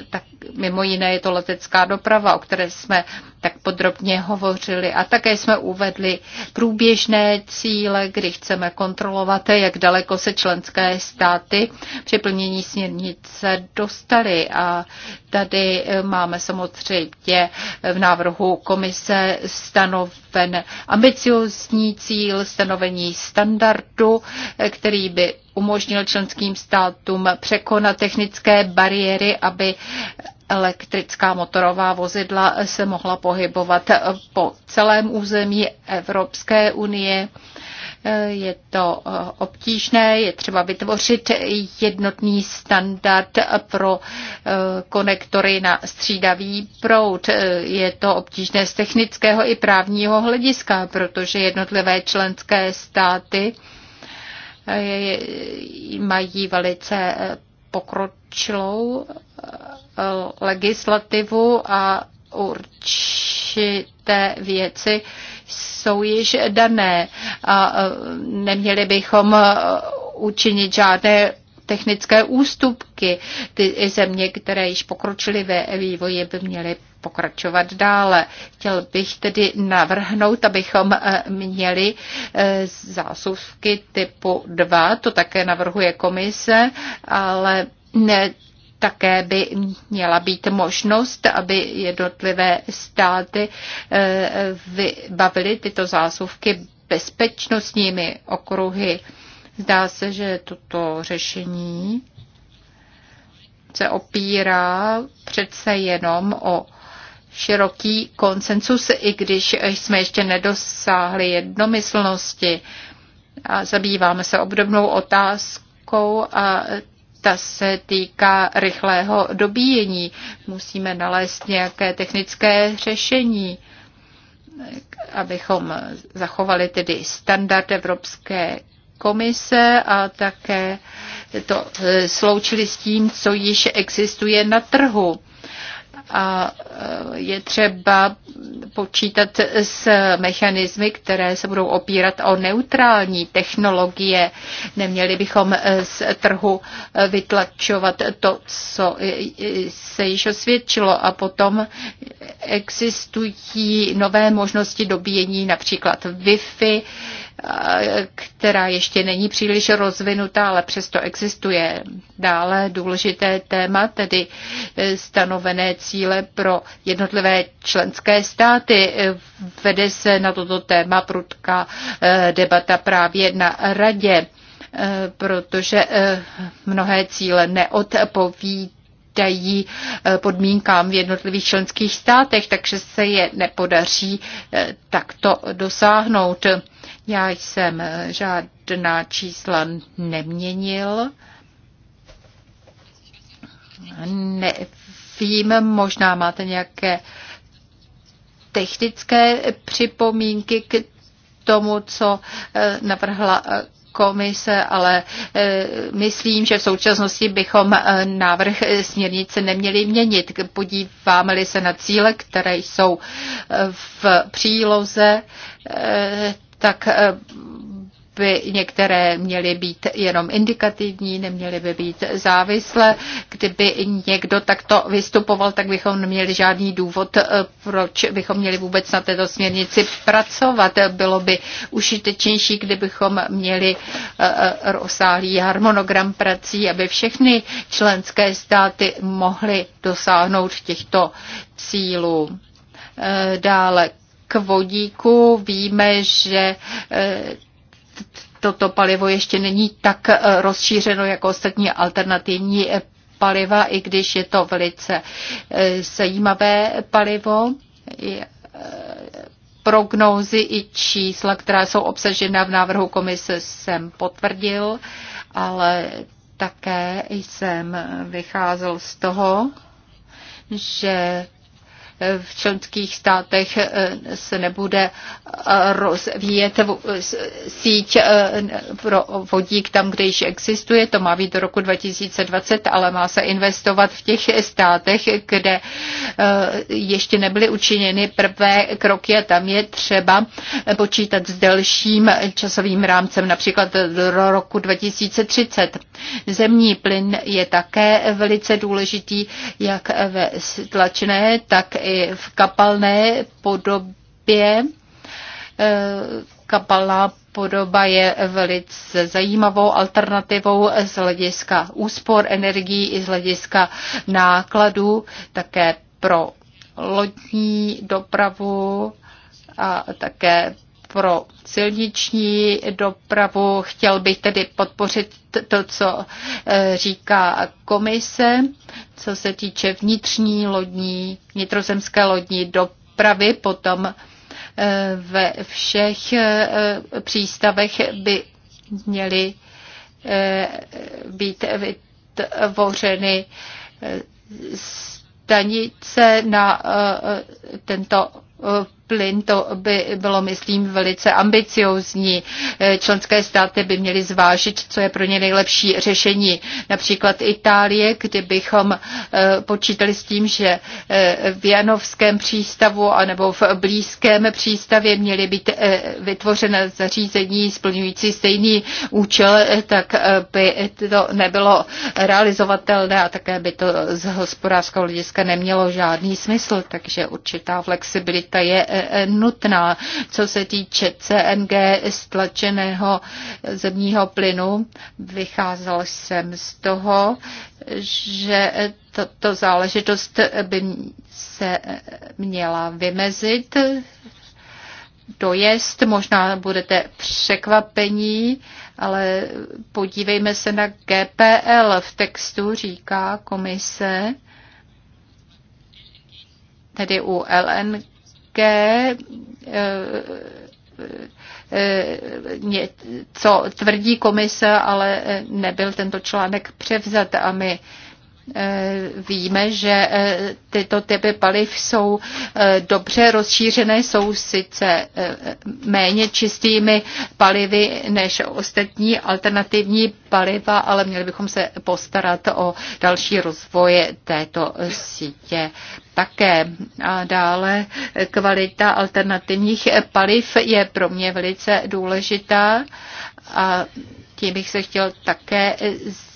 Tak mimo jiné je to letecká doprava, o které jsme tak podrobně hovořili. A také jsme uvedli průběžné cíle, kdy chceme kontrolovat, jak daleko se členské státy při plnění směrnice dostaly. A tady eh, máme samozřejmě v návrhu komise stanoven ambiciozní cíl stanovení standardu, eh, který by umožnil členským státům překonat technické bariéry, aby elektrická motorová vozidla se mohla pohybovat po celém území Evropské unie. Je to eh, obtížné, je třeba vytvořit jednotný standard pro eh, konektory na střídavý proud. Eh, je to obtížné z technického i právního hlediska, protože jednotlivé členské státy mají velice pokročilou eh, legislativu a určité věci jsou již dané a eh, neměli bychom eh, učinit žádné technické ústupky. Ty země, které již pokročily ve vývoji, by měly pokračovat dále. Chtěl bych tedy navrhnout, abychom eh, měli eh, zásuvky typu 2, to také navrhuje komise, ale ne, také by měla být možnost, aby jednotlivé státy eh, vybavily tyto zásuvky bezpečnostními okruhy. Zdá se, že toto řešení se opírá přece jenom o široký konsensus, i když jsme ještě nedosáhli jednomyslnosti. A zabýváme se obdobnou otázkou a ta se týká rychlého dobíjení. Musíme nalézt nějaké technické řešení, abychom zachovali tedy standard Evropské komise a také to e, sloučili s tím, co již existuje na trhu a e, je třeba počítat s mechanismy, které se budou opírat o neutrální technologie. Neměli bychom z trhu vytlačovat to, co se již osvědčilo a potom existují nové možnosti dobíjení, například Wi-Fi, která ještě není příliš rozvinutá, ale přesto existuje. Dále důležité téma, tedy eh, stanovené cíle pro jednotlivé členské státy. Vede se na toto téma prudká eh, debata právě na radě, eh, protože mnohé cíle neodpovídají dají podmínkám v jednotlivých členských státech, takže se je nepodaří takto dosáhnout. Já jsem eh, žádná čísla neměnil. Nevím, možná máte nějaké technické připomínky k tomu, co eh, navrhla eh, komise, ale myslím, že v současnosti bychom návrh směrnice neměli měnit. Podíváme-li se na cíle, které jsou v příloze, tak eh, by některé měly být jenom indikativní, neměly by být závislé. Kdyby někdo takto vystupoval, tak bychom neměli žádný důvod, eh, proč bychom měli vůbec na této směrnici pracovat. Bylo by užitečnější, kdybychom měli eh, rozsáhlý harmonogram prací, aby všechny členské státy mohly dosáhnout těchto cílů. Dále k vodíku. Víme, že e, toto palivo ještě není tak e, rozšířeno jako ostatní alternativní e, paliva, i když je to velice zajímavé palivo. Prognózy i čísla, která jsou obsažena v návrhu komise, jsem potvrdil, ale také jsem vycházel z toho, že v členských státech eh, se nebude eh, rozvíjet síť eh, pro vodík tam, kde již existuje. To má být do roku 2020, ale má se investovat v těch státech, kde ještě nebyly učiněny prvé kroky a tam je třeba počítat s delším časovým rámcem, například do roku 2030. Zemní plyn je také velice důležitý, jak ve tlačné, tak i v kapalné podobě. E, kapalná podoba je velice zajímavou alternativou z hlediska úspor energií i z hlediska nákladů, také pro lodní dopravu a také pro silniční dopravu. Chtěl bych tedy podpořit to, co eh, říká komise, co se týče vnitřní lodní, vnitrozemské lodní dopravy, potom eh, ve všech eh, přístavech by měly být vytvořeny stanice na tento plyn, to by bylo, myslím, velice ambiciozní. Eh, členské státy by měly zvážit, co je pro ně nejlepší řešení. Například Itálie, kde bychom eh, počítali s tím, že eh, v Janovském přístavu anebo v blízkém přístavě měly být vytvořena zařízení splňující stejný účel, tak by to nebylo realizovatelné a také by to z hospodářského hlediska nemělo žádný smysl, takže určitá flexibilita je nutná. Co se týče CNG stlačeného zemního plynu, vycházel jsem z toho, že tato záležitost by se měla vymezit. To jest, možná budete překvapení, ale podívejme se na GPL. V textu říká komise, tedy u LNG, také eh, eh, co tvrdí komise, ale nebyl tento článek převzat a my Eh, víme, že eh, tyto typy paliv jsou eh, dobře rozšířené, jsou sice méně čistými palivy než ostatní alternativní paliva, ale měli bychom se postarat o další rozvoj této sítě také. A dále kvalita alternativních paliv je pro mě velice důležitá a tím bych se chtěl také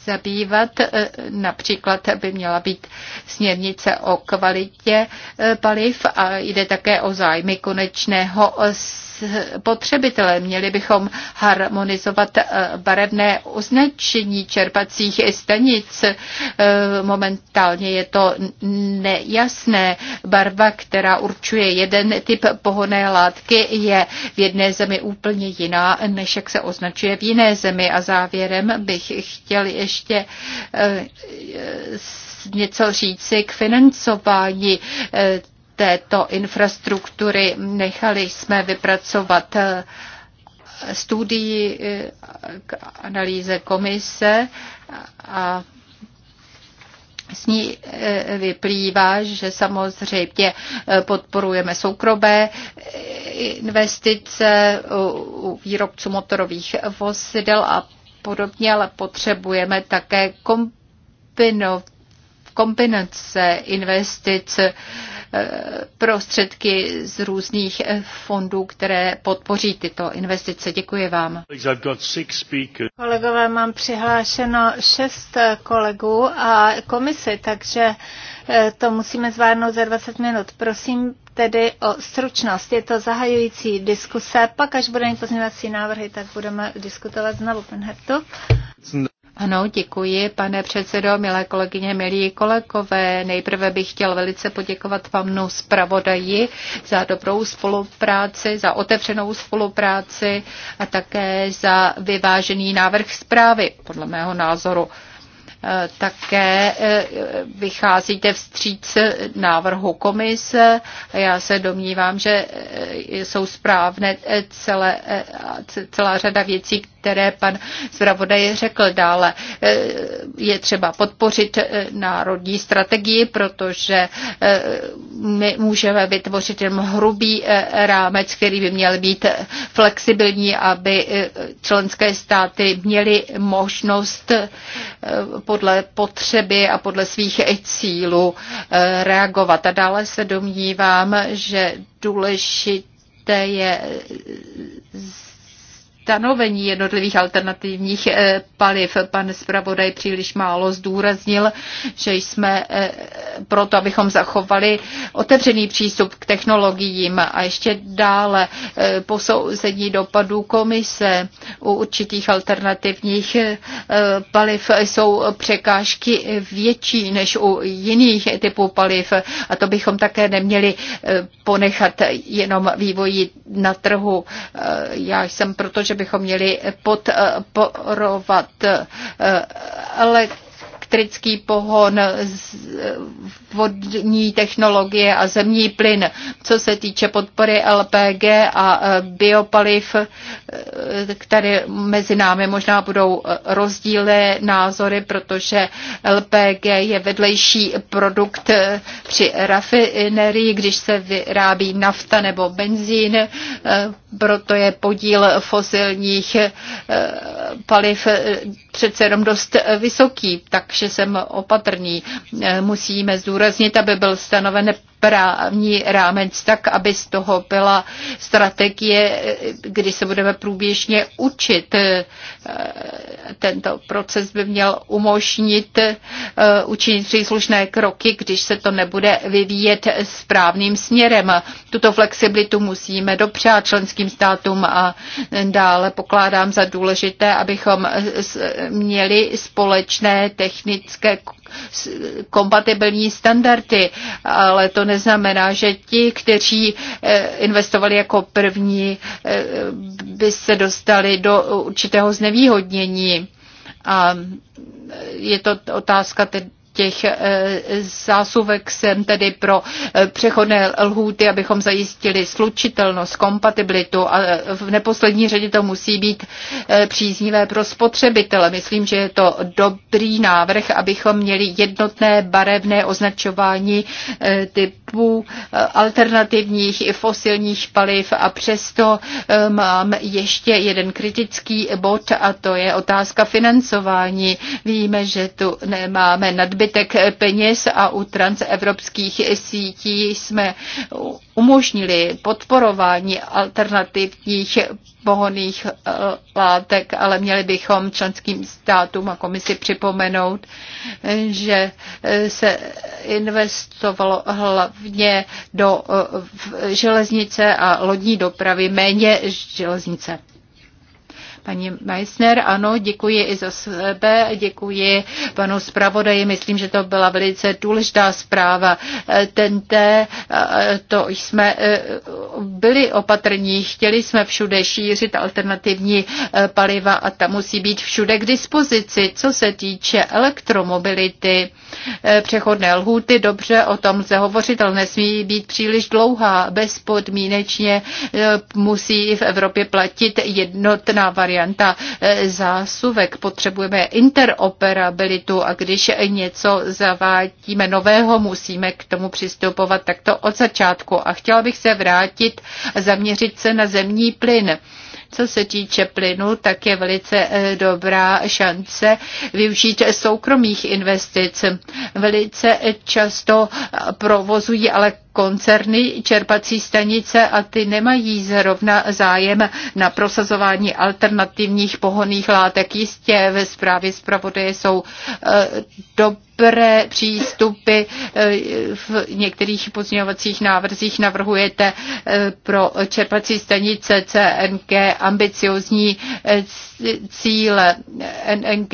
zabývat. E, například by měla být směrnice o kvalitě e, paliv a jde také o zájmy konečného spotřebitele. Měli bychom harmonizovat eh, barevné označení čerpacích stanic. Eh, momentálně je to nejasné. Barva, která určuje jeden typ pohoné látky, je v jedné zemi úplně jiná, než jak se označuje v jiné zemi. A závěrem bych chtěl ještě eh, něco říci k financování této infrastruktury. Nechali jsme vypracovat eh, studii eh, k analýze komise a s ní eh, vyplývá, že samozřejmě podporujeme soukromé investice u výrobců motorových vozidel a podobně, ale potřebujeme také kombinovat kombinace investic prostředky z různých fondů, které podpoří tyto investice. Děkuji vám. Kolegové, mám přihlášeno šest kolegů a komisi, takže eh, to musíme zvládnout za 20 minut. Prosím tedy o stručnost. Je to zahajující diskuse, pak až budeme pozměňovací návrhy, tak budeme diskutovat znovu, pan Hertu. Ano, děkuji, pane předsedo, milé kolegyně, milí kolegové. Nejprve bych chtěl velice poděkovat panu zpravodaji za dobrou spolupráci, za otevřenou spolupráci a také za vyvážený návrh zprávy, podle mého názoru. E, také e, vycházíte vstříc návrhu komise a já se domnívám, že e, jsou správné celé, celá řada věcí, které pan zpravodaj řekl dále. Eh, je třeba podpořit eh, národní strategii, protože eh, my můžeme vytvořit jen hrubý rámec, který by měl být flexibilní, aby členské státy měly možnost podle potřeby a podle svých cílů reagovat. A dále se domnívám, že důležité je stanovení jednotlivých alternativních eh, paliv. Pan zpravodaj příliš málo zdůraznil, že jsme eh, proto, abychom zachovali otevřený přístup k technologiím a ještě dále eh, posouzení dopadů komise u určitých alternativních paliv jsou překážky větší než u jiných typů paliv a to bychom také neměli ponechat jenom vývoji na trhu. Já jsem protože že bychom měli podporovat ale eh, eh, elektrický pohon, vodní technologie a zemní plyn. Co se týče podpory LPG a e, biopaliv, e, které mezi námi možná budou e, rozdílné názory, protože LPG je vedlejší produkt při rafinerii, když se vyrábí nafta nebo benzín, proto je podíl fosilních paliv přece jenom dost eh, vysoký, takže jsem opatrný. Eh, musíme zdůraznit, aby byl stanoven právní rámec tak, aby z toho byla strategie, kdy se budeme průběžně učit. Eh, tento proces by měl umožnit eh, učinit příslušné kroky, když se to nebude vyvíjet správným směrem. Tuto flexibilitu musíme dopřát členským státům a dále pokládám za důležité, abychom měli společné technické kompatibilní standardy, ale to neznamená, že ti, kteří eh, investovali jako první, eh, by se dostali do určitého znevýhodnění. A eh, je to otázka tedy těch eh, zásuvek jsem tedy pro eh, přechodné lhůty, abychom zajistili slučitelnost, kompatibilitu a eh, v neposlední řadě to musí být příznivé pro spotřebitele. Myslím, že je to dobrý návrh, abychom měli jednotné barevné označování typů alternativních i fosilních paliv a přesto mám ještě jeden kritický bod a to je otázka financování. Víme, že tu nemáme nadbytek přebytek peněz a u transevropských sítí jsme umožnili podporování alternativních pohoných eh, látek, ale měli bychom členským státům a komisi připomenout, že eh, se investovalo hlavně do eh, železnice a lodní dopravy, méně železnice. Paní Meissner, ano, děkuji i za sebe, děkuji panu zpravodaji. Myslím, že to byla velice důležitá zpráva. Tente, to jsme e, byli opatrní, chtěli jsme všude šířit alternativní e, paliva a ta musí být všude k dispozici. Co se týče elektromobility, e, přechodné lhůty, dobře, o tom se hovořit, ale nesmí být příliš dlouhá. Bezpodmínečně musí v Evropě platit jednotná varianta varianta eh, zásuvek. Potřebujeme interoperabilitu a když něco zavádíme nového, musíme k tomu přistupovat takto od začátku. A chtěla bych se vrátit a zaměřit se na zemní plyn. Co se týče plynu, tak je velice eh, dobrá šance využít soukromých investic. Velice často provozují ale koncerny čerpací stanice a ty nemají zrovna zájem na prosazování alternativních pohoných látek. Jistě ve zprávě zpravodaje jsou eh, dobré pre přístupy eh, v některých pozměňovacích návrzích navrhujete eh, pro čerpací stanice CNG ambiciozní eh, cíle NNG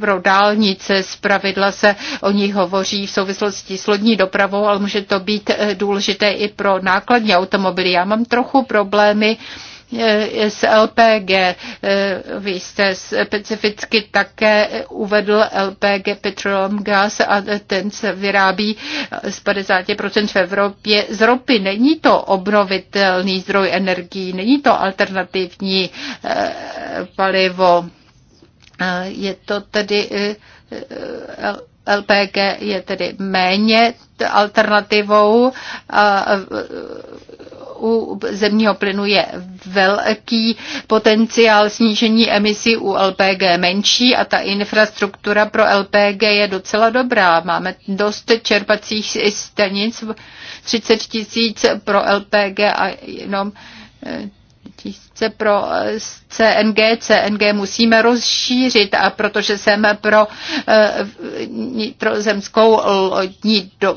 pro dálnice. Z pravidla se o nich hovoří v souvislosti s lodní dopravou, ale může to být důležité i pro nákladní automobily. Já mám trochu problémy z eh, LPG. Eh, vy jste specificky také uvedl LPG Petroleum Gas a ten se vyrábí z 50% v Evropě z ropy. Není to obnovitelný zdroj energií, není to alternativní eh, palivo. Je to tedy LPG je tedy méně alternativou a u zemního plynu je velký potenciál snížení emisí u LPG menší a ta infrastruktura pro LPG je docela dobrá. Máme dost čerpacích stanic, 30 tisíc pro LPG a jenom eh, tisíce pro eh, CNG. CNG musíme rozšířit a protože jsem pro eh, vnitrozemskou lodní do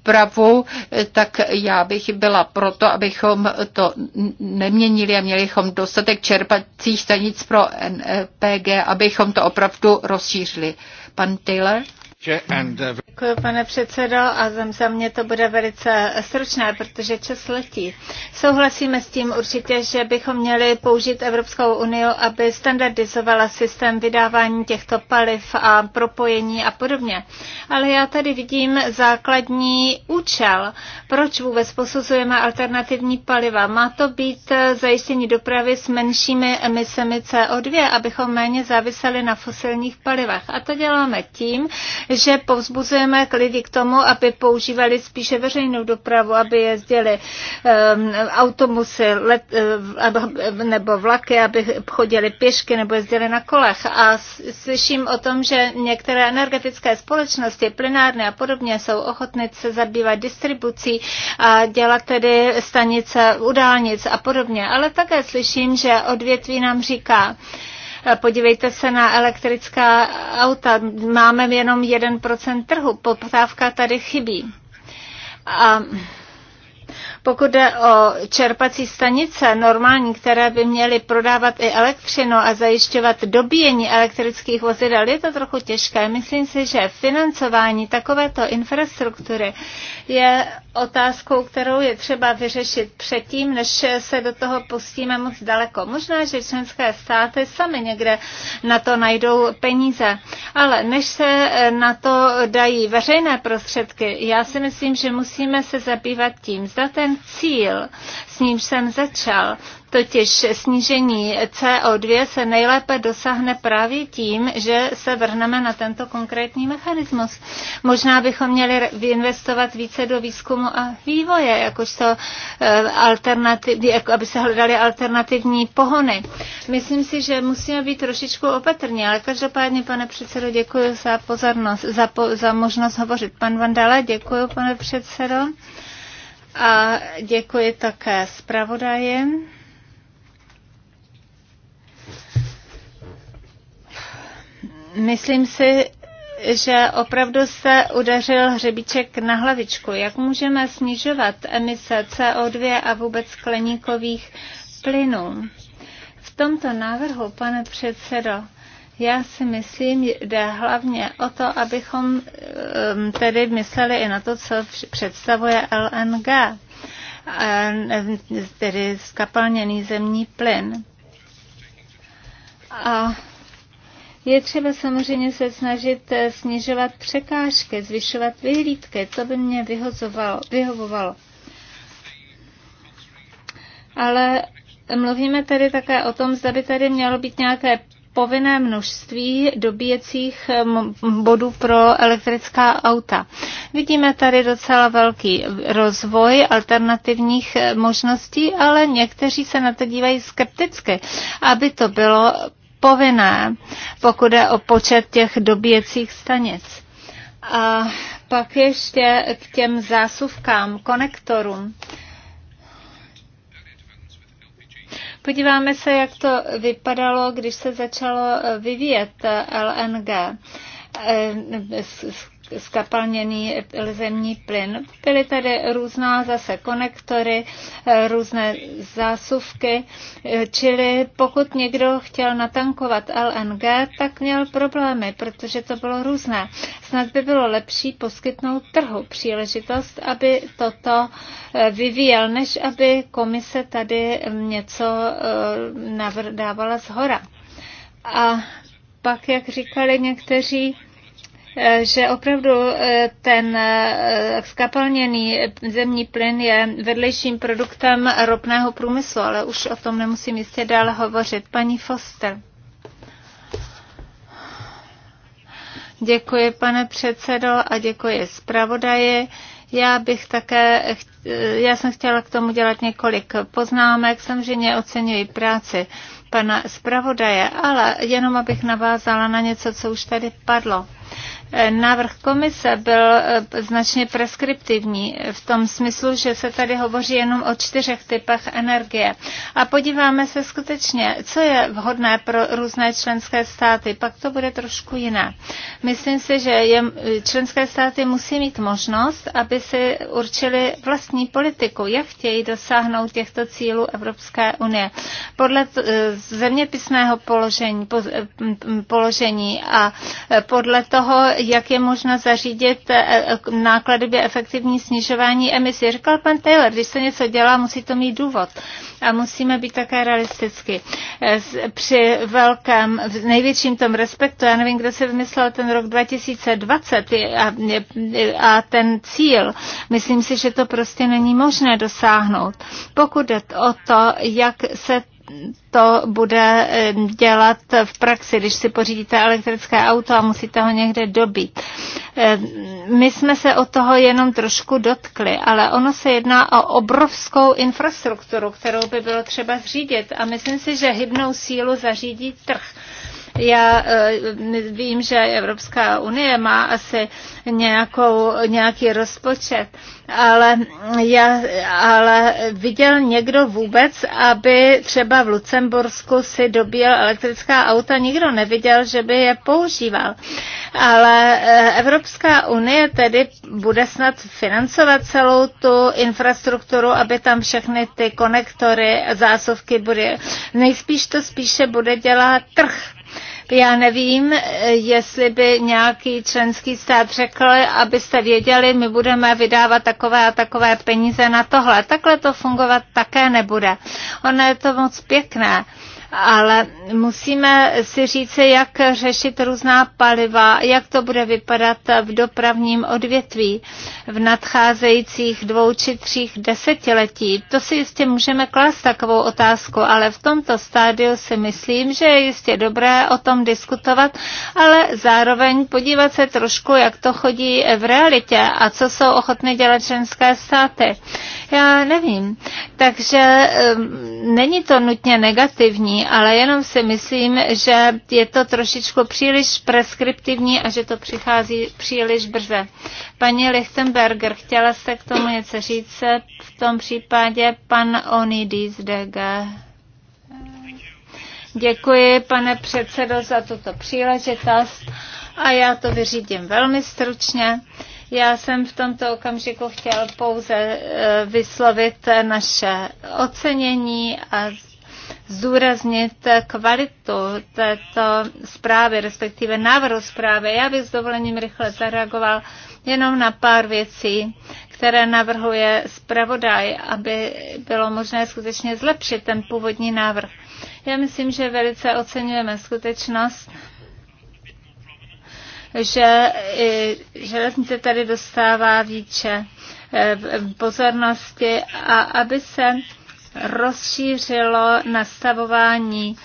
úpravu, tak já bych byla proto, abychom to neměnili a měli bychom dostatek čerpacích stanic pro NPG, abychom to opravdu rozšířili. Pan Taylor? Uh, Děkuji, pane předsedo, a za mě to bude velice stručné, protože čas letí. Souhlasíme s tím určitě, že bychom měli použít Evropskou unii, aby standardizovala systém vydávání těchto paliv a propojení a podobně. Ale já tady vidím základní účel. Proč vůbec posuzujeme alternativní paliva? Má to být zajištění dopravy s menšími emisemi CO2, abychom méně záviseli na fosilních palivech. A to děláme tím, že povzbuzujeme k lidi k tomu, aby používali spíše veřejnou dopravu, aby jezdili um, autobusy let, eh, nebo vlaky, aby chodili pěšky nebo jezdili na kolech. A slyším o tom, že některé energetické společnosti, plynárny a podobně jsou ochotny se zabývat distribucí a dělat tedy stanice u dálnic a podobně. Ale také slyším, že odvětví nám říká, Podívejte se na elektrická auta. Máme jenom 1% trhu. Poptávka tady chybí. A pokud jde o čerpací stanice normální, které by měly prodávat i elektřinu a zajišťovat dobíjení elektrických vozidel, je to trochu těžké. Myslím si, že financování takovéto infrastruktury je otázkou, kterou je třeba vyřešit předtím, než se do toho pustíme moc daleko. Možná, že členské státy sami někde na to najdou peníze, ale než se na to dají veřejné prostředky, já si myslím, že musíme se zabývat tím, zda ten cíl, s nímž jsem začal, Totiž snížení CO2 se nejlépe dosáhne právě tím, že se vrhneme na tento konkrétní mechanismus. Možná bychom měli investovat více do výzkumu a vývoje, jakožto eh, alternativ, jako aby se hledaly alternativní pohony. Myslím si, že musíme být trošičku opatrní, ale každopádně, pane předsedo, děkuji za pozornost, za, po, za možnost hovořit. Pan Vandala, děkuji, pane předsedo. A děkuji také zpravodajem. Myslím si, že opravdu se udařil hřebíček na hlavičku. Jak můžeme snižovat emise CO2 a vůbec skleníkových plynů? V tomto návrhu, pane předsedo, já si myslím, jde hlavně o to, abychom ehm, tedy mysleli i na to, co představuje LNG, ehm, tedy skapalněný zemní plyn. A je třeba samozřejmě se snažit eh, snižovat překážky, zvyšovat vyhlídky, to by mě vyhovovalo. Ale mluvíme tady také o tom, zda by tady mělo být nějaké povinné množství dobíjecích eh, bodů pro elektrická auta. Vidíme tady docela velký rozvoj alternativních eh, možností, ale někteří se na to dívají skepticky, aby to bylo povinné, pokud je o počet těch dobíjecích stanic. A pak ještě k těm zásuvkám, konektorům. Podíváme se, jak to vypadalo, když se začalo vyvíjet LNG eh, skapalněný zemní plyn. Byly tady různá zase konektory, eh, různé zásuvky, eh, čili pokud někdo chtěl natankovat LNG, tak měl problémy, protože to bylo různé. Snad by bylo lepší poskytnout trhu příležitost, aby toto eh, vyvíjel, než aby komise tady něco dávala zhora. A pak, jak říkali někteří, že opravdu eh, ten skapalněný eh, zemní plyn je vedlejším produktem ropného průmyslu, ale už o tom nemusím jistě dál hovořit. Paní Foster. Děkuji, pane předsedo, a děkuji zpravodaji. Já bych také, eh, já jsem chtěla k tomu dělat několik poznámek. Samozřejmě oceňuji práci pana zpravodaje, ale jenom abych navázala na něco, co už tady padlo Návrh komise byl eh, značně preskriptivní v tom smyslu, že se tady hovoří jenom o čtyřech typech energie. A podíváme se skutečně, co je vhodné pro různé členské státy, pak to bude trošku jiné. Myslím si, že je, členské státy musí mít možnost, aby si určili vlastní politiku, jak chtějí dosáhnout těchto cílů Evropské unie. Podle eh, zeměpisného položení, eh, položení a podle toho, jak je možno zařídit eh, eh, nákladově efektivní snižování emisí. Říkal pan Taylor, když se něco dělá, musí to mít důvod a musíme být také realisticky. Eh, při velkém, největším tom respektu, já nevím, kdo se vymyslel ten rok 2020 a, a ten cíl, myslím si, že to prostě není možné dosáhnout. Pokud jde o to, jak se to bude eh, dělat v praxi, když si pořídíte elektrické auto a musíte ho někde dobít. Eh, my jsme se o toho jenom trošku dotkli, ale ono se jedná o obrovskou infrastrukturu, kterou by bylo třeba zřídit a myslím si, že hybnou sílu zařídí trh. Já eh, vím, že Evropská unie má asi nějakou, nějaký rozpočet, ale, já, ale viděl někdo vůbec, aby třeba v Lucembursku si dobíjel elektrická auta, nikdo neviděl, že by je používal. Ale eh, Evropská unie tedy bude snad financovat celou tu infrastrukturu, aby tam všechny ty konektory, zásuvky bude. Nejspíš to spíše bude dělat trh já nevím, jestli by nějaký členský stát řekl, abyste věděli, my budeme vydávat takové a takové peníze na tohle. Takhle to fungovat také nebude. Ono je to moc pěkné ale musíme si říci, jak řešit různá paliva, jak to bude vypadat v dopravním odvětví v nadcházejících dvou či třích desetiletí. To si jistě můžeme klást takovou otázku, ale v tomto stádiu si myslím, že je jistě dobré o tom diskutovat, ale zároveň podívat se trošku, jak to chodí v realitě a co jsou ochotny dělat ženské státy. Já nevím. Takže není to nutně negativní, ale jenom si myslím, že je to trošičku příliš preskriptivní a že to přichází příliš brze. Paní Lichtenberger, chtěla se k tomu něco říct? V tom případě pan Onidis DG. Děkuji, pane předsedo, za tuto příležitost a já to vyřídím velmi stručně. Já jsem v tomto okamžiku chtěl pouze eh, vyslovit naše ocenění a zdůraznit kvalitu této zprávy, respektive návrhu zprávy. Já bych s dovolením rychle zareagoval jenom na pár věcí, které navrhuje zpravodaj, aby bylo možné skutečně zlepšit ten původní návrh. Já myslím, že velice oceňujeme skutečnost, že železnice tady dostává více eh, pozornosti a aby se rozšířilo nastavování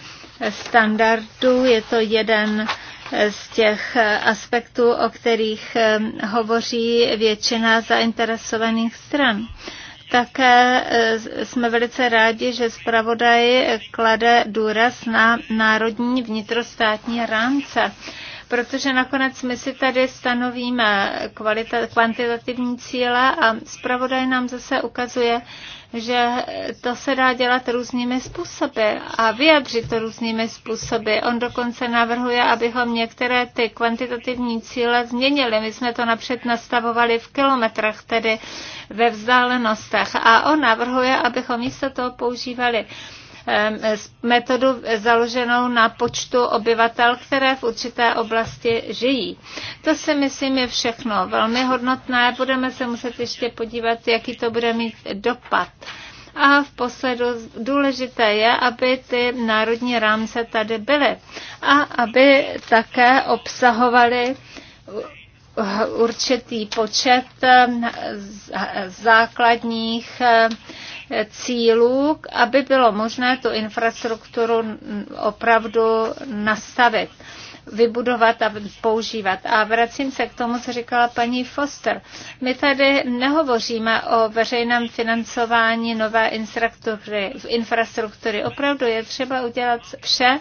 standardů. Je to jeden z těch aspektů, o kterých hovoří většina zainteresovaných stran. Také e, jsme velice rádi, že zpravodaj klade důraz na národní vnitrostátní rámce, protože nakonec my si tady stanovíme kvalita, kvantitativní cíle a zpravodaj nám zase ukazuje, že to se dá dělat různými způsoby a vyjadřit to různými způsoby. On dokonce navrhuje, abychom některé ty kvantitativní cíle změnili. My jsme to napřed nastavovali v kilometrech, tedy ve vzdálenostech. A on navrhuje, abychom místo toho používali metodu založenou na počtu obyvatel, které v určité oblasti žijí. To si myslím je všechno velmi hodnotné. Budeme se muset ještě podívat, jaký to bude mít dopad. A v posledu důležité je, aby ty národní rámce tady byly a aby také obsahovaly určitý počet základních cílů, aby bylo možné tu infrastrukturu opravdu nastavit vybudovat a používat. A vracím se k tomu, co říkala paní Foster. My tady nehovoříme o veřejném financování nové infrastruktury. infrastruktury. Opravdu je třeba udělat vše,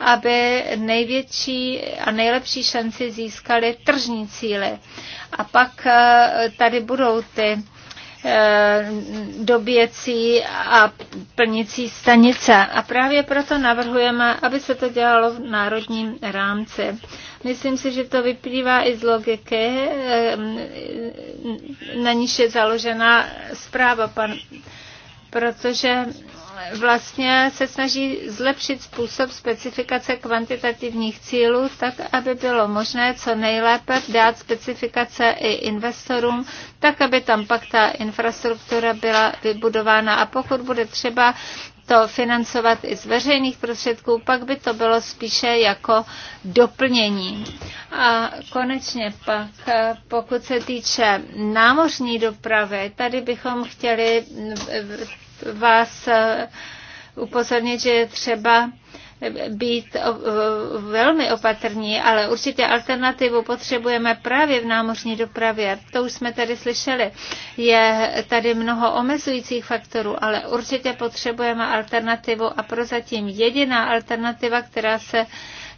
aby největší a nejlepší šanci získali tržní cíly. A pak eh, tady budou ty Eh, doběcí a plnicí stanice. A právě proto navrhujeme, aby se to dělalo v národním rámci. Myslím si, že to vyplývá i z logiky, eh, na níž je založena zpráva, pan, protože vlastně se snaží zlepšit způsob specifikace kvantitativních cílů, tak aby bylo možné co nejlépe dát specifikace i investorům, tak aby tam pak ta infrastruktura byla vybudována. A pokud bude třeba to financovat i z veřejných prostředků, pak by to bylo spíše jako doplnění. A konečně pak, pokud se týče námořní dopravy, tady bychom chtěli vás eh, upozornit, že je třeba být eh, velmi opatrní, ale určitě alternativu potřebujeme právě v námořní dopravě. To už jsme tady slyšeli. Je tady mnoho omezujících faktorů, ale určitě potřebujeme alternativu a prozatím jediná alternativa, která se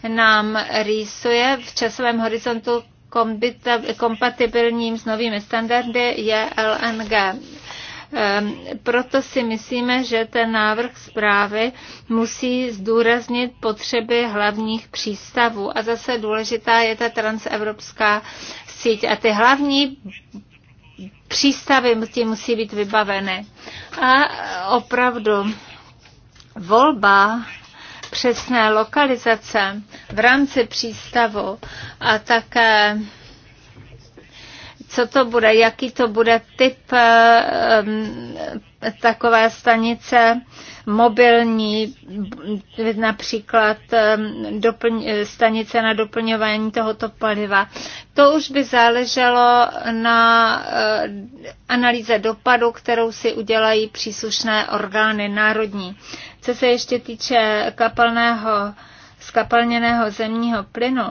nám rýsuje v časovém horizontu kompatibilním s novými standardy je LNG. Ehm, proto si myslíme, že ten návrh zprávy musí zdůraznit potřeby hlavních přístavů. A zase důležitá je ta transevropská síť. A ty hlavní přístavy tím musí být vybaveny. A opravdu volba přesné lokalizace v rámci přístavu a také co to bude, jaký to bude typ eh, takové stanice mobilní, například doplň, stanice na doplňování tohoto paliva. To už by záleželo na eh, analýze dopadu, kterou si udělají příslušné orgány národní. Co se ještě týče kapalného, skapalněného zemního plynu,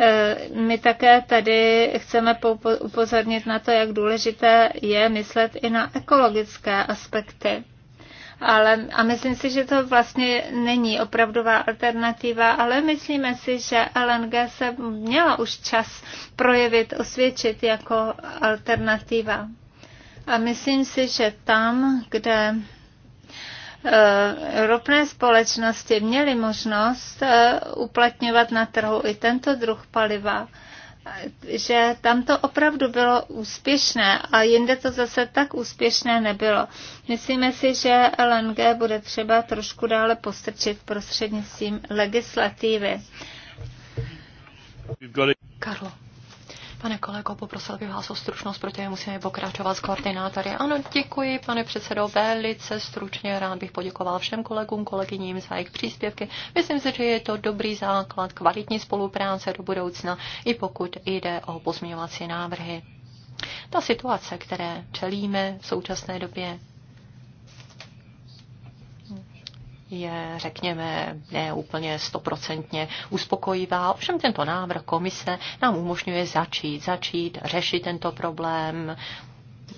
E, my také tady chceme upozornit na to, jak důležité je myslet i na ekologické aspekty. Ale, a myslím si, že to vlastně není opravdová alternativa, ale myslíme si, že LNG se měla už čas projevit, osvědčit jako alternativa. A myslím si, že tam, kde Eh, ropné společnosti měly možnost eh, uplatňovat na trhu i tento druh paliva, že tam to opravdu bylo úspěšné a jinde to zase tak úspěšné nebylo. Myslíme si, že LNG bude třeba trošku dále postrčit prostřednictvím legislativy. Karlo. Pane kolego, poprosil bych vás o stručnost, protože musíme pokračovat s koordinátory. Ano, děkuji, pane předsedo, velice stručně. Rád bych poděkoval všem kolegům, kolegyním za jejich příspěvky. Myslím si, že je to dobrý základ kvalitní spolupráce do budoucna, i pokud jde o pozměňovací návrhy. Ta situace, které čelíme v současné době, je, řekněme, ne úplně stoprocentně uspokojivá. Ovšem tento návrh komise nám umožňuje začít, začít řešit tento problém,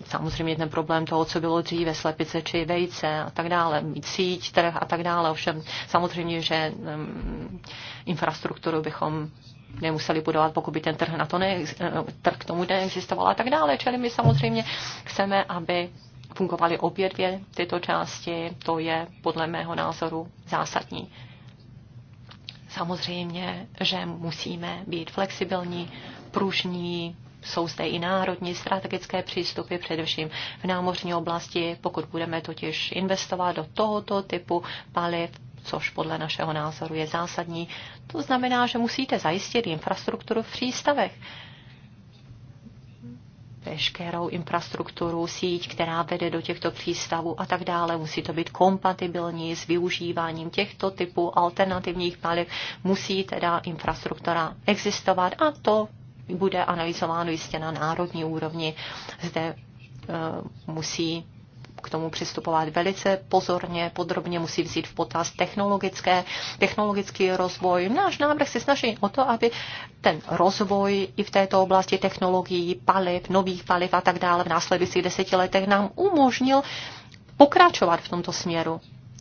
samozřejmě ten problém toho, co bylo dříve, slepice či vejce a tak dále, mít síť, trh a tak dále. Ovšem samozřejmě, že um, infrastrukturu bychom nemuseli budovat, pokud by ten trh, na to ne, eh, trh k tomu neexistoval a tak dále. Čili my samozřejmě chceme, aby fungovaly obě dvě tyto části, to je podle mého názoru zásadní. Samozřejmě, že musíme být flexibilní, pružní, jsou zde i národní strategické přístupy, především v námořní oblasti, pokud budeme totiž investovat do tohoto typu paliv, což podle našeho názoru je zásadní. To znamená, že musíte zajistit infrastrukturu v přístavech veškerou infrastrukturu, síť, která vede do těchto přístavů a tak dále. Musí to být kompatibilní s využíváním těchto typů alternativních paliv. Musí teda infrastruktura existovat a to bude analyzováno jistě na národní úrovni. Zde eh, musí k tomu přistupovat velice pozorně, podrobně musí vzít v potaz technologické, technologický rozvoj. Náš návrh se snaží o to, aby ten rozvoj i v této oblasti technologií, paliv, nových paliv a tak dále v následujících deseti letech nám umožnil pokračovat v tomto směru,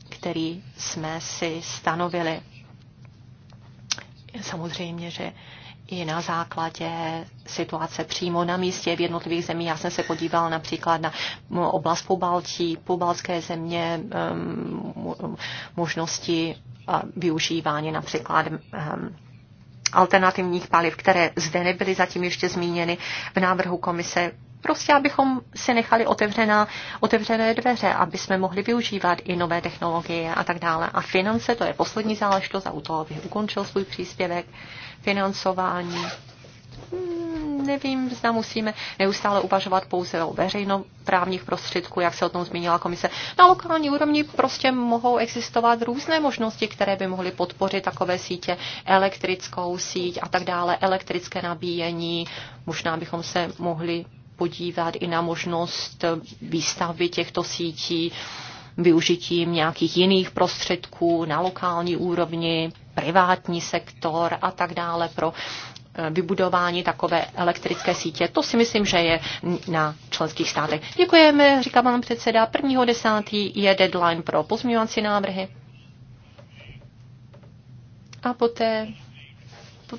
který jsme si stanovili. Samozřejmě, že i na základě situace přímo na místě v jednotlivých zemích. Já jsem se podíval například na oblast Pobaltí, pobaltské země, um, možnosti využívání například um, alternativních paliv, které zde nebyly zatím ještě zmíněny v návrhu komise. Prostě, abychom si nechali otevřená, otevřené dveře, aby jsme mohli využívat i nové technologie a tak dále. A finance, to je poslední záležitost a u toho bych ukončil svůj příspěvek. Uh, financování. Hmm, nevím, zda musíme neustále uvažovat pouze o veřejnoprávních prostředků, jak se o tom zmínila komise. Na lokální úrovni prostě mohou existovat různé možnosti, které by mohly podpořit takové sítě, elektrickou síť a tak dále, elektrické nabíjení. Možná bychom se mohli podívat i na možnost výstavby těchto sítí využitím nějakých jiných prostředků na lokální úrovni, privátní sektor a tak dále pro e, vybudování takové elektrické sítě. To si myslím, že je na členských státech. Děkujeme, říká pan předseda. 1.10. je deadline pro pozměňovací návrhy. A poté,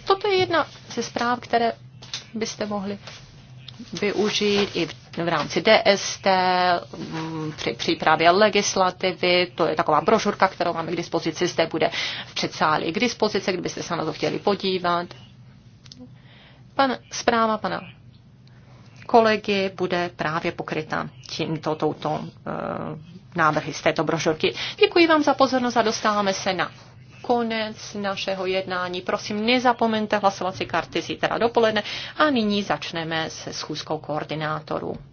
toto je jedna ze zpráv, které byste mohli využít i v v rámci DST, mm, při přípravě legislativy, to je taková brožurka, kterou máme k dispozici, zde bude v předsáli k dispozici, kdybyste se na to chtěli podívat. Pan, zpráva pana kolegy bude právě pokryta tímto, touto uh, návrhy z této brožurky. Děkuji vám za pozornost a dostáváme se na konec našeho jednání. Prosím, nezapomeňte hlasovací karty zítra dopoledne a nyní začneme se schůzkou koordinátorů.